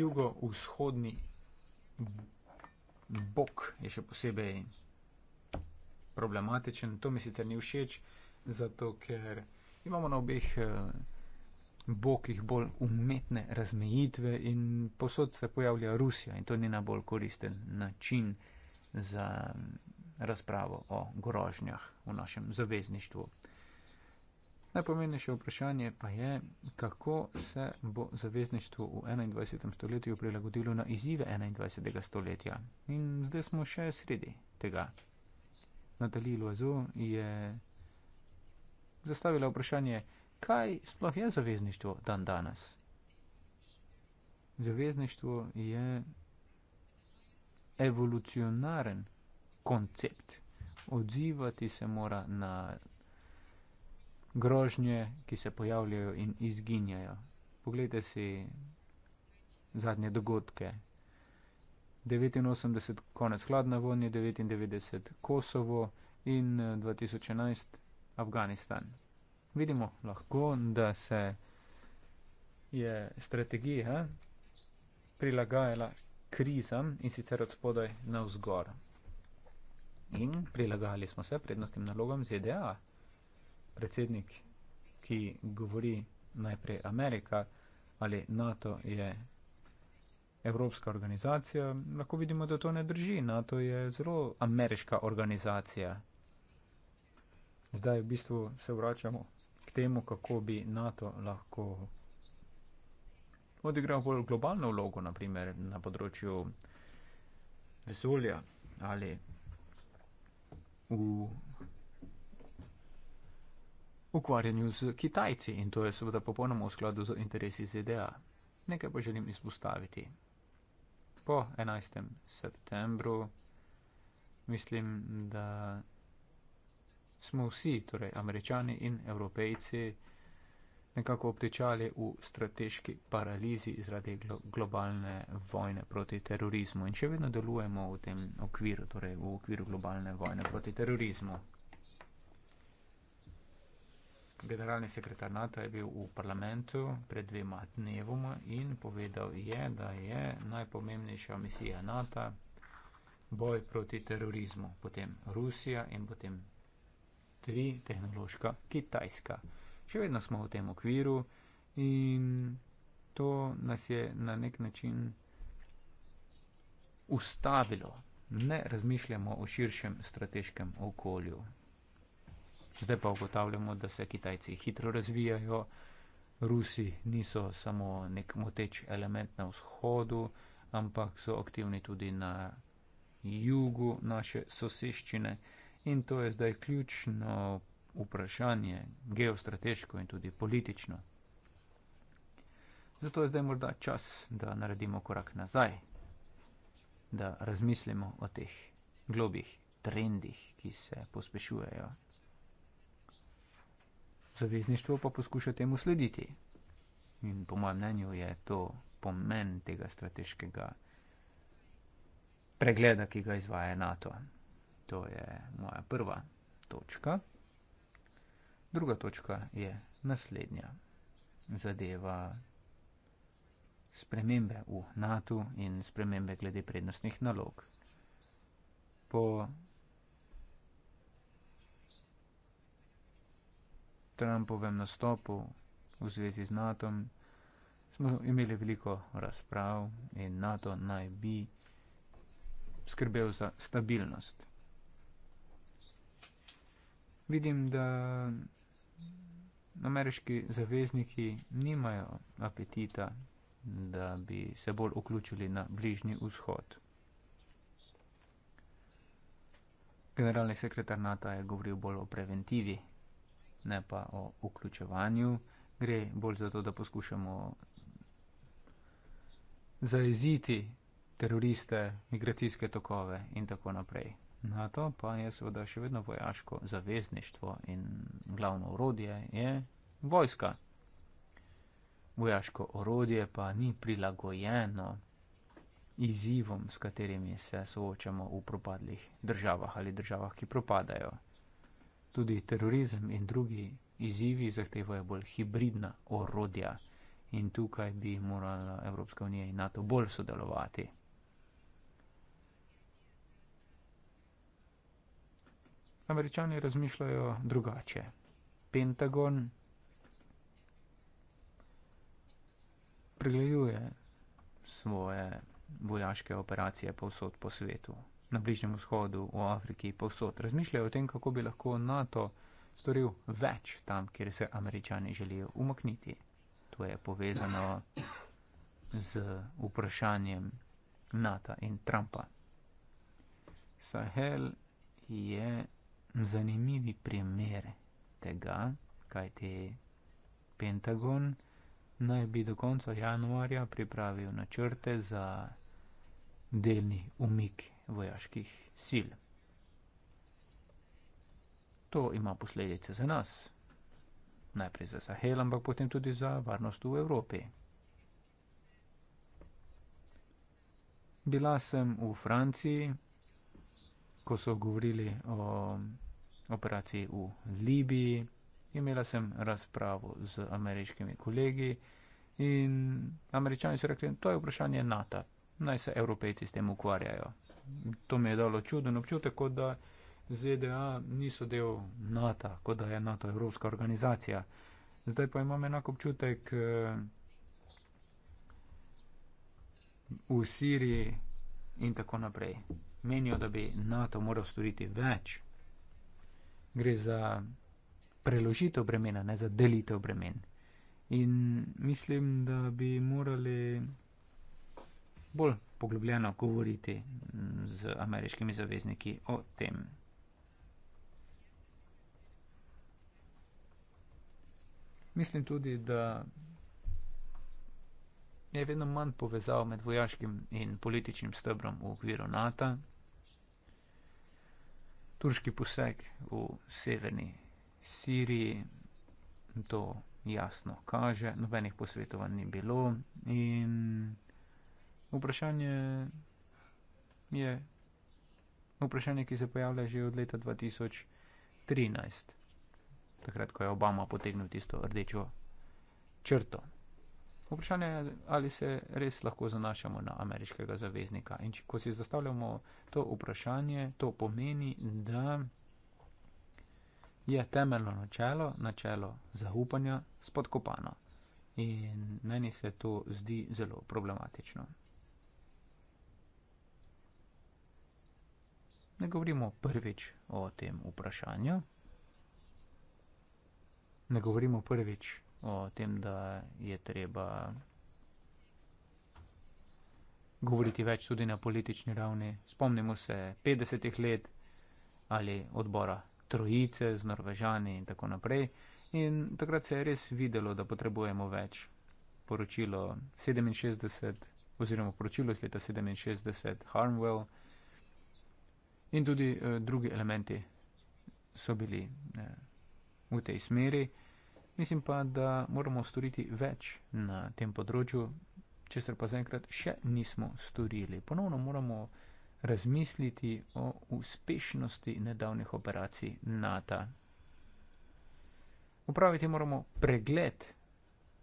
Jugo-vzhodni bok je še posebej problematičen. To mi sicer ni všeč, zato ker imamo na obeh eh, bokih bolj umetne razmejitve in posod se pojavlja Rusija in to ni najbolj koristen način za mm, razpravo o grožnjah v našem zavezništvu. Najpomembnejše vprašanje pa je, kako se bo zavezništvo v 21. stoletju prilagodilo na izzive 21. stoletja. In zdaj smo še sredi tega. Natalija Loazu je zastavila vprašanje, kaj sploh je zavezništvo dan danes. Zavezništvo je evolucionaren koncept. Odzivati se mora na grožnje, ki se pojavljajo in izginjajo. Poglejte si zadnje dogodke. 89 konec hladne vojne, 99 Kosovo in 2011 eh, Afganistan. Vidimo lahko, da se je strategija eh, prilagajala krizam in sicer od spodaj na vzgor. In prilagali smo se prednostnim nalogam ZDA predsednik, ki govori najprej Amerika ali NATO je evropska organizacija, lahko vidimo, da to ne drži. NATO je zelo ameriška organizacija. Zdaj v bistvu se vračamo k temu, kako bi NATO lahko odigral bolj globalno vlogo, naprimer na področju vesolja ali v ukvarjanju z Kitajci in to je seveda popolnoma v skladu z interesi ZDA. Nekaj pa želim izpostaviti. Po 11. septembru mislim, da smo vsi, torej američani in evropejci, nekako obtečali v strateški paralizi zaradi glo globalne vojne proti terorizmu in še vedno delujemo v tem okviru, torej v okviru globalne vojne proti terorizmu generalni sekretar NATO je bil v parlamentu pred dvema dnevoma in povedal je, da je najpomembnejša misija NATO boj proti terorizmu, potem Rusija in potem tri tehnološka Kitajska. Še vedno smo v tem okviru in to nas je na nek način ustavilo. Ne razmišljamo o širšem strateškem okolju. Zdaj pa ugotavljamo, da se Kitajci hitro razvijajo, Rusi niso samo nek moteč element na vzhodu, ampak so aktivni tudi na jugu naše sosiščine in to je zdaj ključno vprašanje, geostrateško in tudi politično. Zato je zdaj morda čas, da naredimo korak nazaj, da razmislimo o teh globih trendih, ki se pospešujejo Zavezništvo pa poskuša temu slediti. In po mojem mnenju je to pomen tega strateškega pregleda, ki ga izvaja NATO. To je moja prva točka. Druga točka je naslednja. Zadeva spremembe v NATO in spremembe glede prednostnih nalog. Po Trumpovem nastopu v zvezi z NATO smo imeli veliko razprav in NATO naj bi skrbel za stabilnost. Vidim, da ameriški zavezniki nimajo apetita, da bi se bolj vključili na bližnji vzhod. Generalni sekretar NATO je govoril bolj o preventivi ne pa o vključevanju. Gre bolj za to, da poskušamo zaeziti teroriste, migracijske tokove in tako naprej. Na to pa je seveda še vedno vojaško zavezništvo in glavno orodje je vojska. Vojaško orodje pa ni prilagojeno izzivom, s katerimi se soočamo v propadlih državah ali državah, ki propadajo. Tudi terorizem in drugi izzivi zahtevajo bolj hibridna orodja in tukaj bi morala Evropska unija in NATO bolj sodelovati. Američani razmišljajo drugače. Pentagon prilejuje svoje vojaške operacije povsod po svetu na Bližnjem vzhodu, v Afriki, povsod. Razmišljajo o tem, kako bi lahko NATO storil več tam, kjer se američani želijo umakniti. To je povezano z vprašanjem NATO in Trumpa. Sahel je zanimivi primer tega, kaj ti Pentagon naj bi do konca januarja pripravil načrte za delni umik vojaških sil. To ima posledice za nas, najprej za Sahel, ampak potem tudi za varnost v Evropi. Bila sem v Franciji, ko so govorili o operaciji v Libiji, imela sem razpravo z ameriškimi kolegi in američani so rekli, to je vprašanje NATO, naj se evropejci s tem ukvarjajo to mi je dalo čuden občutek, kot da ZDA niso del NATO, kot da je NATO evropska organizacija. Zdaj pa imam enako občutek eh, v Siriji in tako naprej. Menijo, da bi NATO moral storiti več. Gre za preložitev bremena, ne za delitev bremen. In mislim, da bi morali bolj poglobljeno govoriti z ameriškimi zavezniki o tem. Mislim tudi, da je vedno manj povezav med vojaškim in političnim stebrom v okviru NATO. Turški poseg v severni Siriji to jasno kaže, nobenih posvetovanj ni bilo in Vprašanje je vprašanje, ki se pojavlja že od leta 2013, takrat, ko je Obama potegnil tisto rdečo črto. Vprašanje je, ali se res lahko zanašamo na ameriškega zaveznika. In če, ko si zastavljamo to vprašanje, to pomeni, da je temeljno načelo, načelo zaupanja, spodkopano. In meni se to zdi zelo problematično. ne govorimo prvič o tem vprašanju. Ne govorimo prvič o tem, da je treba govoriti več tudi na politični ravni. Spomnimo se 50-ih let ali odbora Trojice z Norvežani in tako naprej. In takrat se je res videlo, da potrebujemo več. Poročilo 67 oziroma poročilo iz leta 67 Harmwell In tudi eh, drugi elementi so bili eh, v tej smeri. Mislim pa, da moramo storiti več na tem področju, česar pa zaenkrat še nismo storili. Ponovno moramo razmisliti o uspešnosti nedavnih operacij NATO. Upraviti moramo pregled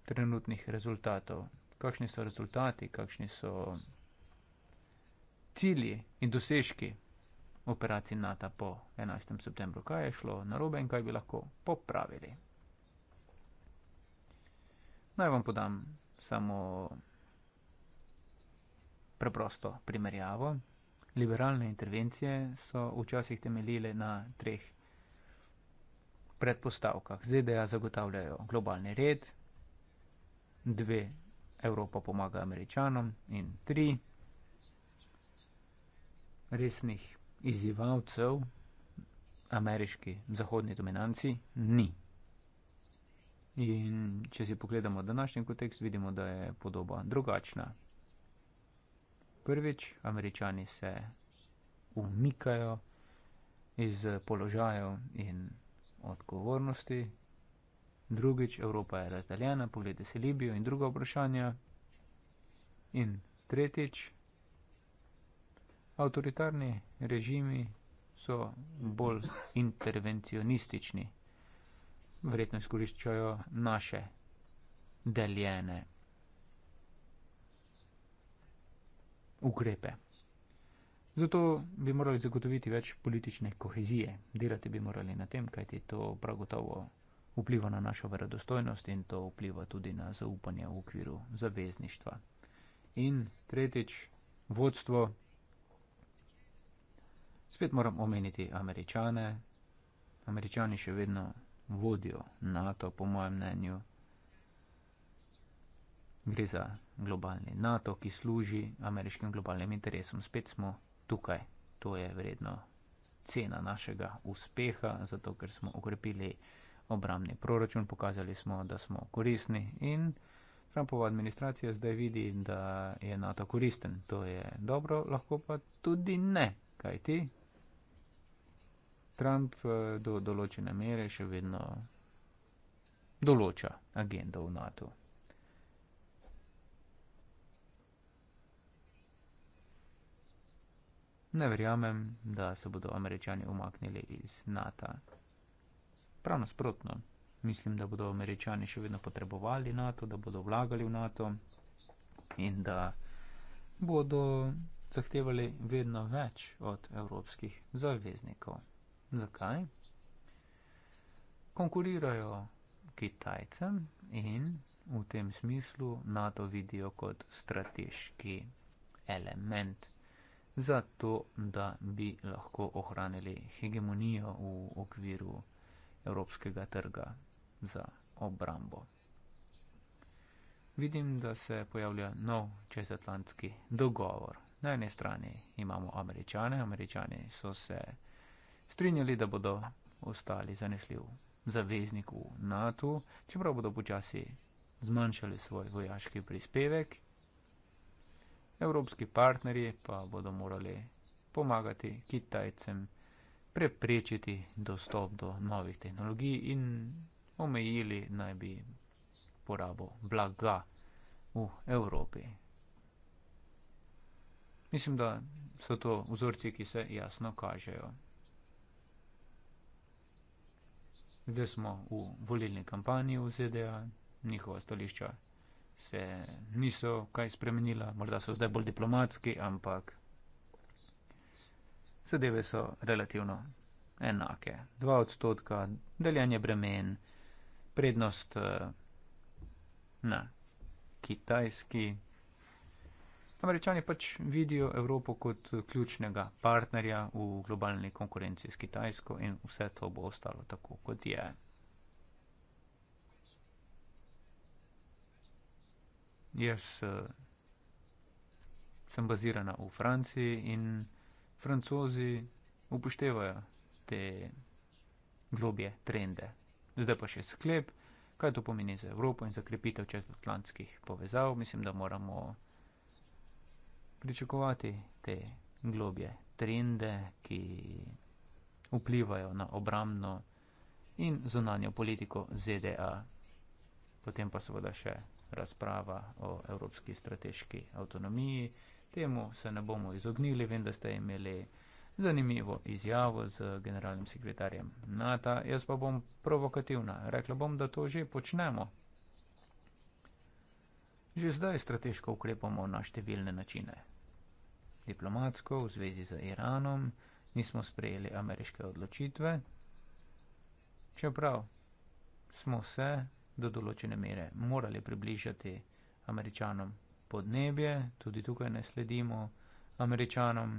trenutnih rezultatov, kakšni so rezultati, kakšni so cilji in dosežki operaciji NATO po 11. septembru. Kaj je šlo narobe in kaj bi lahko popravili? Naj vam podam samo preprosto primerjavo. Liberalne intervencije so včasih temeljile na treh predpostavkah. ZDA zagotavljajo globalni red, dve Evropa pomaga američanom in tri resnih izzivalcev ameriški zahodni dominanci ni. In če si pogledamo današnji kontekst, vidimo, da je podoba drugačna. Prvič, američani se umikajo iz položajev in odgovornosti. Drugič, Evropa je razdaljena, pogledaj se Libijo in druga vprašanja. In tretjič, Avtoritarni režimi so bolj intervencionistični, verjetno izkoriščajo naše deljene ukrepe. Zato bi morali zagotoviti več politične kohezije, delati bi morali na tem, kajti to prav gotovo vpliva na našo verodostojnost in to vpliva tudi na zaupanje v okviru zavezništva. In tretjič, vodstvo Spet moram omeniti američane. Američani še vedno vodijo NATO, po mojem mnenju. Gre za globalni NATO, ki služi ameriškim globalnim interesom. Spet smo tukaj. To je vredno cena našega uspeha, zato ker smo okrepili obramni proračun, pokazali smo, da smo korisni in Trumpova administracija zdaj vidi, da je NATO koristen. To je dobro, lahko pa tudi ne. Kaj ti? Trump eh, do določene mere še vedno določa agendo v NATO. Ne verjamem, da se bodo američani umaknili iz NATO. Pravno sprotno, mislim, da bodo američani še vedno potrebovali NATO, da bodo vlagali v NATO in da bodo zahtevali vedno več od evropskih zaveznikov. Zakaj? Konkurirajo Kitajcem in v tem smislu NATO vidijo kot strateški element za to, da bi lahko ohranili hegemonijo v okviru evropskega trga za obrambo. Vidim, da se pojavlja nov čezatlantski dogovor. Na eni strani imamo američane, američani so se strinjali, da bodo ostali zanesljiv zaveznik v NATO, čeprav bodo počasi zmanjšali svoj vojaški prispevek. Evropski partnerji pa bodo morali pomagati Kitajcem preprečiti dostop do novih tehnologij in omejili naj bi porabo blaga v Evropi. Mislim, da so to vzorci, ki se jasno kažejo. Zdaj smo v volilni kampanji v ZDA, njihova stališča se niso kaj spremenila, morda so zdaj bolj diplomatski, ampak zadeve so relativno enake. Dva odstotka, deljenje bremen, prednost eh, na kitajski. Američani pač vidijo Evropo kot eh, ključnega partnerja v globalni konkurenci s Kitajsko in vse to bo ostalo tako, kot je. Jaz uh, sem bazirana v Franciji in francozi upoštevajo te globje trende. Zdaj pa še sklep, kaj to pomeni za Evropo in za krepitev čezatlantskih povezav. Mislim, da moramo pričakovati te globje trende, ki vplivajo na obramno in zunanjo politiko ZDA. Potem pa seveda še razprava o evropski strateški avtonomiji. Temu se ne bomo izognili. Vem, da ste imeli zanimivo izjavo z generalnim sekretarjem NATO. Jaz pa bom provokativna. Rekla bom, da to že počnemo. Že zdaj strateško ukrepamo na številne načine. Diplomatsko v zvezi z Iranom nismo sprejeli ameriške odločitve, čeprav smo se do določene mere morali približati američanom podnebje, tudi tukaj ne sledimo američanom.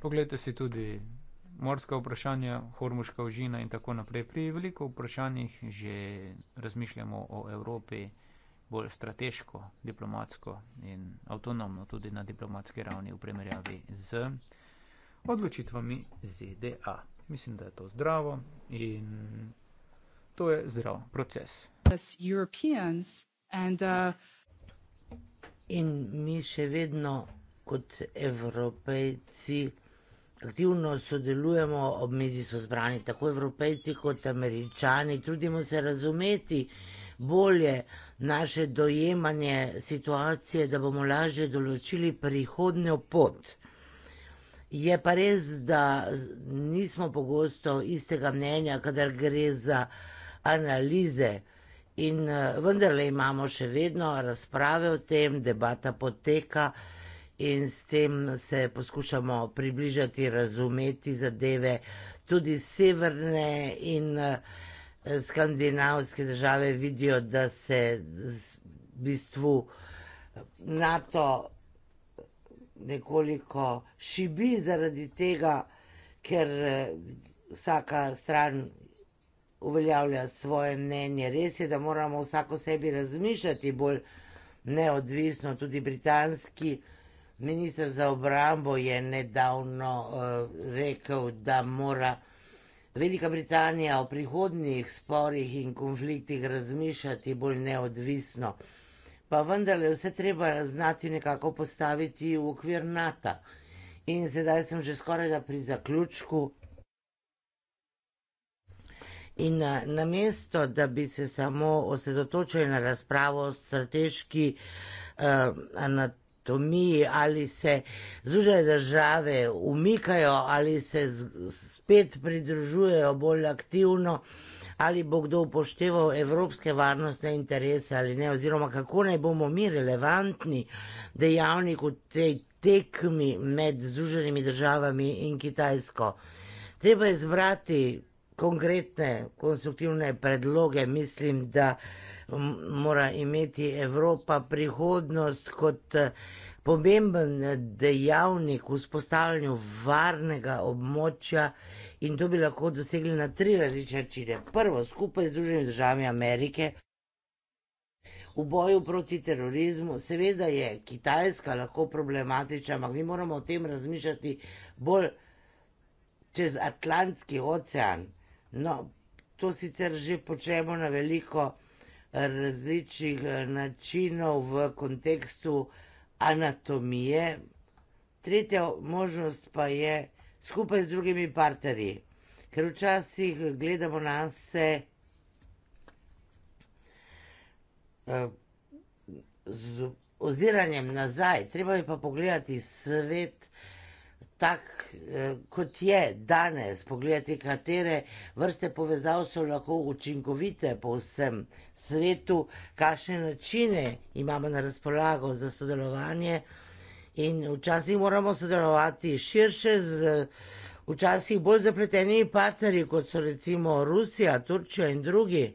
Poglejte si tudi morska vprašanja, hormoška ožina in tako naprej. Pri veliko vprašanjih že razmišljamo o Evropi bolj strateško, diplomatsko in avtonomno, tudi na diplomatski ravni v primerjavi z odločitvami ZDA. Mislim, da je to zdravo in to je zdrav proces. And, uh... In mi še vedno kot evropejci aktivno sodelujemo ob mizi, so zbrani tako evropejci kot američani. Trudimo se razumeti bolje naše dojemanje situacije, da bomo lažje določili prihodnjo pot. Je pa res, da nismo pogosto istega mnenja, kadar gre za analize. In eh, vendarle imamo še vedno razprave o tem, debata poteka in s tem se poskušamo približati, razumeti zadeve tudi severne in eh, skandinavske države vidijo, da se v bistvu NATO nekoliko šibi zaradi tega, ker eh, vsaka stran uveljavlja svoje mnenje. Res je, da moramo vsako sebi razmišljati bolj neodvisno, tudi britanski Ministr za obrambo je nedavno uh, rekel, da mora Velika Britanija o prihodnjih sporih in konfliktih razmišljati bolj neodvisno. Pa vendarle vse treba znati nekako postaviti v okvir NATO. In sedaj sem že skoraj da pri zaključku. In eh, na mesto, da bi se samo osredotočili na razpravo o strateški eh, anatomiji, ali se zunaj države umikajo, ali se spet pridružujejo bolj aktivno, ali bo kdo upošteval evropske varnostne interese ali ne, oziroma kako naj bomo mi relevantni dejavnik v tej tekmi med Združenimi državami in Kitajsko. Treba je zbrati konkretne, konstruktivne predloge. Mislim, da mora imeti Evropa prihodnost kot pomemben dejavnik v spostavljanju varnega območja in to bi lahko dosegli na tri različne načine. Prvo, skupaj z Združenimi državami Amerike. V boju proti terorizmu, seveda je Kitajska lahko problematična, ampak mi moramo o tem razmišljati bolj čez Atlantski ocean. No, to sicer že počnemo na veliko eh, različnih eh, načinov v kontekstu anatomije. Tretja možnost pa je skupaj z drugimi partnerji, ker včasih gledamo na se eh, z oziranjem nazaj, treba je pa pogledati svet, tak, eh, kot je danes, pogledati, katere vrste povezav so lahko učinkovite po vsem svetu, kakšne načine imamo na razpolago za sodelovanje. In včasih moramo sodelovati širše z včasih bolj zapletenimi partnerji, kot so recimo Rusija, Turčija in drugi.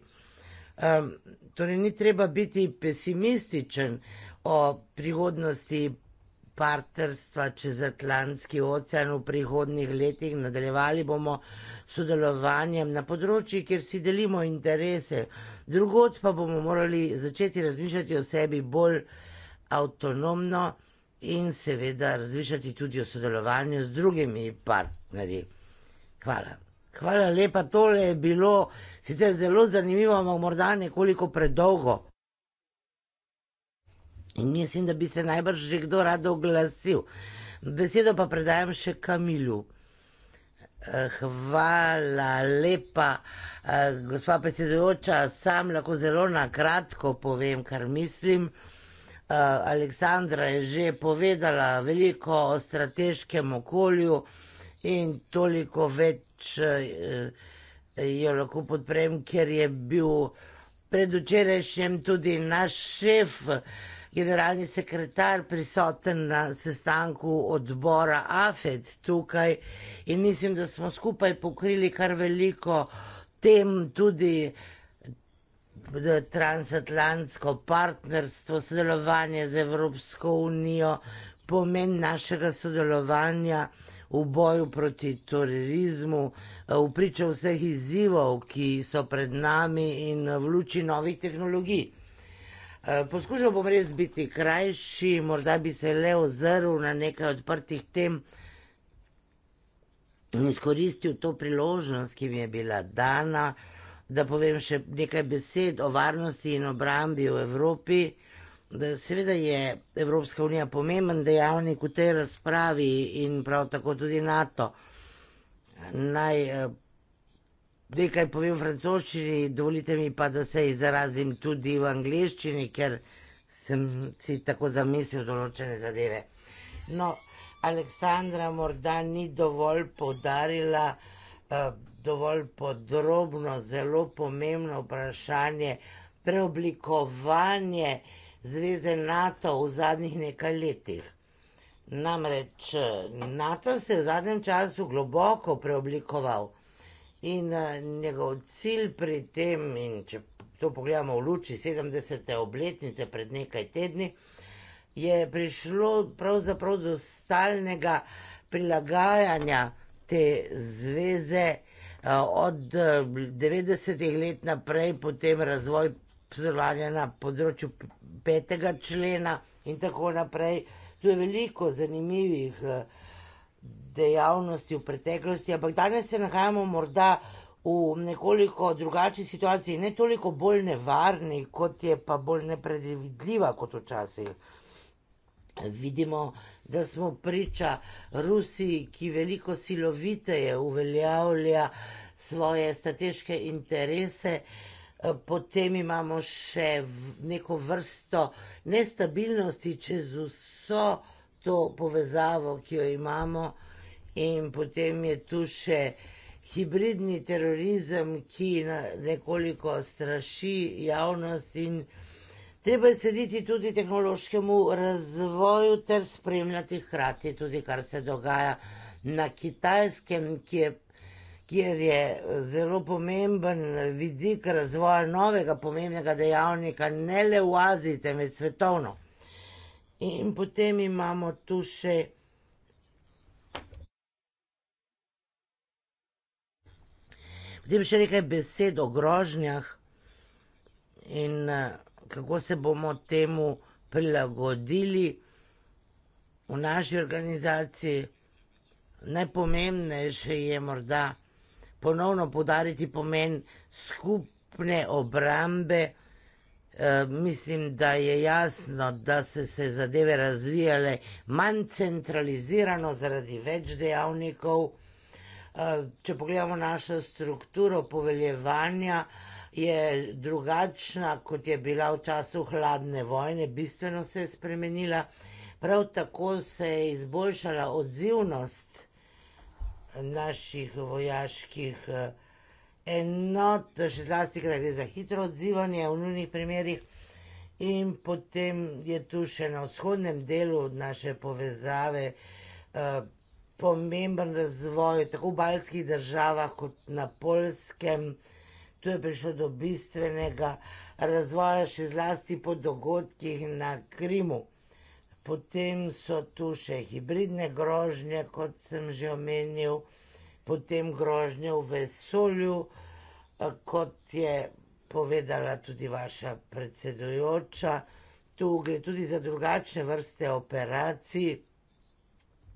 Um, torej, ni treba biti pesimističen o prihodnosti partnerstva čez Atlantski ocean v prihodnih letih. Nadaljevali bomo sodelovanjem na področjih, kjer si delimo interese. Drugod pa bomo morali začeti razmišljati o sebi bolj avtonomno in seveda razmišljati tudi o sodelovanju z drugimi partnerji. Hvala. Hvala lepa, tole je bilo sicer zelo zanimivo, ampak morda nekoliko predolgo. In mislim, da bi se najbrž že kdo rado oglasil. Besedo pa predajam še Kamilju. Eh, hvala lepa, eh, gospa predsedujoča. Sam lahko zelo na kratko povem, kar mislim. Eh, Aleksandra je že povedala veliko o strateškem okolju in toliko več jo lahko podprem, ker je bil predvčerajšnjem tudi naš šef generalni sekretar prisoten na sestanku odbora AFED tukaj in mislim, da smo skupaj pokrili kar veliko tem tudi transatlantsko partnerstvo, sodelovanje z Evropsko unijo, pomen našega sodelovanja v boju proti terorizmu, v pričo vseh izzivov, ki so pred nami in v luči novih tehnologij. Eh, poskušal bom res biti krajši, morda bi se le ozrl na nekaj odprtih tem in izkoristil to priložnost, ki mi je bila dana, da povem še nekaj besed o varnosti in obrambi v Evropi. Da seveda je Evropska unija pomemben dejavnik v tej razpravi in prav tako tudi NATO. Naj eh, nekaj povem v francoščini, dovolite mi pa, da se izrazim tudi v angliščini, ker sem si tako zamislil določene zadeve. No, Aleksandra morda ni dovolj podarila, eh, dovolj podrobno, zelo pomembno vprašanje preoblikovanje Zveze NATO v zadnjih nekaj letih. Namreč eh, NATO se je v zadnjem času globoko preoblikoval. In uh, njegov cilj pri tem, in če to pogledamo v luči 70. obletnice pred nekaj tedni, je prišlo pravzaprav do stalnega prilagajanja te zveze uh, od 90-ih eh, let naprej, potem razvoj sodelovanja na področju 5. člena in tako naprej. Tu je veliko zanimivih. Uh, dejavnosti v preteklosti, ampak danes se nahajamo morda v nekoliko drugačni situaciji, ne toliko bolj nevarni, kot je pa bolj nepredvidljiva kot včasih. Vidimo, da smo priča Rusiji, ki veliko siloviteje uveljavlja svoje strateške interese. Eh, potem imamo še neko vrsto nestabilnosti čez vso to povezavo, ki jo imamo in potem je tu še hibridni terorizem, ki nekoliko straši javnost in treba je slediti tudi tehnološkemu razvoju ter spremljati hkrati tudi, kar se dogaja na kitajskem, ki je kjer je zelo pomemben vidik razvoja novega pomembnega dejavnika, ne le v Aziji, temveč svetovno. In potem imamo tu še Potem še nekaj besed o grožnjah in eh, kako se bomo temu prilagodili v naši organizaciji. Najpomembnejše je morda ponovno podariti pomen skupne obrambe. E, mislim, da je jasno, da se se zadeve razvijale manj centralizirano zaradi več dejavnikov. Eh, če pogledamo našo strukturo poveljevanja, je drugačna, kot je bila v času hladne vojne, bistveno se je spremenila. Prav tako se je izboljšala odzivnost naših vojaških eh, enot, še zlasti, kaj gre za hitro odzivanje v nujnih primerih. In potem je tu še na vzhodnem delu naše povezave eh, pomemben razvoj, tako v baljskih državah kot na polskem. Tu je prišlo do bistvenega razvoja, še zlasti po dogodkih na Krimu. Potem so tu še hibridne grožnje, kot sem že omenil, potem grožnje v vesolju, eh, kot je povedala tudi vaša predsedujoča. Tu gre tudi za drugačne vrste operacij.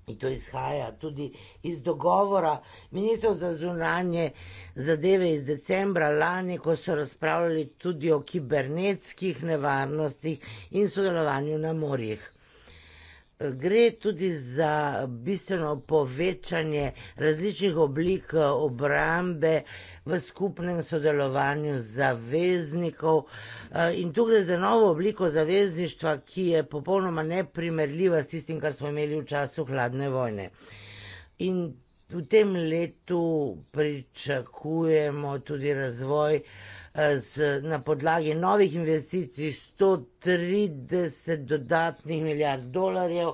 In to izhaja tudi iz dogovora ministrov za zunanje zadeve iz decembra lani, ko so razpravljali tudi o kibernetskih nevarnostih in sodelovanju na morjih gre tudi za bistveno povečanje različnih oblik eh, obrambe v skupnem sodelovanju zaveznikov. Eh, in tu gre za novo obliko zavezništva, ki je popolnoma neprimerljiva s tistim, kar smo imeli v času hladne vojne. In v tem letu pričakujemo tudi razvoj. Eh, z, na podlagi novih investicij 130 dodatnih milijard dolarjev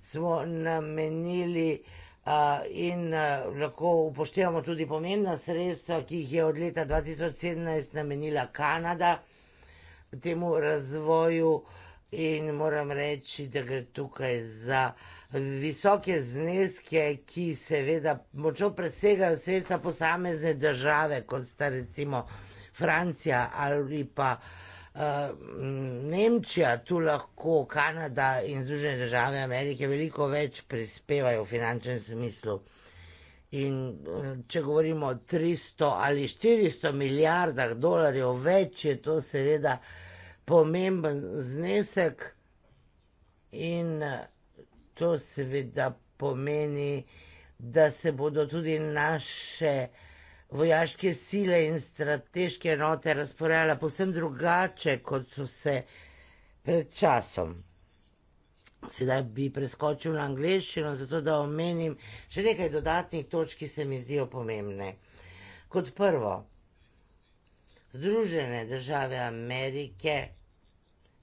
smo namenili a, eh, in a, eh, lahko upoštevamo tudi pomembna sredstva, ki jih je od leta 2017 namenila Kanada v temu razvoju in moram reči, da gre tukaj za visoke zneske, ki seveda močno presegajo sredstva posamezne države, kot sta recimo Francija ali pa uh, Nemčija, tu lahko Kanada in Združene države Amerike veliko več prispevajo v finančnem smislu. In eh, če govorimo o 300 ali 400 milijardah dolarjev več, je to seveda pomemben znesek in eh, to seveda pomeni, da se bodo tudi naše uh, vojaške sile in strateške enote razporejala povsem drugače, kot so se pred časom. Sedaj bi preskočil na angliščino, zato da omenim še nekaj dodatnih točk, ki se mi zdijo pomembne. Kot prvo, Združene države Amerike,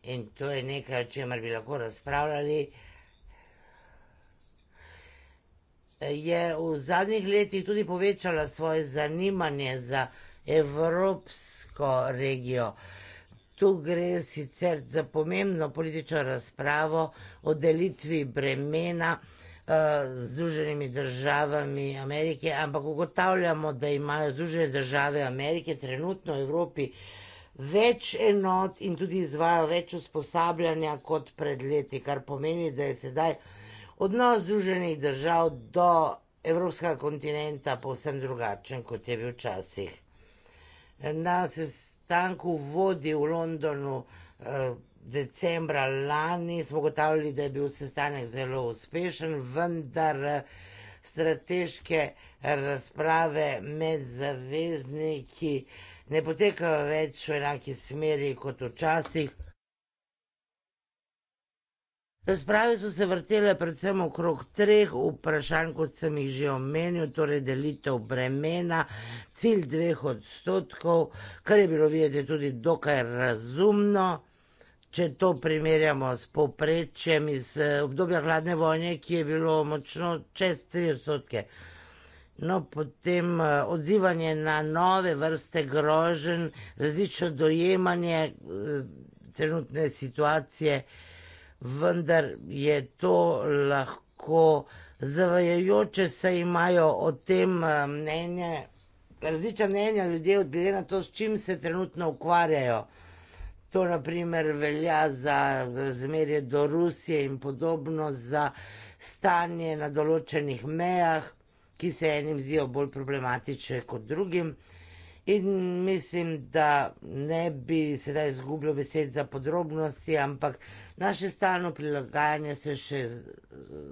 in to je nekaj, o čemer bi lahko razpravljali, je v zadnjih letih tudi povečala svoje zanimanje za evropsko regijo. Tu gre sicer za pomembno politično razpravo o delitvi bremena z eh, Združenimi državami Amerike, ampak ugotavljamo, da imajo Združene države Amerike trenutno v Evropi več enot in tudi izvajo več usposabljanja kot pred leti, kar pomeni, da je sedaj odnos Združenih držav do evropskega kontinenta povsem drugačen, kot je bil včasih. Na sestanku vodi v Londonu eh, decembra lani smo gotavljali, da je bil sestanek zelo uspešen, vendar eh, strateške eh, razprave med zavezniki ne potekajo več v enaki smeri kot včasih. Razprave so se vrtele predvsem okrog treh vprašanj, kot sem jih že omenil, torej delitev bremena, cilj dveh odstotkov, kar je bilo videti tudi dokaj razumno, če to primerjamo s poprečjem iz obdobja hladne vojne, ki je bilo močno čez tri odstotke. No, potem odzivanje na nove vrste grožen, različno dojemanje eh, trenutne situacije vendar je to lahko zavajajoče, saj imajo o tem eh, mnenje, različna mnenja ljudje, glede na to, s čim se trenutno ukvarjajo. To naprimer velja za razmerje do Rusije in podobno za stanje na določenih mejah, ki se enim zdijo bolj problematične kot drugim. In mislim, da ne bi sedaj izgubljal besed za podrobnosti, ampak naše stalno prilagajanje se še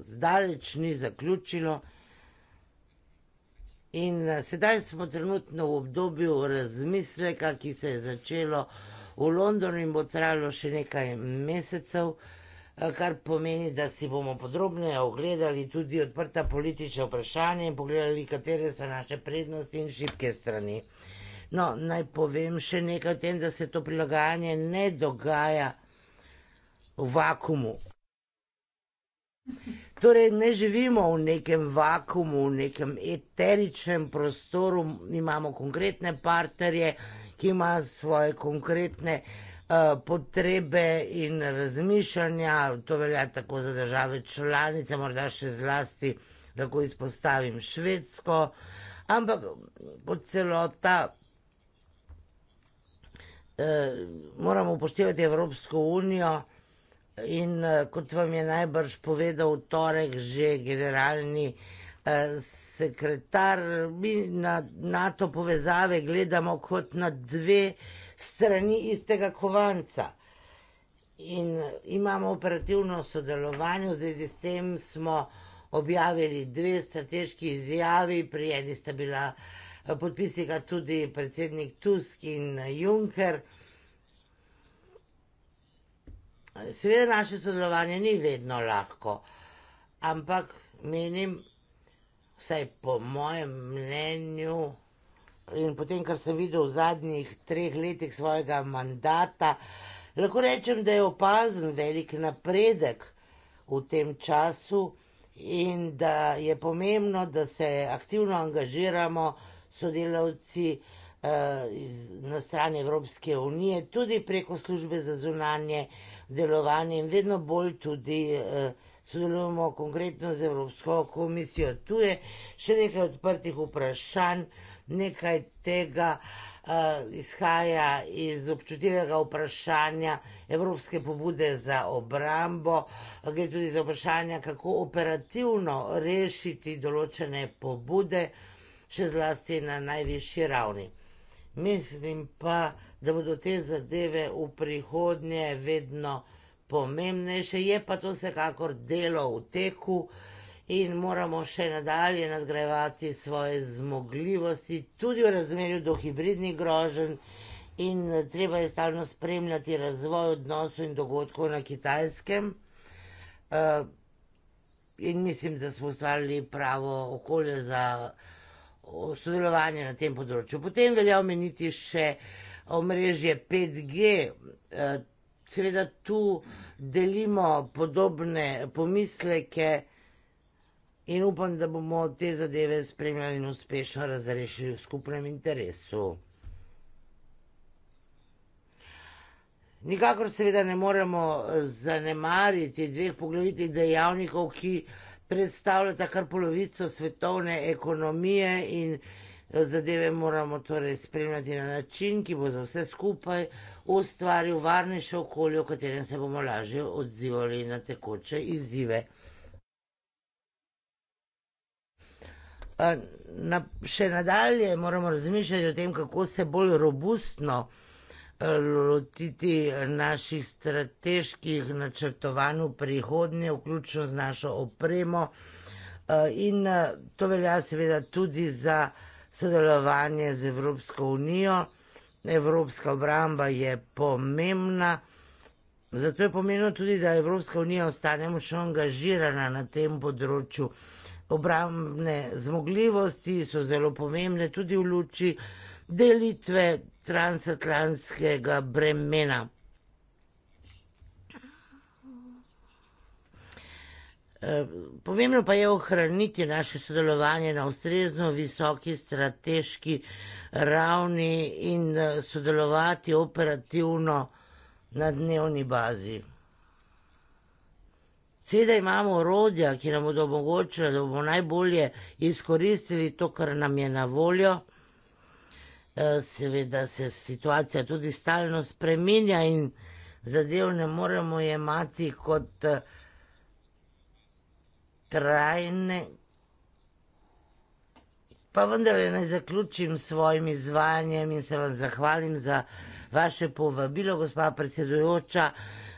zdaleč ni zaključilo. In eh, sedaj smo trenutno v obdobju razmisleka, ki se je začelo v Londonu in bo trajalo še nekaj mesecev, eh, kar pomeni, da si bomo podrobneje ogledali tudi odprta politična vprašanja in pogledali, katere so naše prednosti in šibke strani. No, naj povem še nekaj o tem, da se to prilagajanje ne dogaja v vakumu. Torej, ne živimo v nekem vakumu, v nekem eteričnem prostoru, imamo konkretne partnerje, ki imajo svoje konkretne uh, potrebe in razmišljanja. To velja tako za države članice, morda še zlasti lahko izpostavim Švedsko, ampak kot celota. Eh, moramo upoštevati Evropsko unijo. In eh, kot vam je najbrž povedal v torek že generalni eh, sekretar, mi na NATO povezave gledamo kot na dve strani istega kovanca. In imamo operativno sodelovanje, v zvezi s tem smo objavili dve strateški izjavi, pri eni sta bila uh, podpisi ga tudi predsednik Tusk in Juncker. Seveda naše sodelovanje ni vedno lahko, ampak menim, vsaj po mojem mnenju in po tem, kar sem videl v zadnjih treh letih svojega mandata, lahko rečem, da je opazen velik napredek v tem času in da je pomembno, da se aktivno angažiramo, sodelavci uh, iz, na strani Evropske unije, tudi preko službe za zunanje delovanje in vedno bolj tudi uh, sodelujemo konkretno z Evropsko komisijo. Tu je še nekaj odprtih vprašanj, nekaj tega uh, izhaja iz občutljivega vprašanja Evropske pobude za obrambo, gre tudi za vprašanja, kako operativno rešiti določene pobude še zlasti na najvišji ravni. Mislim pa, da bodo te zadeve v prihodnje vedno pomembnejše, je pa to vsekakor delo v teku in moramo še nadalje nadgrajevati svoje zmogljivosti, tudi v razmerju do hibridnih groženj. In treba je stalno spremljati razvoj odnosov in dogodkov na kitajskem. Eh, in mislim, da smo ustvarili pravo okolje za sodelovanje na tem področju. Potem velja omeniti še omrežje 5G. E, seveda tu delimo podobne pomisleke in upam, da bomo te zadeve spremljali in uspešno razrešili v skupnem interesu. Nikakor seveda ne moremo zanemariti dveh poglavitih dejavnikov, ki predstavljata kar polovico svetovne ekonomije in eh, zadeve moramo torej spremljati na način, ki bo za vse skupaj ustvaril varnejše okolje, v katerem se bomo lažje odzivali na tekoče izzive. Eh, na, še nadalje moramo razmišljati o tem, kako se bolj robustno lotiti naših strateških načrtovanj v prihodnje, vključno z našo opremo. Eh, in eh, to velja seveda tudi za sodelovanje z Evropsko unijo. Evropska obramba je pomembna, zato je pomembno tudi, da Evropska unija ostane močno angažirana na tem področju. Obrambne zmogljivosti so zelo pomembne tudi v luči uh, delitve transatlantskega bremena. Eh, pomembno pa je ohraniti naše sodelovanje na ustrezno visoki strateški ravni in eh, sodelovati operativno na dnevni bazi. Seveda imamo orodja, ki nam bodo omogočila, da bomo najbolje izkoristili to, kar nam je na voljo. Eh, seveda se situacija tudi stalno spreminja in zadev ne moremo jemati kot eh, trajne. Pa vendarle naj zaključim s svojim izvajanjem in se vam zahvalim za vaše povabilo, gospa predsedujoča.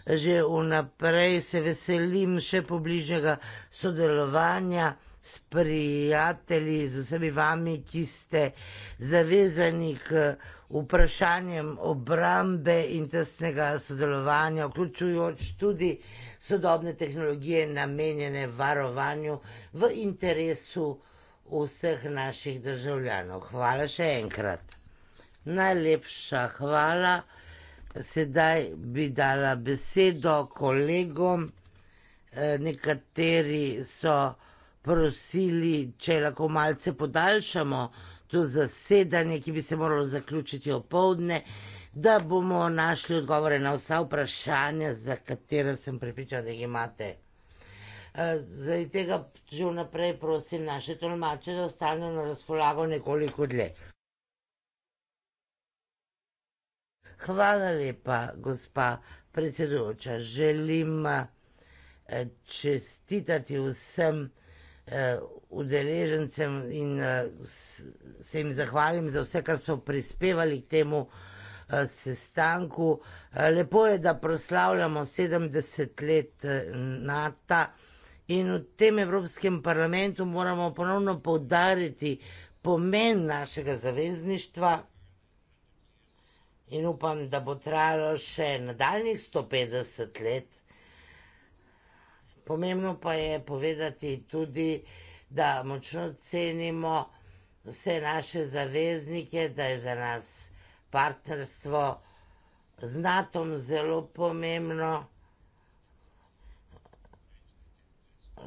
Že vnaprej se veselim še pobližnjega sodelovanja s prijatelji, z vsemi vami, ki ste zavezani k vprašanjem obrambe in tesnega sodelovanja, vključujoč tudi sodobne tehnologije, namenjene varovanju v interesu vseh naših državljanov. Hvala še enkrat. Najlepša hvala. Sedaj bi dala besedo kolegom. Eh, nekateri so prosili, če lahko malce podaljšamo to zasedanje, ki bi se moralo zaključiti opoldne, da bomo našli odgovore na vsa vprašanja, za katera sem prepričana, da jih imate. Eh, Zdaj tega že vnaprej prosim naše tolmače, da ostane na razpolago nekoliko dlje. Hvala lepa, gospa predsedujoča. Želim eh, čestitati vsem Eh, udeležencem in eh, se jim zahvalim za vse, kar so prispevali k temu eh, sestanku. Lepo je, da proslavljamo 70 let NATO in v tem Evropskem parlamentu moramo ponovno povdariti pomen našega zavezništva in upam, da bo trajalo še nadaljnih 150 let, Pomembno pa je povedati tudi, da močno cenimo vse naše zaveznike, da je za nas partnerstvo z NATO-om zelo pomembno.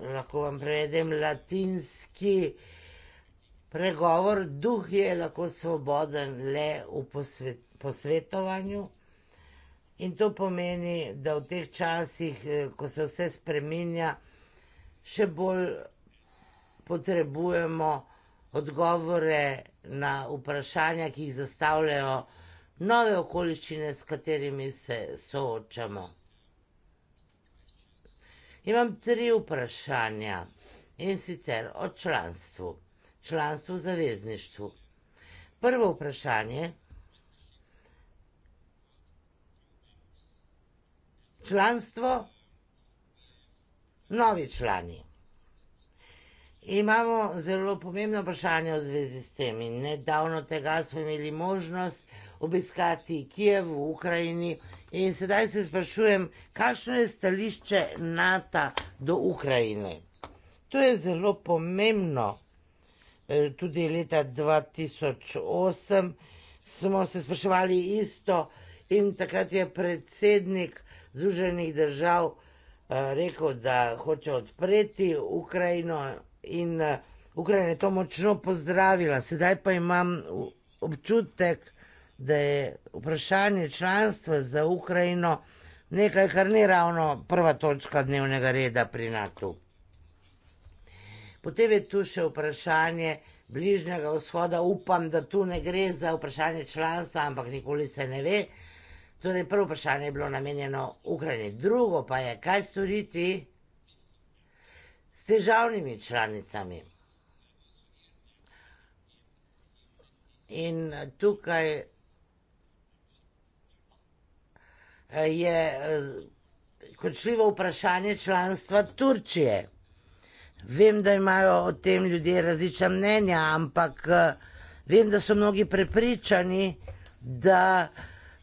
Lahko vam prevedem latinski pregovor: duh je lahko svoboden le v posvet, posvetovanju. In to pomeni, da v teh časih, eh, ko se vse spremenja, še bolj potrebujemo odgovore na vprašanja, ki jih zastavljajo nove okoliščine, s katerimi se soočamo. Imam tri vprašanja in sicer o članstvu, članstvu v zavezništvu. Prvo vprašanje je, članstvo, novi člani. Imamo zelo pomembno vprašanje v zvezi s tem in nedavno tega smo imeli možnost obiskati Kijev v Ukrajini in sedaj se sprašujem, kakšno je stališče NATO do Ukrajine. To je zelo pomembno. E, tudi leta 2008 smo se spraševali isto in takrat je predsednik Združenih držav eh, rekel, da hoče odpreti Ukrajino in eh, Ukrajina je to močno pozdravila. Sedaj pa imam občutek, da je vprašanje članstva za Ukrajino nekaj, kar ni ravno prva točka dnevnega reda pri NATO. Potem je tu še vprašanje bližnjega vzhoda. Upam, da tu ne gre za vprašanje članstva, ampak nikoli se ne ve. Torej, prvo vprašanje je bilo namenjeno Ukrajini, drugo pa je, kaj storiti s težavnimi članicami. In tukaj eh, je eh, kočljivo vprašanje članstva Turčije. Vem, da imajo o tem ljudje različna mnenja, ampak eh, vem, da so mnogi prepričani, da.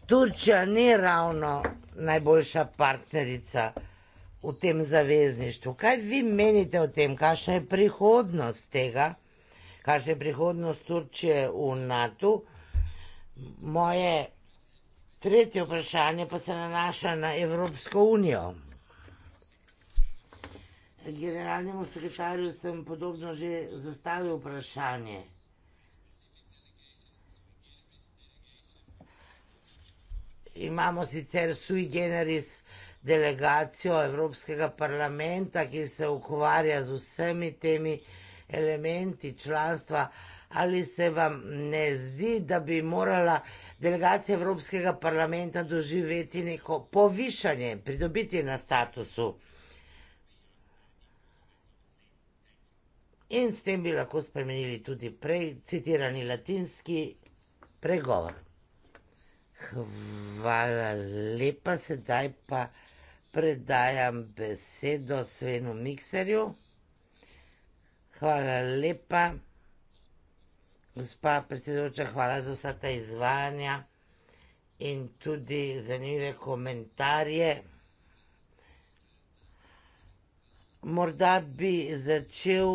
Turčija ni ravno najboljša partnerica v tem zavezništvu. Kaj vi menite o tem, kakšna je prihodnost tega, kakšna je prihodnost Turčije v NATO? Moje tretje vprašanje pa se nanaša na Evropsko unijo. Generalnemu sekretarju sem podobno že zastavil vprašanje. imamo sicer sui generis delegacijo Evropskega parlamenta, ki se ukvarja z vsemi temi elementi članstva. Ali se vam ne zdi, da bi morala delegacija Evropskega parlamenta doživeti neko povišanje, pridobiti na statusu? In s tem bi lahko spremenili tudi prej citirani latinski pregovor. Hvala lepa, sedaj pa predajam besedo Svenu Mikserju. Hvala lepa, gospa predsedujoča, hvala za vsa ta izvajanja in tudi zanimive komentarje. Morda bi začel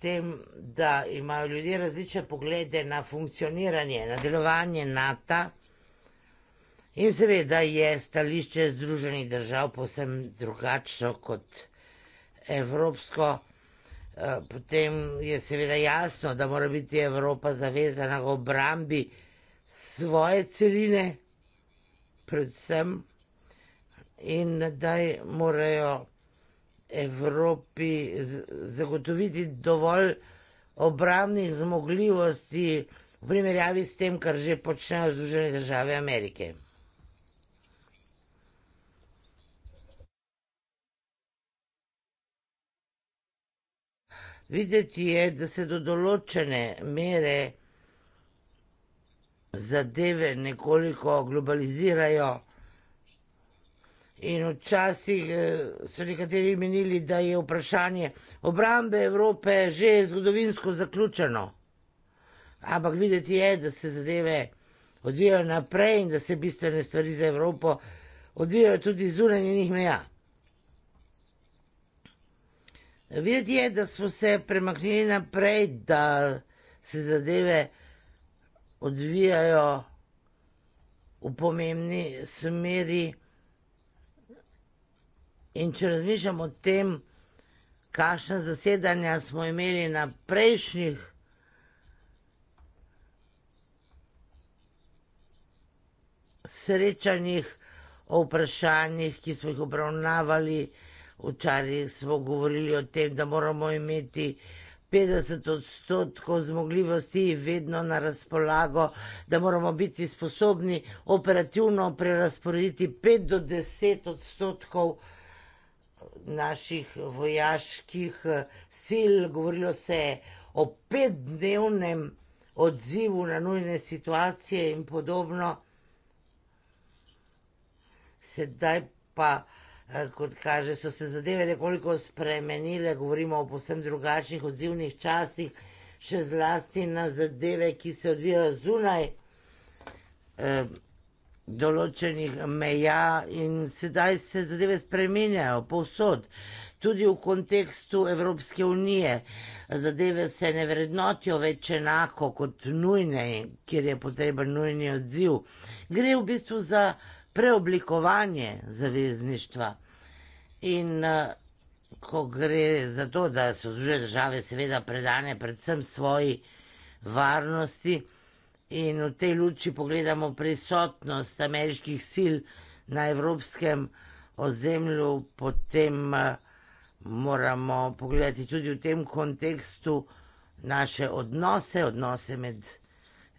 tem, da imajo ljudje različne poglede na funkcioniranje, na delovanje NATO. In seveda je stališče Združenih držav posebno drugačno kot evropsko. Eh, potem je seveda jasno, da mora biti Evropa zavezana v obrambi svoje celine, predvsem, in da morajo. Evropi zagotoviti dovolj obrambnih zmogljivosti v primerjavi s tem, kar že počnejo Združene države Amerike? Videti je, da se do določene mere zadeve nekoliko globalizirajo. In včasih eh, so nekateri menili, da je vprašanje obrambe Evrope že zgodovinsko zaključeno. Ampak videti je, da se zadeve odvijajo naprej in da se bistvene stvari za Evropo odvijajo tudi zunaj njenih meja. Videti je, da smo se premaknili naprej, da se zadeve odvijajo v pomembni smeri. In če razmišljamo o tem, kakšna zasedanja smo imeli na prejšnjih srečanjih, o vprašanjih, ki smo jih obravnavali, včasih smo govorili o tem, da moramo imeti 50 odstotkov zmogljivosti vedno na razpolago, da moramo biti sposobni operativno prerasporediti 5 do 10 odstotkov naših vojaških eh, sil, govorilo se je o petdnevnem odzivu na nujne situacije in podobno. Sedaj pa, eh, kot kaže, so se zadeve nekoliko spremenile, govorimo o povsem drugačnih odzivnih časih, še zlasti na zadeve, ki se odvijajo zunaj. Uh, določenih meja in sedaj se zadeve spreminjajo povsod. Tudi v kontekstu Evropske unije zadeve se ne vrednotijo več enako kot nujne, kjer je potreben nujni odziv. Gre v bistvu za preoblikovanje zavezništva. In eh, ko gre za to, da so druge države seveda predane predvsem svoji varnosti, in v tej luči pogledamo prisotnost ameriških sil na evropskem ozemlju, potem eh, moramo pogledati tudi v tem kontekstu naše odnose, odnose med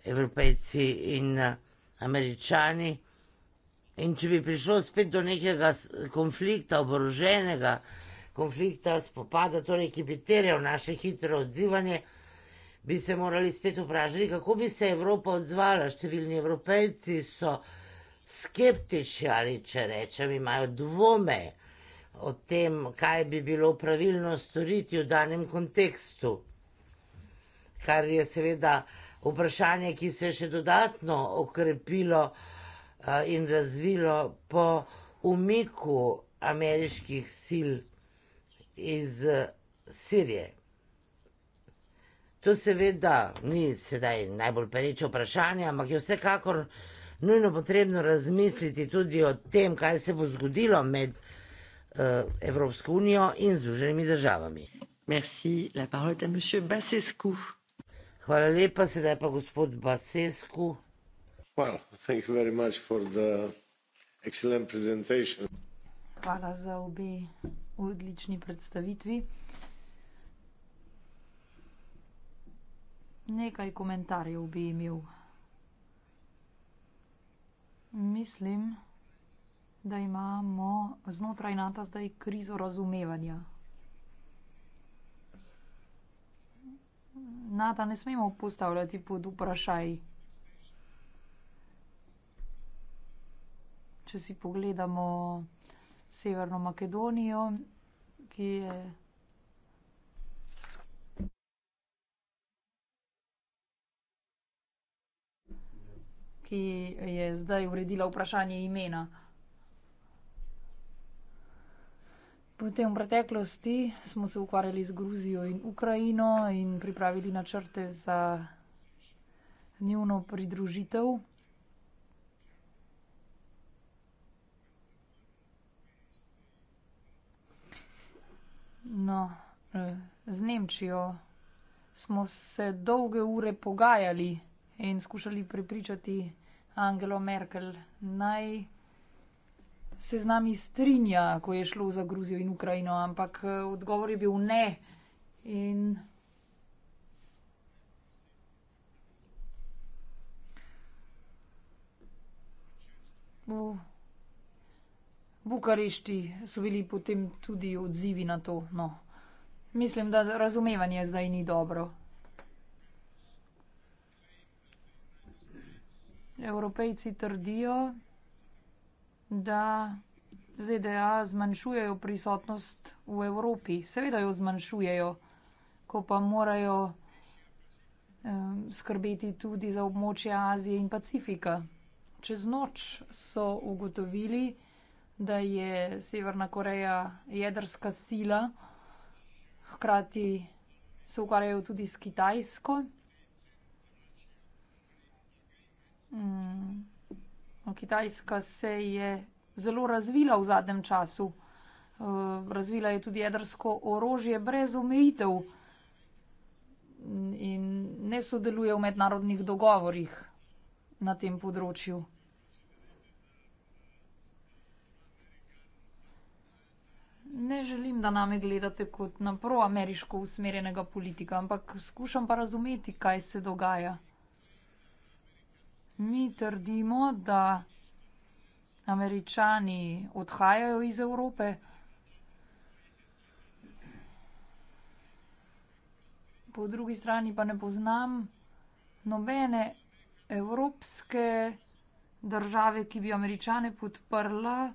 evropejci in eh, američani. In če bi prišlo spet do nekega konflikta, oboroženega konflikta, spopada, torej, ki bi terjal naše hitro odzivanje, bi se morali spet vprašati, kako bi se Evropa odzvala. Številni evropejci so skeptični ali če rečem, imajo dvome o tem, kaj bi bilo pravilno storiti v danem kontekstu. Kar je seveda vprašanje, ki se je še dodatno okrepilo in razvilo po umiku ameriških sil iz Sirije. To seveda ni sedaj najbolj pereče vprašanje, ampak je vsekakor nujno potrebno razmisliti tudi o tem, kaj se bo zgodilo med uh, Evropsko unijo in Združenimi državami. Merci, la parole est à monsieur Basescu. Hvala lepa, sedaj pa gospod Basescu. Well, thank you very much for the excellent presentation. Hvala za obe odlični predstavitvi. Nekaj komentarjev bi imel. Mislim, da imamo znotraj NATO zdaj krizo razumevanja. NATO ne smemo postavljati pod vprašaj. Če si pogledamo Severno Makedonijo, ki je. ki je zdaj uredila vprašanje imena. Potem v preteklosti smo se ukvarjali z Gruzijo in Ukrajino in pripravili načrte za njihovo pridružitev. No, z Nemčijo smo se dolge ure pogajali in skušali prepričati. Angelo Merkel naj se z nami strinja, ko je šlo za Gruzijo in Ukrajino, ampak eh, odgovor je bil ne. In v Bukarešti so bili potem tudi odzivi na to. No. Mislim, da razumevanje zdaj ni dobro. Evropejci trdijo, da ZDA zmanjšujejo prisotnost v Evropi. Seveda jo zmanjšujejo, ko pa morajo skrbeti tudi za območje Azije in Pacifika. Čez noč so ugotovili, da je Severna Koreja jedrska sila, hkrati se ukvarjajo tudi s Kitajsko. Mm. No, Kitajska se je zelo razvila v zadnjem času. Eh, razvila je tudi jedrsko orožje brez omejitev in ne sodeluje v mednarodnih dogovorih na tem področju. Ne želim, da name gledate kot na proameriško usmerjenega politika, ampak skušam pa razumeti, kaj se dogaja. Mi trdimo, da američani odhajajo iz Evrope. Po drugi strani pa ne poznam nobene evropske države, ki bi američane podprla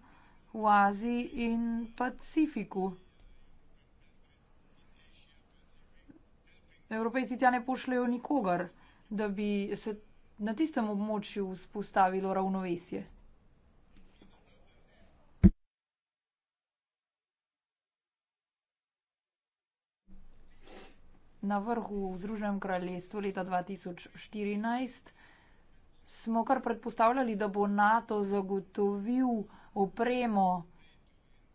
v Aziji in Pacifiku. Evropejci tja ne pošljejo nikogar, da bi se na tistem območju vzpostavilo ravnovesje? Na vrhu v Združenem kraljestvu leta dva tisoč štirinajst smo kar predpostavljali, da bo Nato zagotovil opremo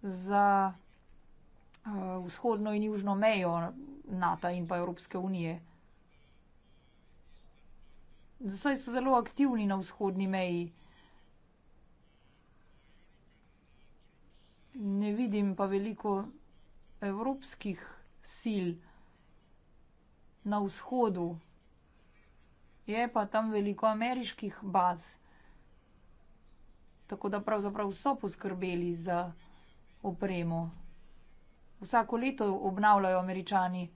za eh, vzhodno in južno mejo Nata in pa Evropske unije. Zato so zelo aktivni na vzhodni meji. Ne vidim pa veliko evropskih sil na vzhodu. Je pa tam veliko ameriških baz. Tako da pravzaprav so poskrbeli za opremo. Vsako leto obnavljajo američani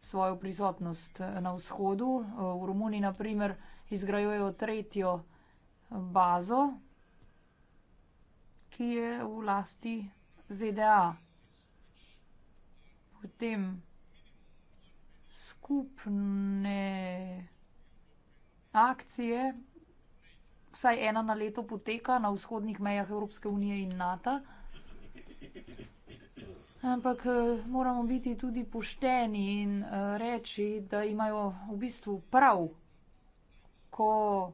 svojo prisotnost eh, na vzhodu, eh, v Romuniji na primer izgrajujejo tretjo bazo, ki je v lasti ZDA. Potem skupne akcije, vsaj ena na leto poteka na vzhodnih mejah Evropske unije in NATO. Ampak eh, moramo biti tudi pošteni in eh, reči, da imajo v bistvu prav lahko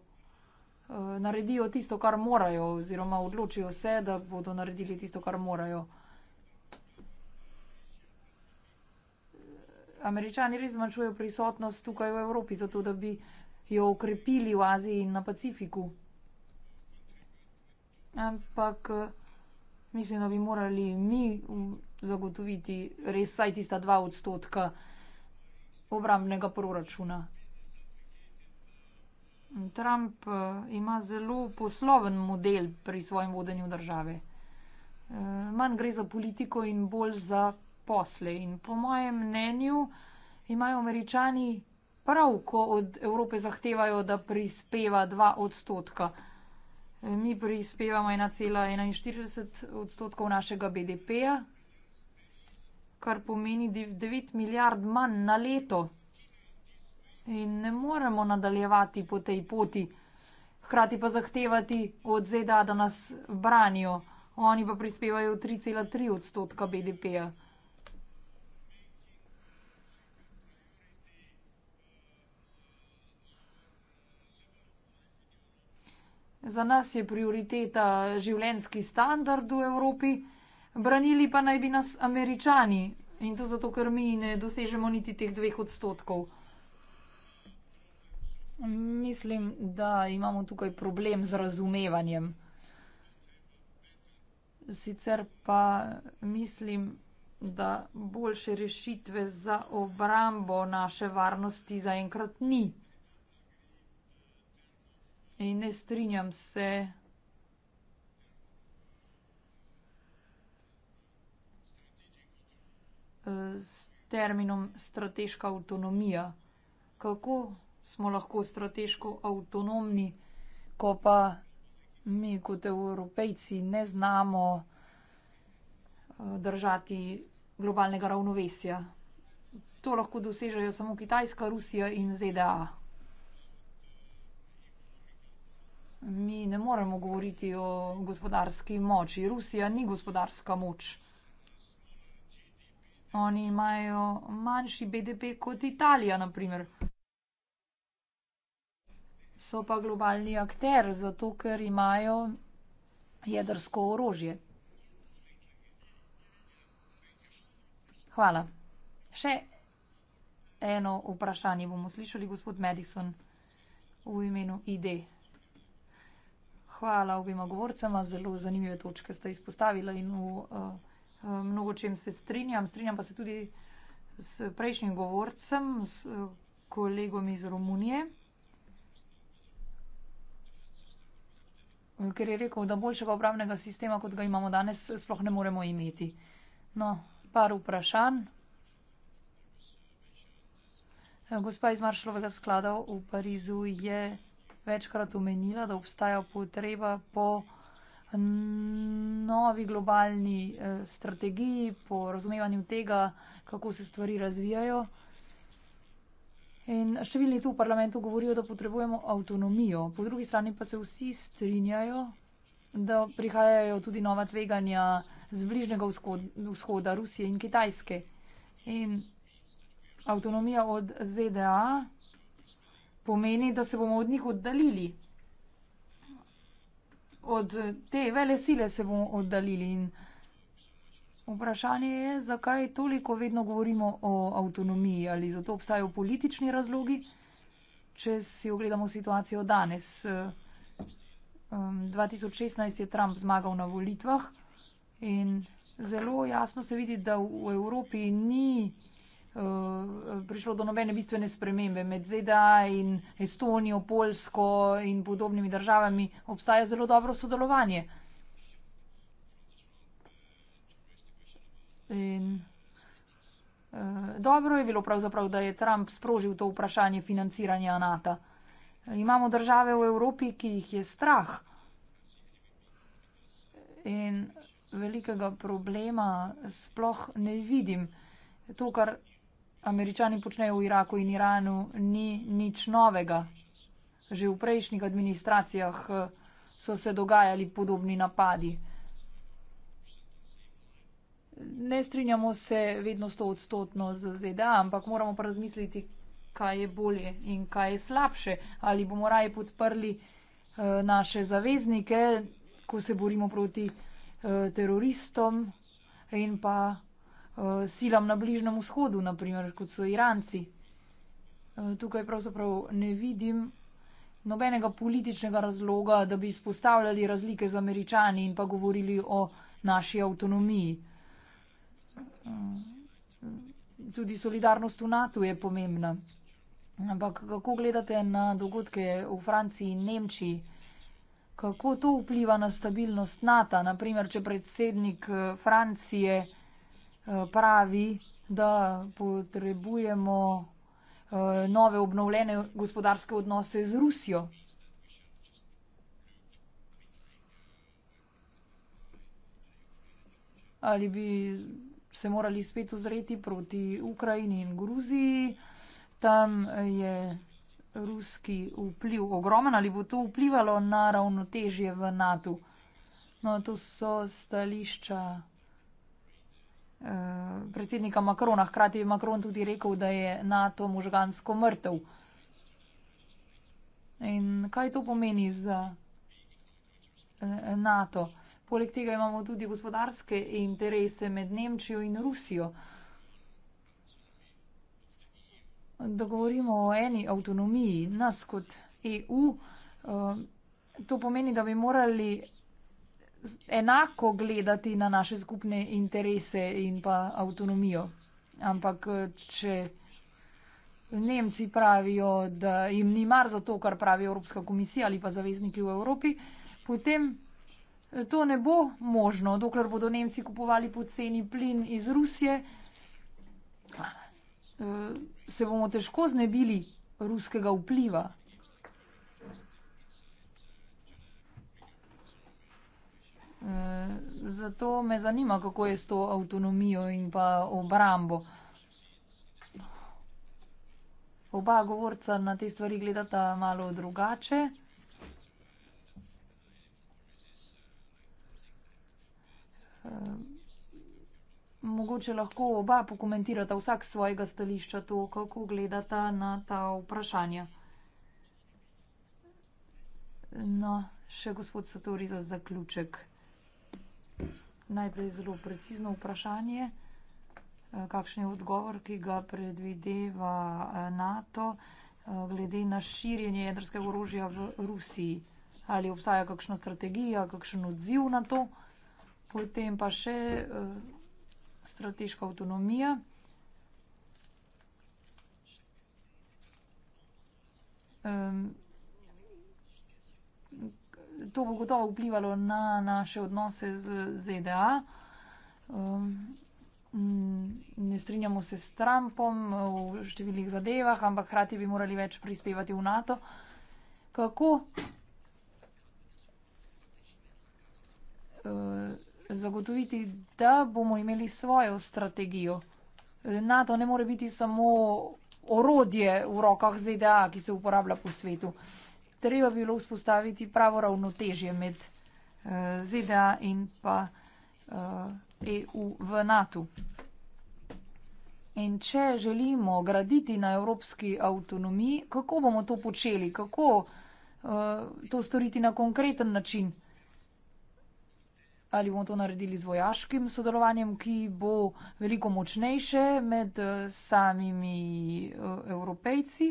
uh, naredijo tisto, kar morajo, oziroma odločijo se, da bodo naredili tisto, kar morajo. Američani res zmanjšujejo prisotnost tukaj v Evropi, zato da bi jo okrepili v Aziji in na Pacifiku. Ampak eh, mislim, da bi morali mi mm, zagotoviti res vsaj tista dva odstotka obrambnega proračuna. Trump eh, ima zelo posloven model pri svojem vodenju države. Eh, manj gre za politiko in bolj za posle. In po mojem mnenju imajo američani prav, ko od Evrope zahtevajo, da prispeva 2 odstotka. Eh, mi prispevamo 1,41 odstotkov našega BDP-ja, kar pomeni 9 milijard manj na leto in ne moremo nadaljevati po tej poti, hkrati pa zahtevati od ZDA, da nas branijo. Oni pa prispevajo 3,3 odstotka BDP-ja. Za nas je prioriteta življenski standard v Evropi, branili pa naj bi nas američani in to zato, ker mi ne dosežemo niti teh dveh odstotkov. Mislim, da imamo tukaj problem z razumevanjem. Sicer pa mislim, da boljše rešitve za obrambo naše varnosti zaenkrat ni. In ne strinjam se. S terminom strateška avtonomija. Kako smo lahko strateško avtonomni, ko pa mi kot evropejci ne znamo eh, držati globalnega ravnovesja. To lahko dosežejo samo Kitajska, Rusija in ZDA. Mi ne moremo govoriti o gospodarski moči. Rusija ni gospodarska moč. Oni imajo manjši BDP kot Italija, na primer so pa globalni akter, zato ker imajo jedrsko orožje. Hvala. Še eno vprašanje bomo slišali, gospod Madison, v imenu ID. Hvala obima govorcama, zelo zanimive točke ste izpostavili in v uh, mnogo čem se strinjam. Strinjam pa se tudi s prejšnjim govorcem, s uh, kolegom iz Romunije. ker je rekel, da boljšega obramnega sistema, kot ga imamo danes, sploh ne moremo imeti. No, par vprašanj. Gospa iz Maršalovega sklada v Parizu je večkrat omenila, da obstaja potreba po novi globalni eh, strategiji, po razumevanju tega, kako se stvari razvijajo. In številni tu v parlamentu govorijo, da potrebujemo avtonomijo, po drugi strani pa se vsi strinjajo, da prihajajo tudi nova tveganja z bližnjega vzhoda, vzhoda Rusije in Kitajske. In avtonomija od ZDA pomeni, da se bomo od njih oddalili. Od te vele sile se bomo oddalili in Vprašanje je, zakaj toliko vedno govorimo o avtonomiji, ali za to obstajajo politični razlogi, če si ogledamo situacijo danes. 2016 um, je Trump zmagal na volitvah in zelo jasno se vidi, da v Evropi ni uh, prišlo do nobene bistvene spremembe. Med ZDA in Estonijo, Polsko in podobnimi državami obstaja zelo dobro sodelovanje. In, eh, dobro je bilo pravzaprav, da je Trump sprožil to vprašanje financiranja NATO. Imamo države v Evropi, ki jih je strah. In velikega problema sploh ne vidim. To, kar američani počnejo v Iraku in Iranu, ni nič novega. Že v prejšnjih administracijah eh, so se dogajali podobni napadi ne strinjamo se vedno stoodstotno z ZDA, ampak moramo pa razmisliti, kaj je bolje in kaj je slabše. Ali bomo raje podprli eh, naše zaveznike, ko se borimo proti eh, teroristom in pa eh, silam na Bližnem vzhodu, naprimer, kot so Iranci. Tukaj pravzaprav ne vidim nobenega političnega razloga, da bi izpostavljali razlike z američani in pa govorili o naši avtonomiji. Mm. Tudi solidarnost v NATO je pomembna. Ampak kako gledate na dogodke v Franciji in Nemčiji? Kako to vpliva na stabilnost NATO? Naprimer, če predsednik eh, Francije eh, pravi, da potrebujemo eh, nove obnovljene gospodarske odnose z Rusijo. Ali bi se morali spet ozreti proti Ukrajini in Gruziji. Tam je ruski vpliv ogromen ali bo to vplivalo na ravnotežje v NATO. No, to so stališča eh, predsednika Makrona. Hkrati je Makron tudi rekel, da je NATO možgansko mrtev. In kaj to pomeni za eh, NATO? Poleg tega imamo tudi gospodarske interese med Nemčijo in Rusijo. Da govorimo o eni avtonomiji nas kot EU, eh, to pomeni, da bi morali enako gledati na naše skupne interese in pa avtonomijo. Ampak, eh, če Nemci pravijo, da jim ni mar za to, kar pravi Evropska komisija ali pa zavezniki v Evropi, potem To ne bo možno, dokler bodo Nemci kupovali poceni plin iz Rusije, eh, se bomo težko znebili ruskega vpliva. Eh, zato me zanima, kako je s to avtonomijo in pa obrambo. Oba govorca na te stvari gledata malo drugače. Eh, mogoče lahko oba pokomentirata vsak svojega stališča to, kako gledata na ta vprašanja. No, še gospod Satori za zaključek. Najprej zelo precizno vprašanje. Eh, kakšen je odgovor, ki ga predvideva eh, NATO glede na širjenje jedrskega orožja v Rusiji? Ali obstaja kakšna strategija, kakšen odziv na to? Potem pa še eh, strateška avtonomija. To bo gotovo vplivalo na naše odnose z ZDA. Ne strinjamo se s Trumpom v številnih zadevah, ampak hrati bi morali več prispevati v NATO. Kako? Eh, zagotoviti, da bomo imeli svojo strategijo. NATO ne more biti samo orodje v rokah ZDA, ki se uporablja po svetu. Treba bilo vzpostaviti pravo ravnotežje med eh, ZDA in pa EU eh, e v NATO. In če želimo graditi na evropski avtonomiji, kako bomo to počeli, kako eh, to storiti na konkreten način? ali bomo to naredili z vojaškim sodelovanjem, ki bo veliko močnejše med eh, samimi eh, evropejci.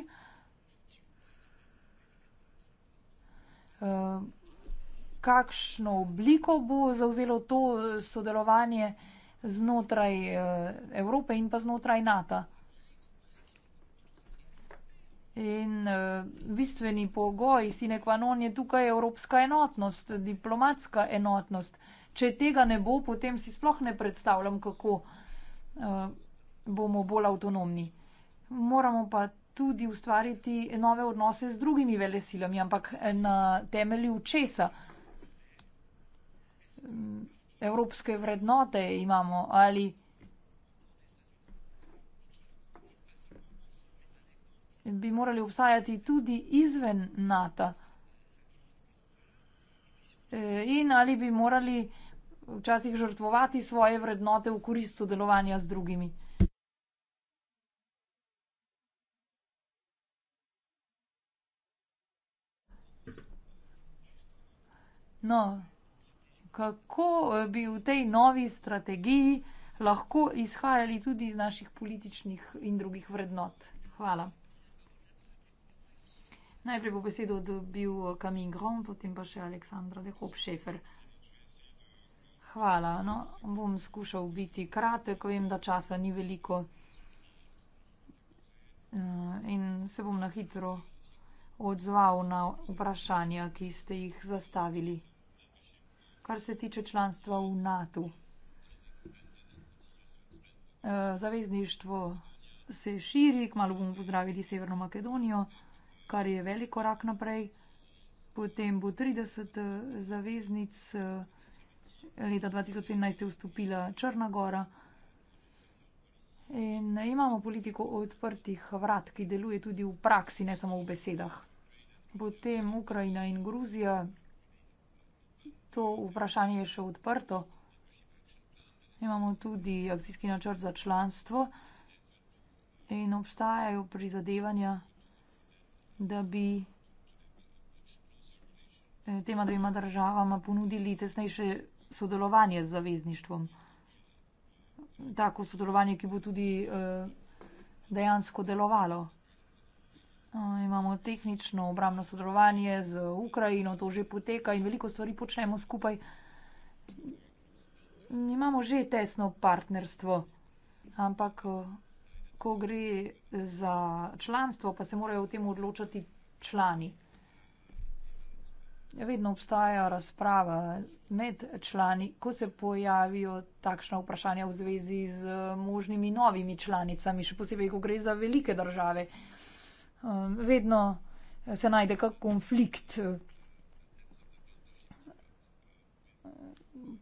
Eh, kakšno obliko bo zauzelo to sodelovanje znotraj Evrope in pa znotraj NATO? In bistveni pogoj sine qua non je tukaj evropska enotnost, diplomatska enotnost če tega ne bo, potem si sploh ne predstavljam, kako eh, bomo bolj avtonomni. Moramo pa tudi ustvariti nove odnose z drugimi velesilami, ampak eh, na temelju česa. Evropske vrednote imamo ali bi morali obstajati tudi izven NATO eh, in ali bi morali včasih žrtvovati svoje vrednote v korist sodelovanja z drugimi. No, kako eh, bi v tej novi strategiji lahko izhajali tudi iz naših političnih in drugih vrednot? Hvala. Najprej bo besedo dobil Camille eh, Grand, potem pa še Aleksandra Dehop-Šefer. Hvala. No, bom skušal biti kratek, vem, da časa ni veliko eh, in se bom na hitro odzval na vprašanja, ki ste jih zastavili. Kar se tiče članstva v NATO, eh, zavezništvo se širi, kmalo bomo pozdravili Severno Makedonijo, kar je velik korak naprej. Potem bo 30 eh, zaveznic leta 2017 je vstopila Črna Gora. In imamo politiko odprtih vrat, ki deluje tudi v praksi, ne samo v besedah. Potem Ukrajina in Gruzija. To vprašanje je še odprto. Imamo tudi akcijski načrt za članstvo in obstajajo prizadevanja, da bi eh, tema dvema državama ponudili tesnejše sodelovanje z zavezništvom. Tako sodelovanje, ki bo tudi uh, dejansko delovalo. Uh, imamo tehnično obramno sodelovanje z Ukrajino, to že poteka in veliko stvari počnemo skupaj. Imamo že tesno partnerstvo, ampak eh, ko gre za članstvo, pa se morajo o tem odločati člani. Vedno obstaja razprava med člani, ko se pojavijo takšna vprašanja v zvezi z eh, možnimi novimi članicami, še posebej, ko gre za velike države. Ehm, vedno se najde kak konflikt.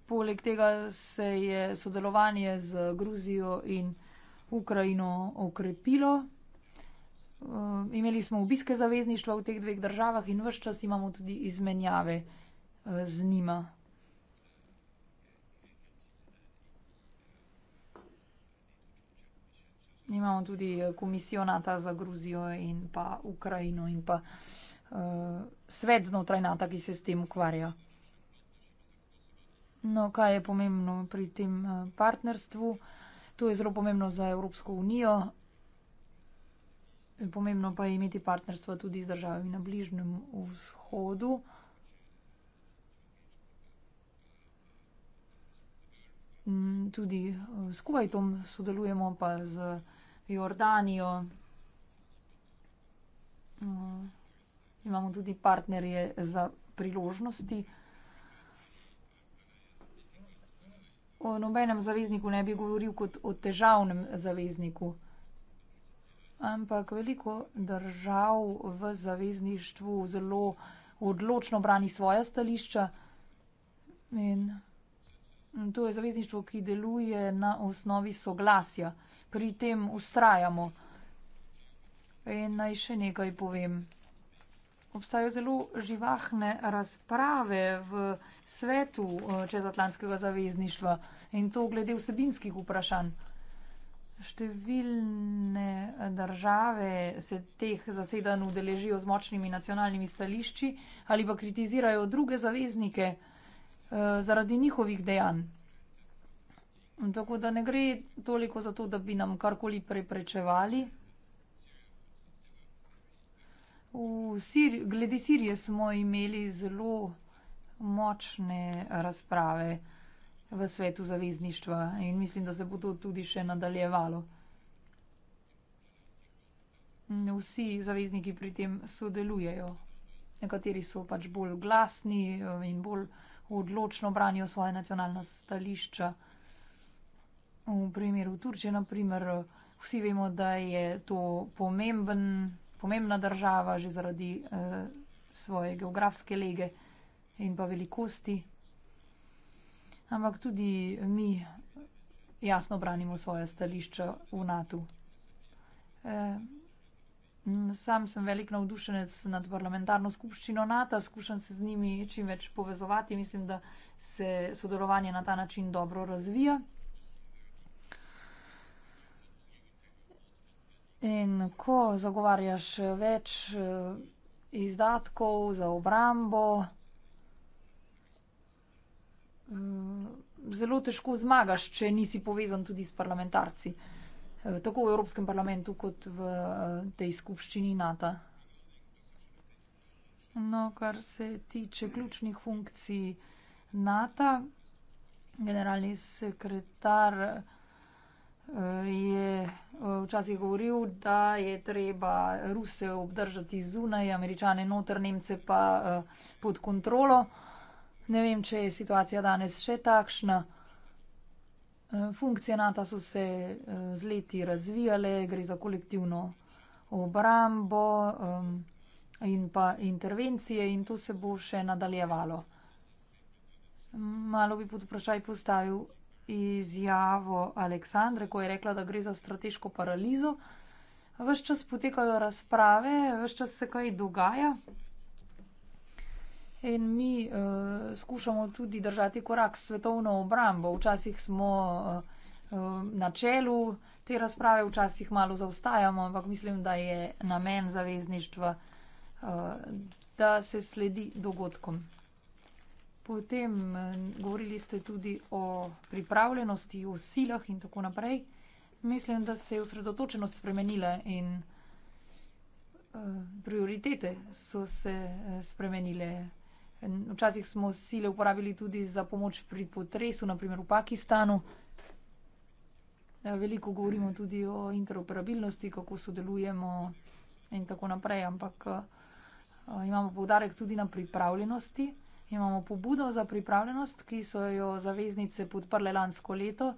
Poleg tega se je sodelovanje z Gruzijo in Ukrajino okrepilo. Eh, imeli smo obiske zavezništva v teh dveh državah in vse čas imamo tudi izmenjave eh, z njima. Imamo tudi eh, komisionata za Gruzijo in pa Ukrajino in pa uh, svet znotraj NATO, ki se s tem ukvarja. No, kaj je pomembno pri tem partnerstvu? To je zelo pomembno za Evropsko unijo. Pomembno pa je imeti partnerstvo tudi z državami na Bližnjem vzhodu. Mm, tudi eh, s Kuwaitom sodelujemo, pa z Jordanijo. Mm, imamo tudi partnerje za priložnosti. O nobenem zavezniku ne bi govoril kot o težavnem zavezniku ampak veliko držav v zavezništvu zelo odločno brani svoja stališča. In to je zavezništvo, ki deluje na osnovi soglasja. Pri tem ustrajamo. In naj še nekaj povem. Obstajajo zelo živahne razprave v svetu eh, čezatlantskega zavezništva in to glede vsebinskih vprašanj. Številne države se teh zasedanj udeležijo z močnimi nacionalnimi stališči ali pa kritizirajo druge zaveznike eh, zaradi njihovih dejanj. Tako da ne gre toliko za to, da bi nam karkoli preprečevali. V Sir glede Sirije smo imeli zelo močne razprave v svetu zavezništva in mislim, da se bo to tudi še nadaljevalo. Vsi zavezniki pri tem sodelujejo. Nekateri so pač bolj glasni eh, in bolj odločno branijo svoje nacionalna stališča. V primeru Turčije, na primer, eh, vsi vemo, da je to pomemben, pomembna država že zaradi eh, svoje geografske lege in pa velikosti. Ampak tudi mi jasno branimo svoje stališče v NATO. E, sam sem velik navdušenec nad parlamentarno skupščino NATO, skušam se z njimi čim več povezovati, mislim, da se sodelovanje na ta način dobro razvija. In ko zagovarjaš več e, izdatkov za obrambo, Mm, zelo težko zmagaš, če nisi povezan tudi s parlamentarci, eh, tako v Evropskem parlamentu kot v eh, tej skupščini NATO. No, kar se tiče ključnih funkcij NATO, generalni sekretar eh, je včasih govoril, da je treba Ruse obdržati zunaj, američane noter, nemce pa pod kontrolo. Ne vem, če je situacija danes še takšna. E, funkcije NATO so se e, z leti razvijale, gre za kolektivno obrambo in pa intervencije in to se bo še nadaljevalo. Malo bi pod vprašaj postavil izjavo Aleksandre, ko je rekla, da gre za strateško paralizo. Ves čas potekajo razprave, ves čas se kaj dogaja. In mi uh, skušamo tudi držati korak s svetovno obrambo. Včasih smo uh, na čelu te razprave, včasih malo zaostajamo, ampak mislim, da je namen zavezništva, uh, da se sledi dogodkom. Potem uh, govorili ste tudi o pripravljenosti, o silah in tako naprej. Mislim, da se je osredotočenost spremenila in uh, prioritete so se uh, spremenile. Včasih smo sile uporabili tudi za pomoč pri potresu, naprimer v Pakistanu. Ja, veliko govorimo tudi o interoperabilnosti, kako sodelujemo in tako naprej, ampak eh, imamo povdarek tudi na pripravljenosti. Imamo pobudo za pripravljenost, ki so jo zaveznice podprle lansko leto.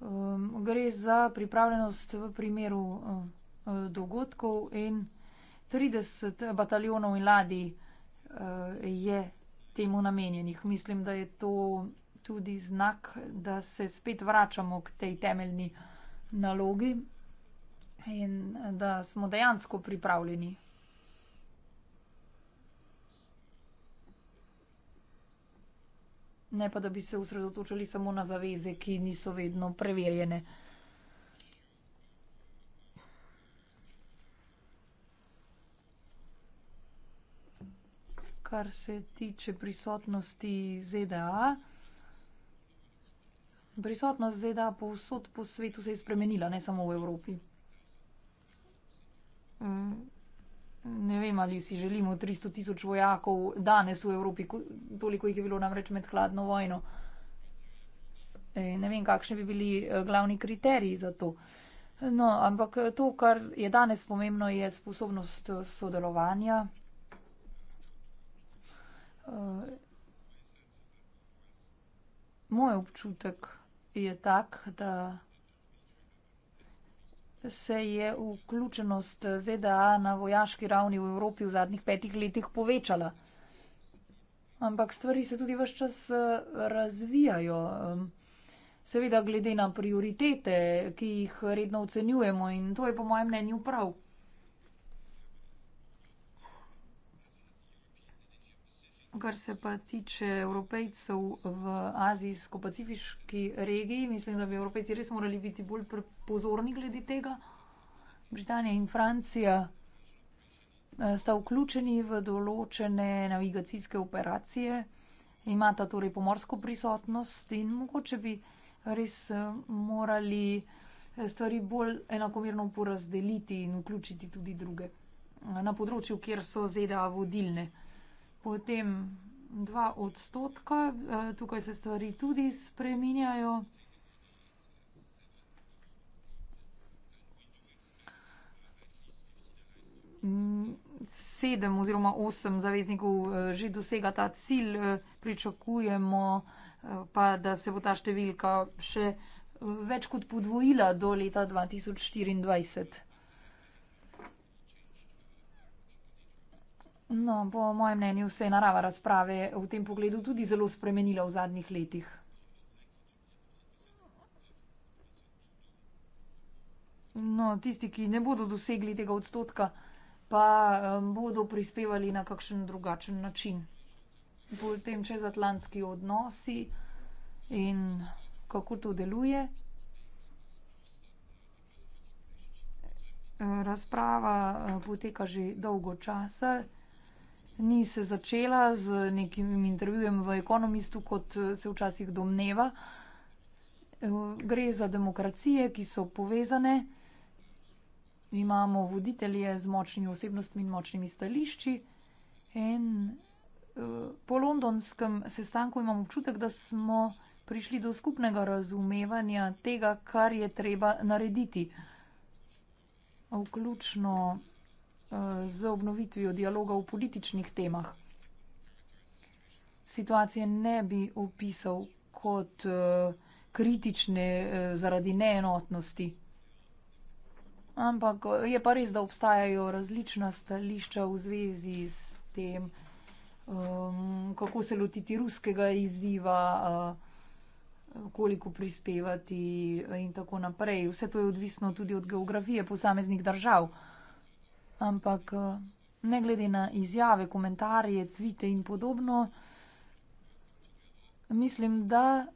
Um, gre za pripravljenost v primeru eh, eh, dogodkov in 30 bataljonov in ladij. Eh, je temu namenjenih. Mislim, da je to tudi znak, da se spet vračamo k tej temeljni nalogi in da smo dejansko pripravljeni. Ne pa, da bi se osredotočili samo na zaveze, ki niso vedno preverjene. kar se tiče prisotnosti ZDA. Prisotnost ZDA povsod po svetu se je spremenila, ne samo v Evropi. Mm, ne vem, ali si želimo 300 tisoč vojakov danes v Evropi, toliko jih je bilo namreč med hladno vojno. E, ne vem, kakšni bi bili e, glavni kriteriji za to. No, ampak to, kar je danes pomembno, je sposobnost e, sodelovanja. Eh, moj občutek je tak, da se je vključenost ZDA na vojaški ravni v Evropi v zadnjih petih letih povečala. Ampak stvari se tudi vse čas eh, razvijajo. Ehm, seveda glede na prioritete, ki jih redno ocenjujemo in to je po mojem mnenju prav. kar se pa tiče evropejcev v azijsko-pacifiški regiji, mislim, da bi evropejci res morali biti bolj pozorni glede tega. Britanija in Francija eh, sta vključeni v določene navigacijske operacije, imata torej pomorsko prisotnost in mogoče bi res eh, morali eh, stvari bolj enakomerno porazdeliti in vključiti tudi druge na področju, kjer so ZDA vodilne potem 2 odstotka, eh, tukaj se stvari tudi spreminjajo. Sedem oziroma osem zaveznikov eh, že dosega ta cilj, eh, pričakujemo pa, da se bo ta številka še več kot podvojila do leta 2024. No, po mojem mnenju se je narava razprave v tem pogledu tudi zelo spremenila v zadnjih letih. No, tisti, ki ne bodo dosegli tega odstotka, pa um, bodo prispevali na kakšen drugačen način. Potem čezatlantski odnosi in kako to deluje. Razprava uh, poteka že dolgo časa ni se začela z nekim intervjujem v Economistu, kot eh, se včasih domneva. Eh, gre za demokracije, ki so povezane. Imamo voditelje z močnimi osebnostmi in močnimi stališči. In eh, po londonskem sestanku imam občutek, da smo prišli do skupnega razumevanja tega, kar je treba narediti. Vključno z obnovitvijo dialoga v političnih temah. Situacije ne bi opisal kot eh, kritične eh, zaradi neenotnosti. Ampak eh, je pa res, da obstajajo različna stališča v zvezi s tem, um, kako se lotiti ruskega izziva, uh, koliko prispevati in tako naprej. Vse to je odvisno tudi od geografije posameznih držav. Uh, ampak eh, ne glede na izjave, komentarje, tvite in podobno, mislim, da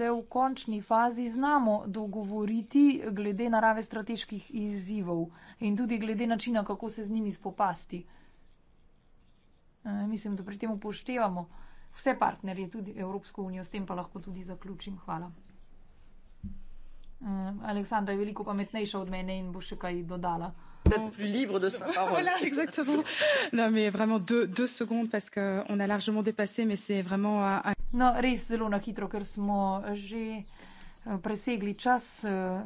se v končni fazi znamo dogovoriti glede narave strateških izzivov in tudi glede načina, kako se z njimi spopasti. Eh, mislim, da pri tem upoštevamo vse partnerje, tudi Evropsko unijo, s tem pa lahko tudi zaključim. Hvala. Eh, Aleksandra je veliko pametnejša od mene in bo še kaj dodala complètement... peut-être plus libre de sa parole. voilà, exactement. Non, mais vraiment deux, deux secondes parce qu'on a largement dépassé, mais c'est vraiment un. Non, res zelo na hitro, ker smo že eh, presegli čas. Eh,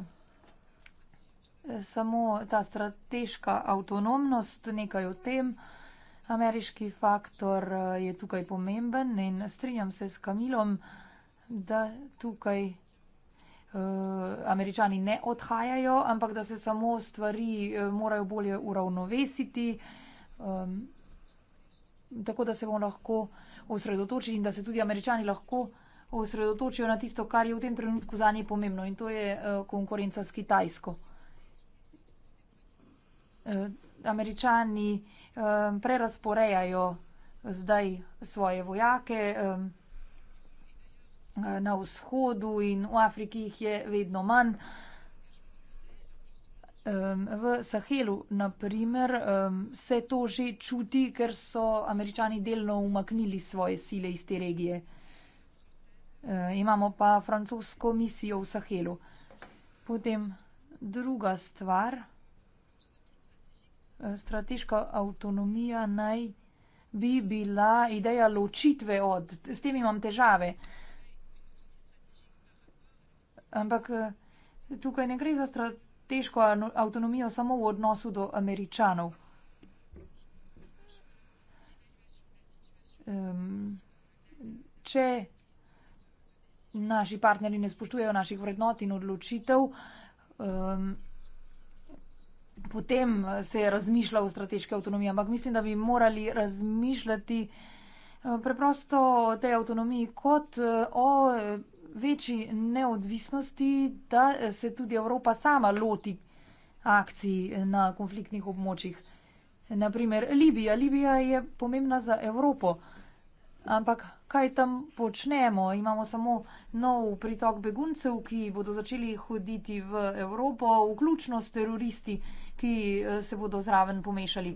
samo ta strateška avtonomnost, nekaj o tem. Ameriški faktor eh, je tukaj pomemben in strinjam se s Kamilom, da tukaj. Eh, američani ne odhajajo, ampak da se samo stvari eh, morajo bolje uravnovesiti, um, tako da se bomo lahko osredotočili in da se tudi američani lahko osredotočijo na tisto, kar je v tem trenutku za nje pomembno in to je uh, konkurenca s Kitajsko. Uh, američani uh, prerasporejajo zdaj svoje vojake. Um, Eh, na vzhodu in v Afriki jih je vedno manj. V Sahelu, na primer, se to že čuti, ker so američani delno umaknili svoje sile iz te regije. Eh, imamo pa francosko misijo v Sahelu. Potem druga stvar, eh, strateška avtonomija naj bi bila ideja ločitve od, s tem imam težave. Ampak eh, tukaj ne gre za strateško avtonomijo samo v odnosu do američanov. Če naši partnerji ne spoštujejo naših vrednot in odločitev, potem eh, se je razmišljal o strateški avtonomiji. Ampak mislim, da bi morali razmišljati eh, preprosto o tej avtonomiji kot o večji neodvisnosti, da se tudi Evropa sama loti akcij na konfliktnih območjih. Naprimer Libija. Libija je pomembna za Evropo. Ampak kaj tam počnemo? Imamo samo nov pritok beguncev, ki bodo začeli hoditi v Evropo, vključno s teroristi, ki se bodo zraven pomešali.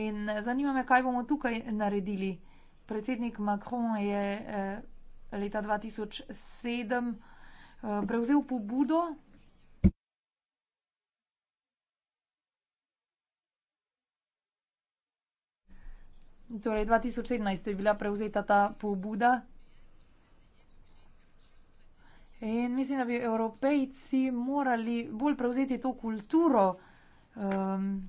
In zanima me, kaj bomo tukaj naredili. Predsednik Macron je eh, leta 2007 eh, prevzel pobudo. Torej, 2017 je bila prevzeta ta pobuda. In mislim, da bi evropejci morali bolj prevzeti to kulturo um,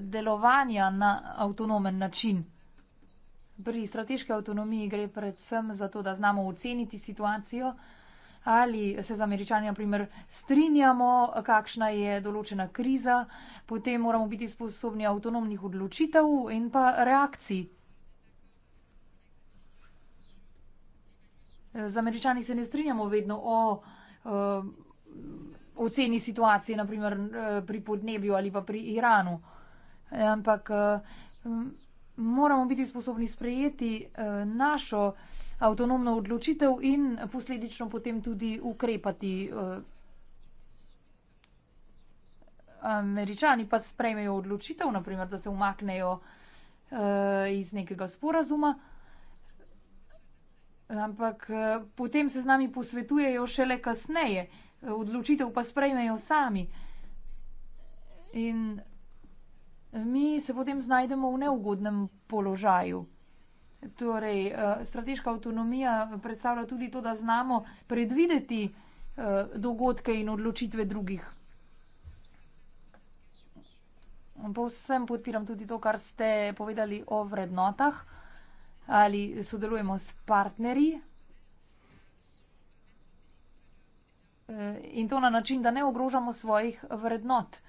delovanja na avtonomen način pri strateški avtonomiji gre predvsem za to, da znamo oceniti situacijo, ali se z američani, na primer, strinjamo, kakšna je določena kriza, potem moramo biti sposobni avtonomnih odločitev in pa reakcij. Z američani se ne strinjamo vedno o eh, oceni situacije, na primer, eh, pri podnebju ali pa pri Iranu. Ampak eh, moramo biti sposobni sprejeti eh, našo avtonomno odločitev in posledično potem tudi ukrepati. Eh, Američani pa sprejmejo odločitev, naprimer, da se umaknejo eh, iz nekega sporazuma, ampak potem se z nami posvetujejo šele kasneje, odločitev pa sprejmejo sami. In mi se potem znajdemo v neugodnem položaju. Torej, eh, strateška avtonomija predstavlja tudi to, da znamo predvideti eh, dogodke in odločitve drugih. Povsem podpiram tudi to, kar ste povedali o vrednotah ali sodelujemo s partnerji. Eh, in to na način, da ne ogrožamo svojih vrednot.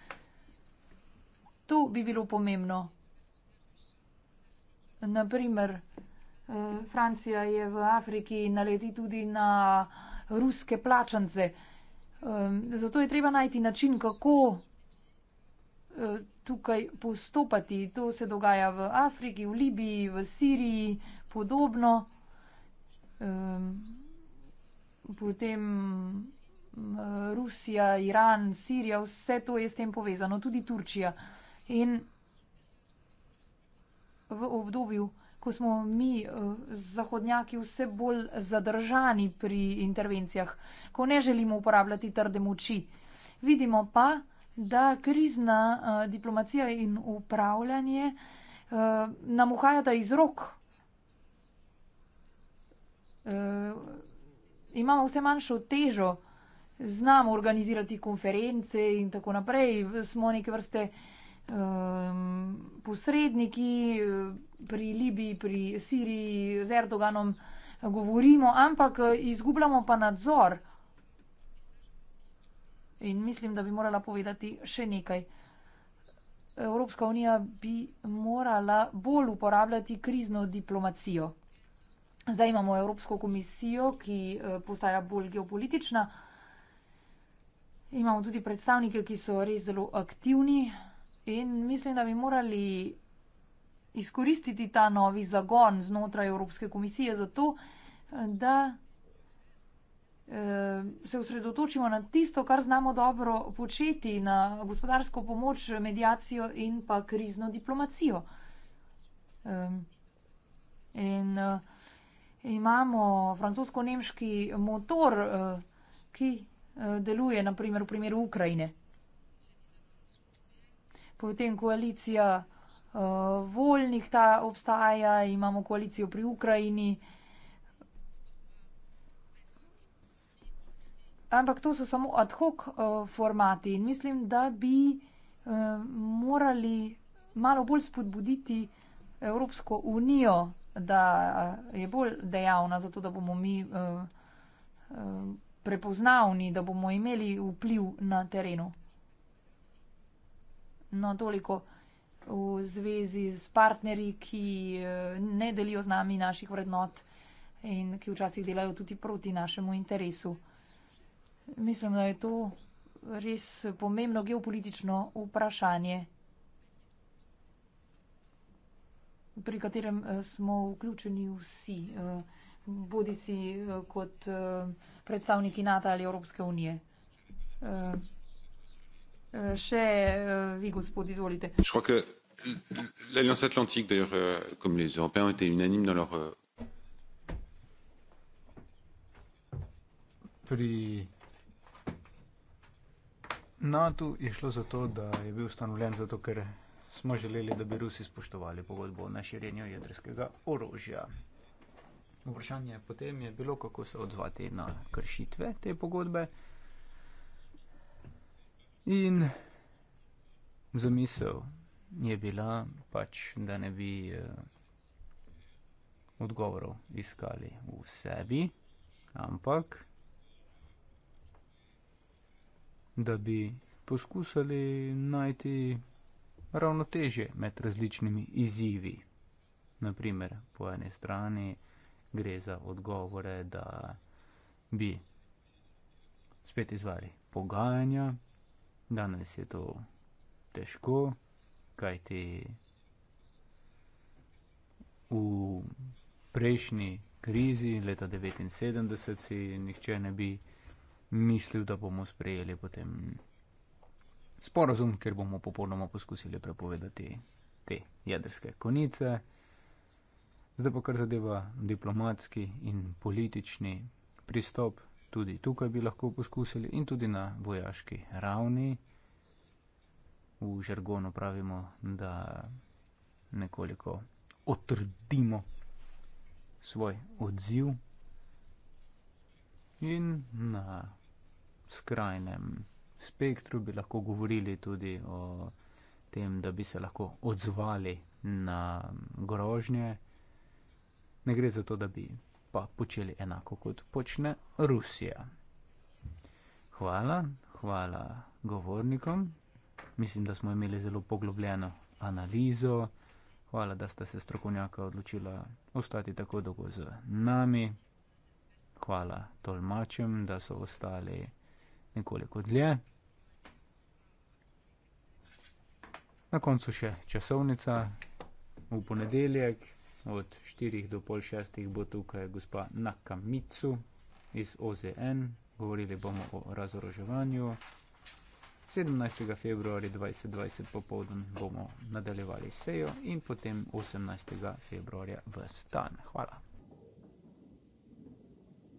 To bi bilo pomembno. Naprimer, eh, Francija je v Afriki in naleti tudi na ruske plačance. Ehm, zato je treba najti način, kako eh, tukaj postopati. To se dogaja v Afriki, v Libiji, v Siriji, podobno. Ehm, potem eh, Rusija, Iran, Sirija, vse to je s tem povezano, tudi Turčija. In v obdobju, ko smo mi, eh, zahodnjaki, vse bolj zadržani pri intervencijah, ko ne želimo uporabljati trde moči. Vidimo pa, da krizna eh, diplomacija in upravljanje eh, nam uhajata iz rok. Imamo vse manjšo težo, znamo organizirati konference in tako naprej, smo neke vrste vsega, um, posredniki eh, pri Libiji, pri Siriji, z Erdoganom eh, govorimo, ampak eh, izgubljamo pa nadzor. In mislim, da bi morala povedati še nekaj. Evropska unija bi morala bolj uporabljati krizno diplomacijo. Zdaj imamo Evropsko komisijo, ki postaja bolj geopolitična. Imamo tudi predstavnike, ki so res zelo aktivni, In mislim, da bi morali izkoristiti ta novi zagon znotraj Evropske komisije za to, da eh, se osredotočimo na tisto, kar znamo dobro početi, na gospodarsko pomoč, medijacijo in pa krizno diplomacijo. In eh, imamo francosko-nemški motor, eh, ki deluje naprimer v primeru Ukrajine. Potem koalicija uh, voljnih ta obstaja, imamo koalicijo pri Ukrajini. Ampak to so samo ad hoc uh, formati in mislim, da bi uh, morali malo bolj spodbuditi Evropsko unijo, da je bolj dejavna, zato da bomo mi uh, uh, prepoznavni, da bomo imeli vpliv na terenu. No, toliko v zvezi s partnerji, ki eh, ne delijo z nami naših vrednot in ki včasih delajo tudi proti našemu interesu. Mislim, da je to res pomembno geopolitično vprašanje, pri katerem eh, smo vključeni vsi, eh, bodi si kot predstavniki NATO ali Evropske unije. Še eh, vi, gospod, izvolite. L'Alliance Atlantique, d'ailleurs, euh, comme les Européens, ont été unanimes dans leur. Euh Pri NATO je šlo za to, da je bil ustanovljen zato, ker smo želeli, da bi Rusi spoštovali pogodbo o naširjenju jedrskega orožja. Vprašanje potem je bilo, kako se odzvati na kršitve te pogodbe. In zamisel je bila pač, da ne bi eh, odgovorov iskali v sebi, ampak da bi poskusili najti ravnoteže med različnimi izzivi. Naprimer, po eni strani gre za odgovore, da bi spet izvali pogajanja, Danes je to težko, kajti v prejšnji krizi leta 1979 si nihče ne bi mislil, da bomo sprejeli potem sporozum, ker bomo popolnoma poskusili prepovedati te jedrske konice. Zdaj pa kar zadeva diplomatski in politični pristop tudi tukaj bi lahko poskusili in tudi na vojaški ravni. V žargonu pravimo, da nekoliko otrdimo svoj odziv in na skrajnem spektru bi lahko govorili tudi o tem, da bi se lahko odzvali na grožnje. Ne gre za to, da bi pa počeli enako kot počne Rusija. Hvala, hvala govornikom. Mislim, da smo imeli zelo poglobljeno analizo. Hvala, da ste se strokovnjaka odločila ostati tako dolgo z nami. Hvala tolmačem, da so ostali nekoliko dlje. Na koncu še časovnica v ponedeljek od 4 do pol 6 bo tukaj gospa Nakamitsu iz OZN, govorili bomo o razoroževanju. 17. februarja 2020 popoldan bomo nadaljevali sejo in potem 18. februarja v stan. Hvala.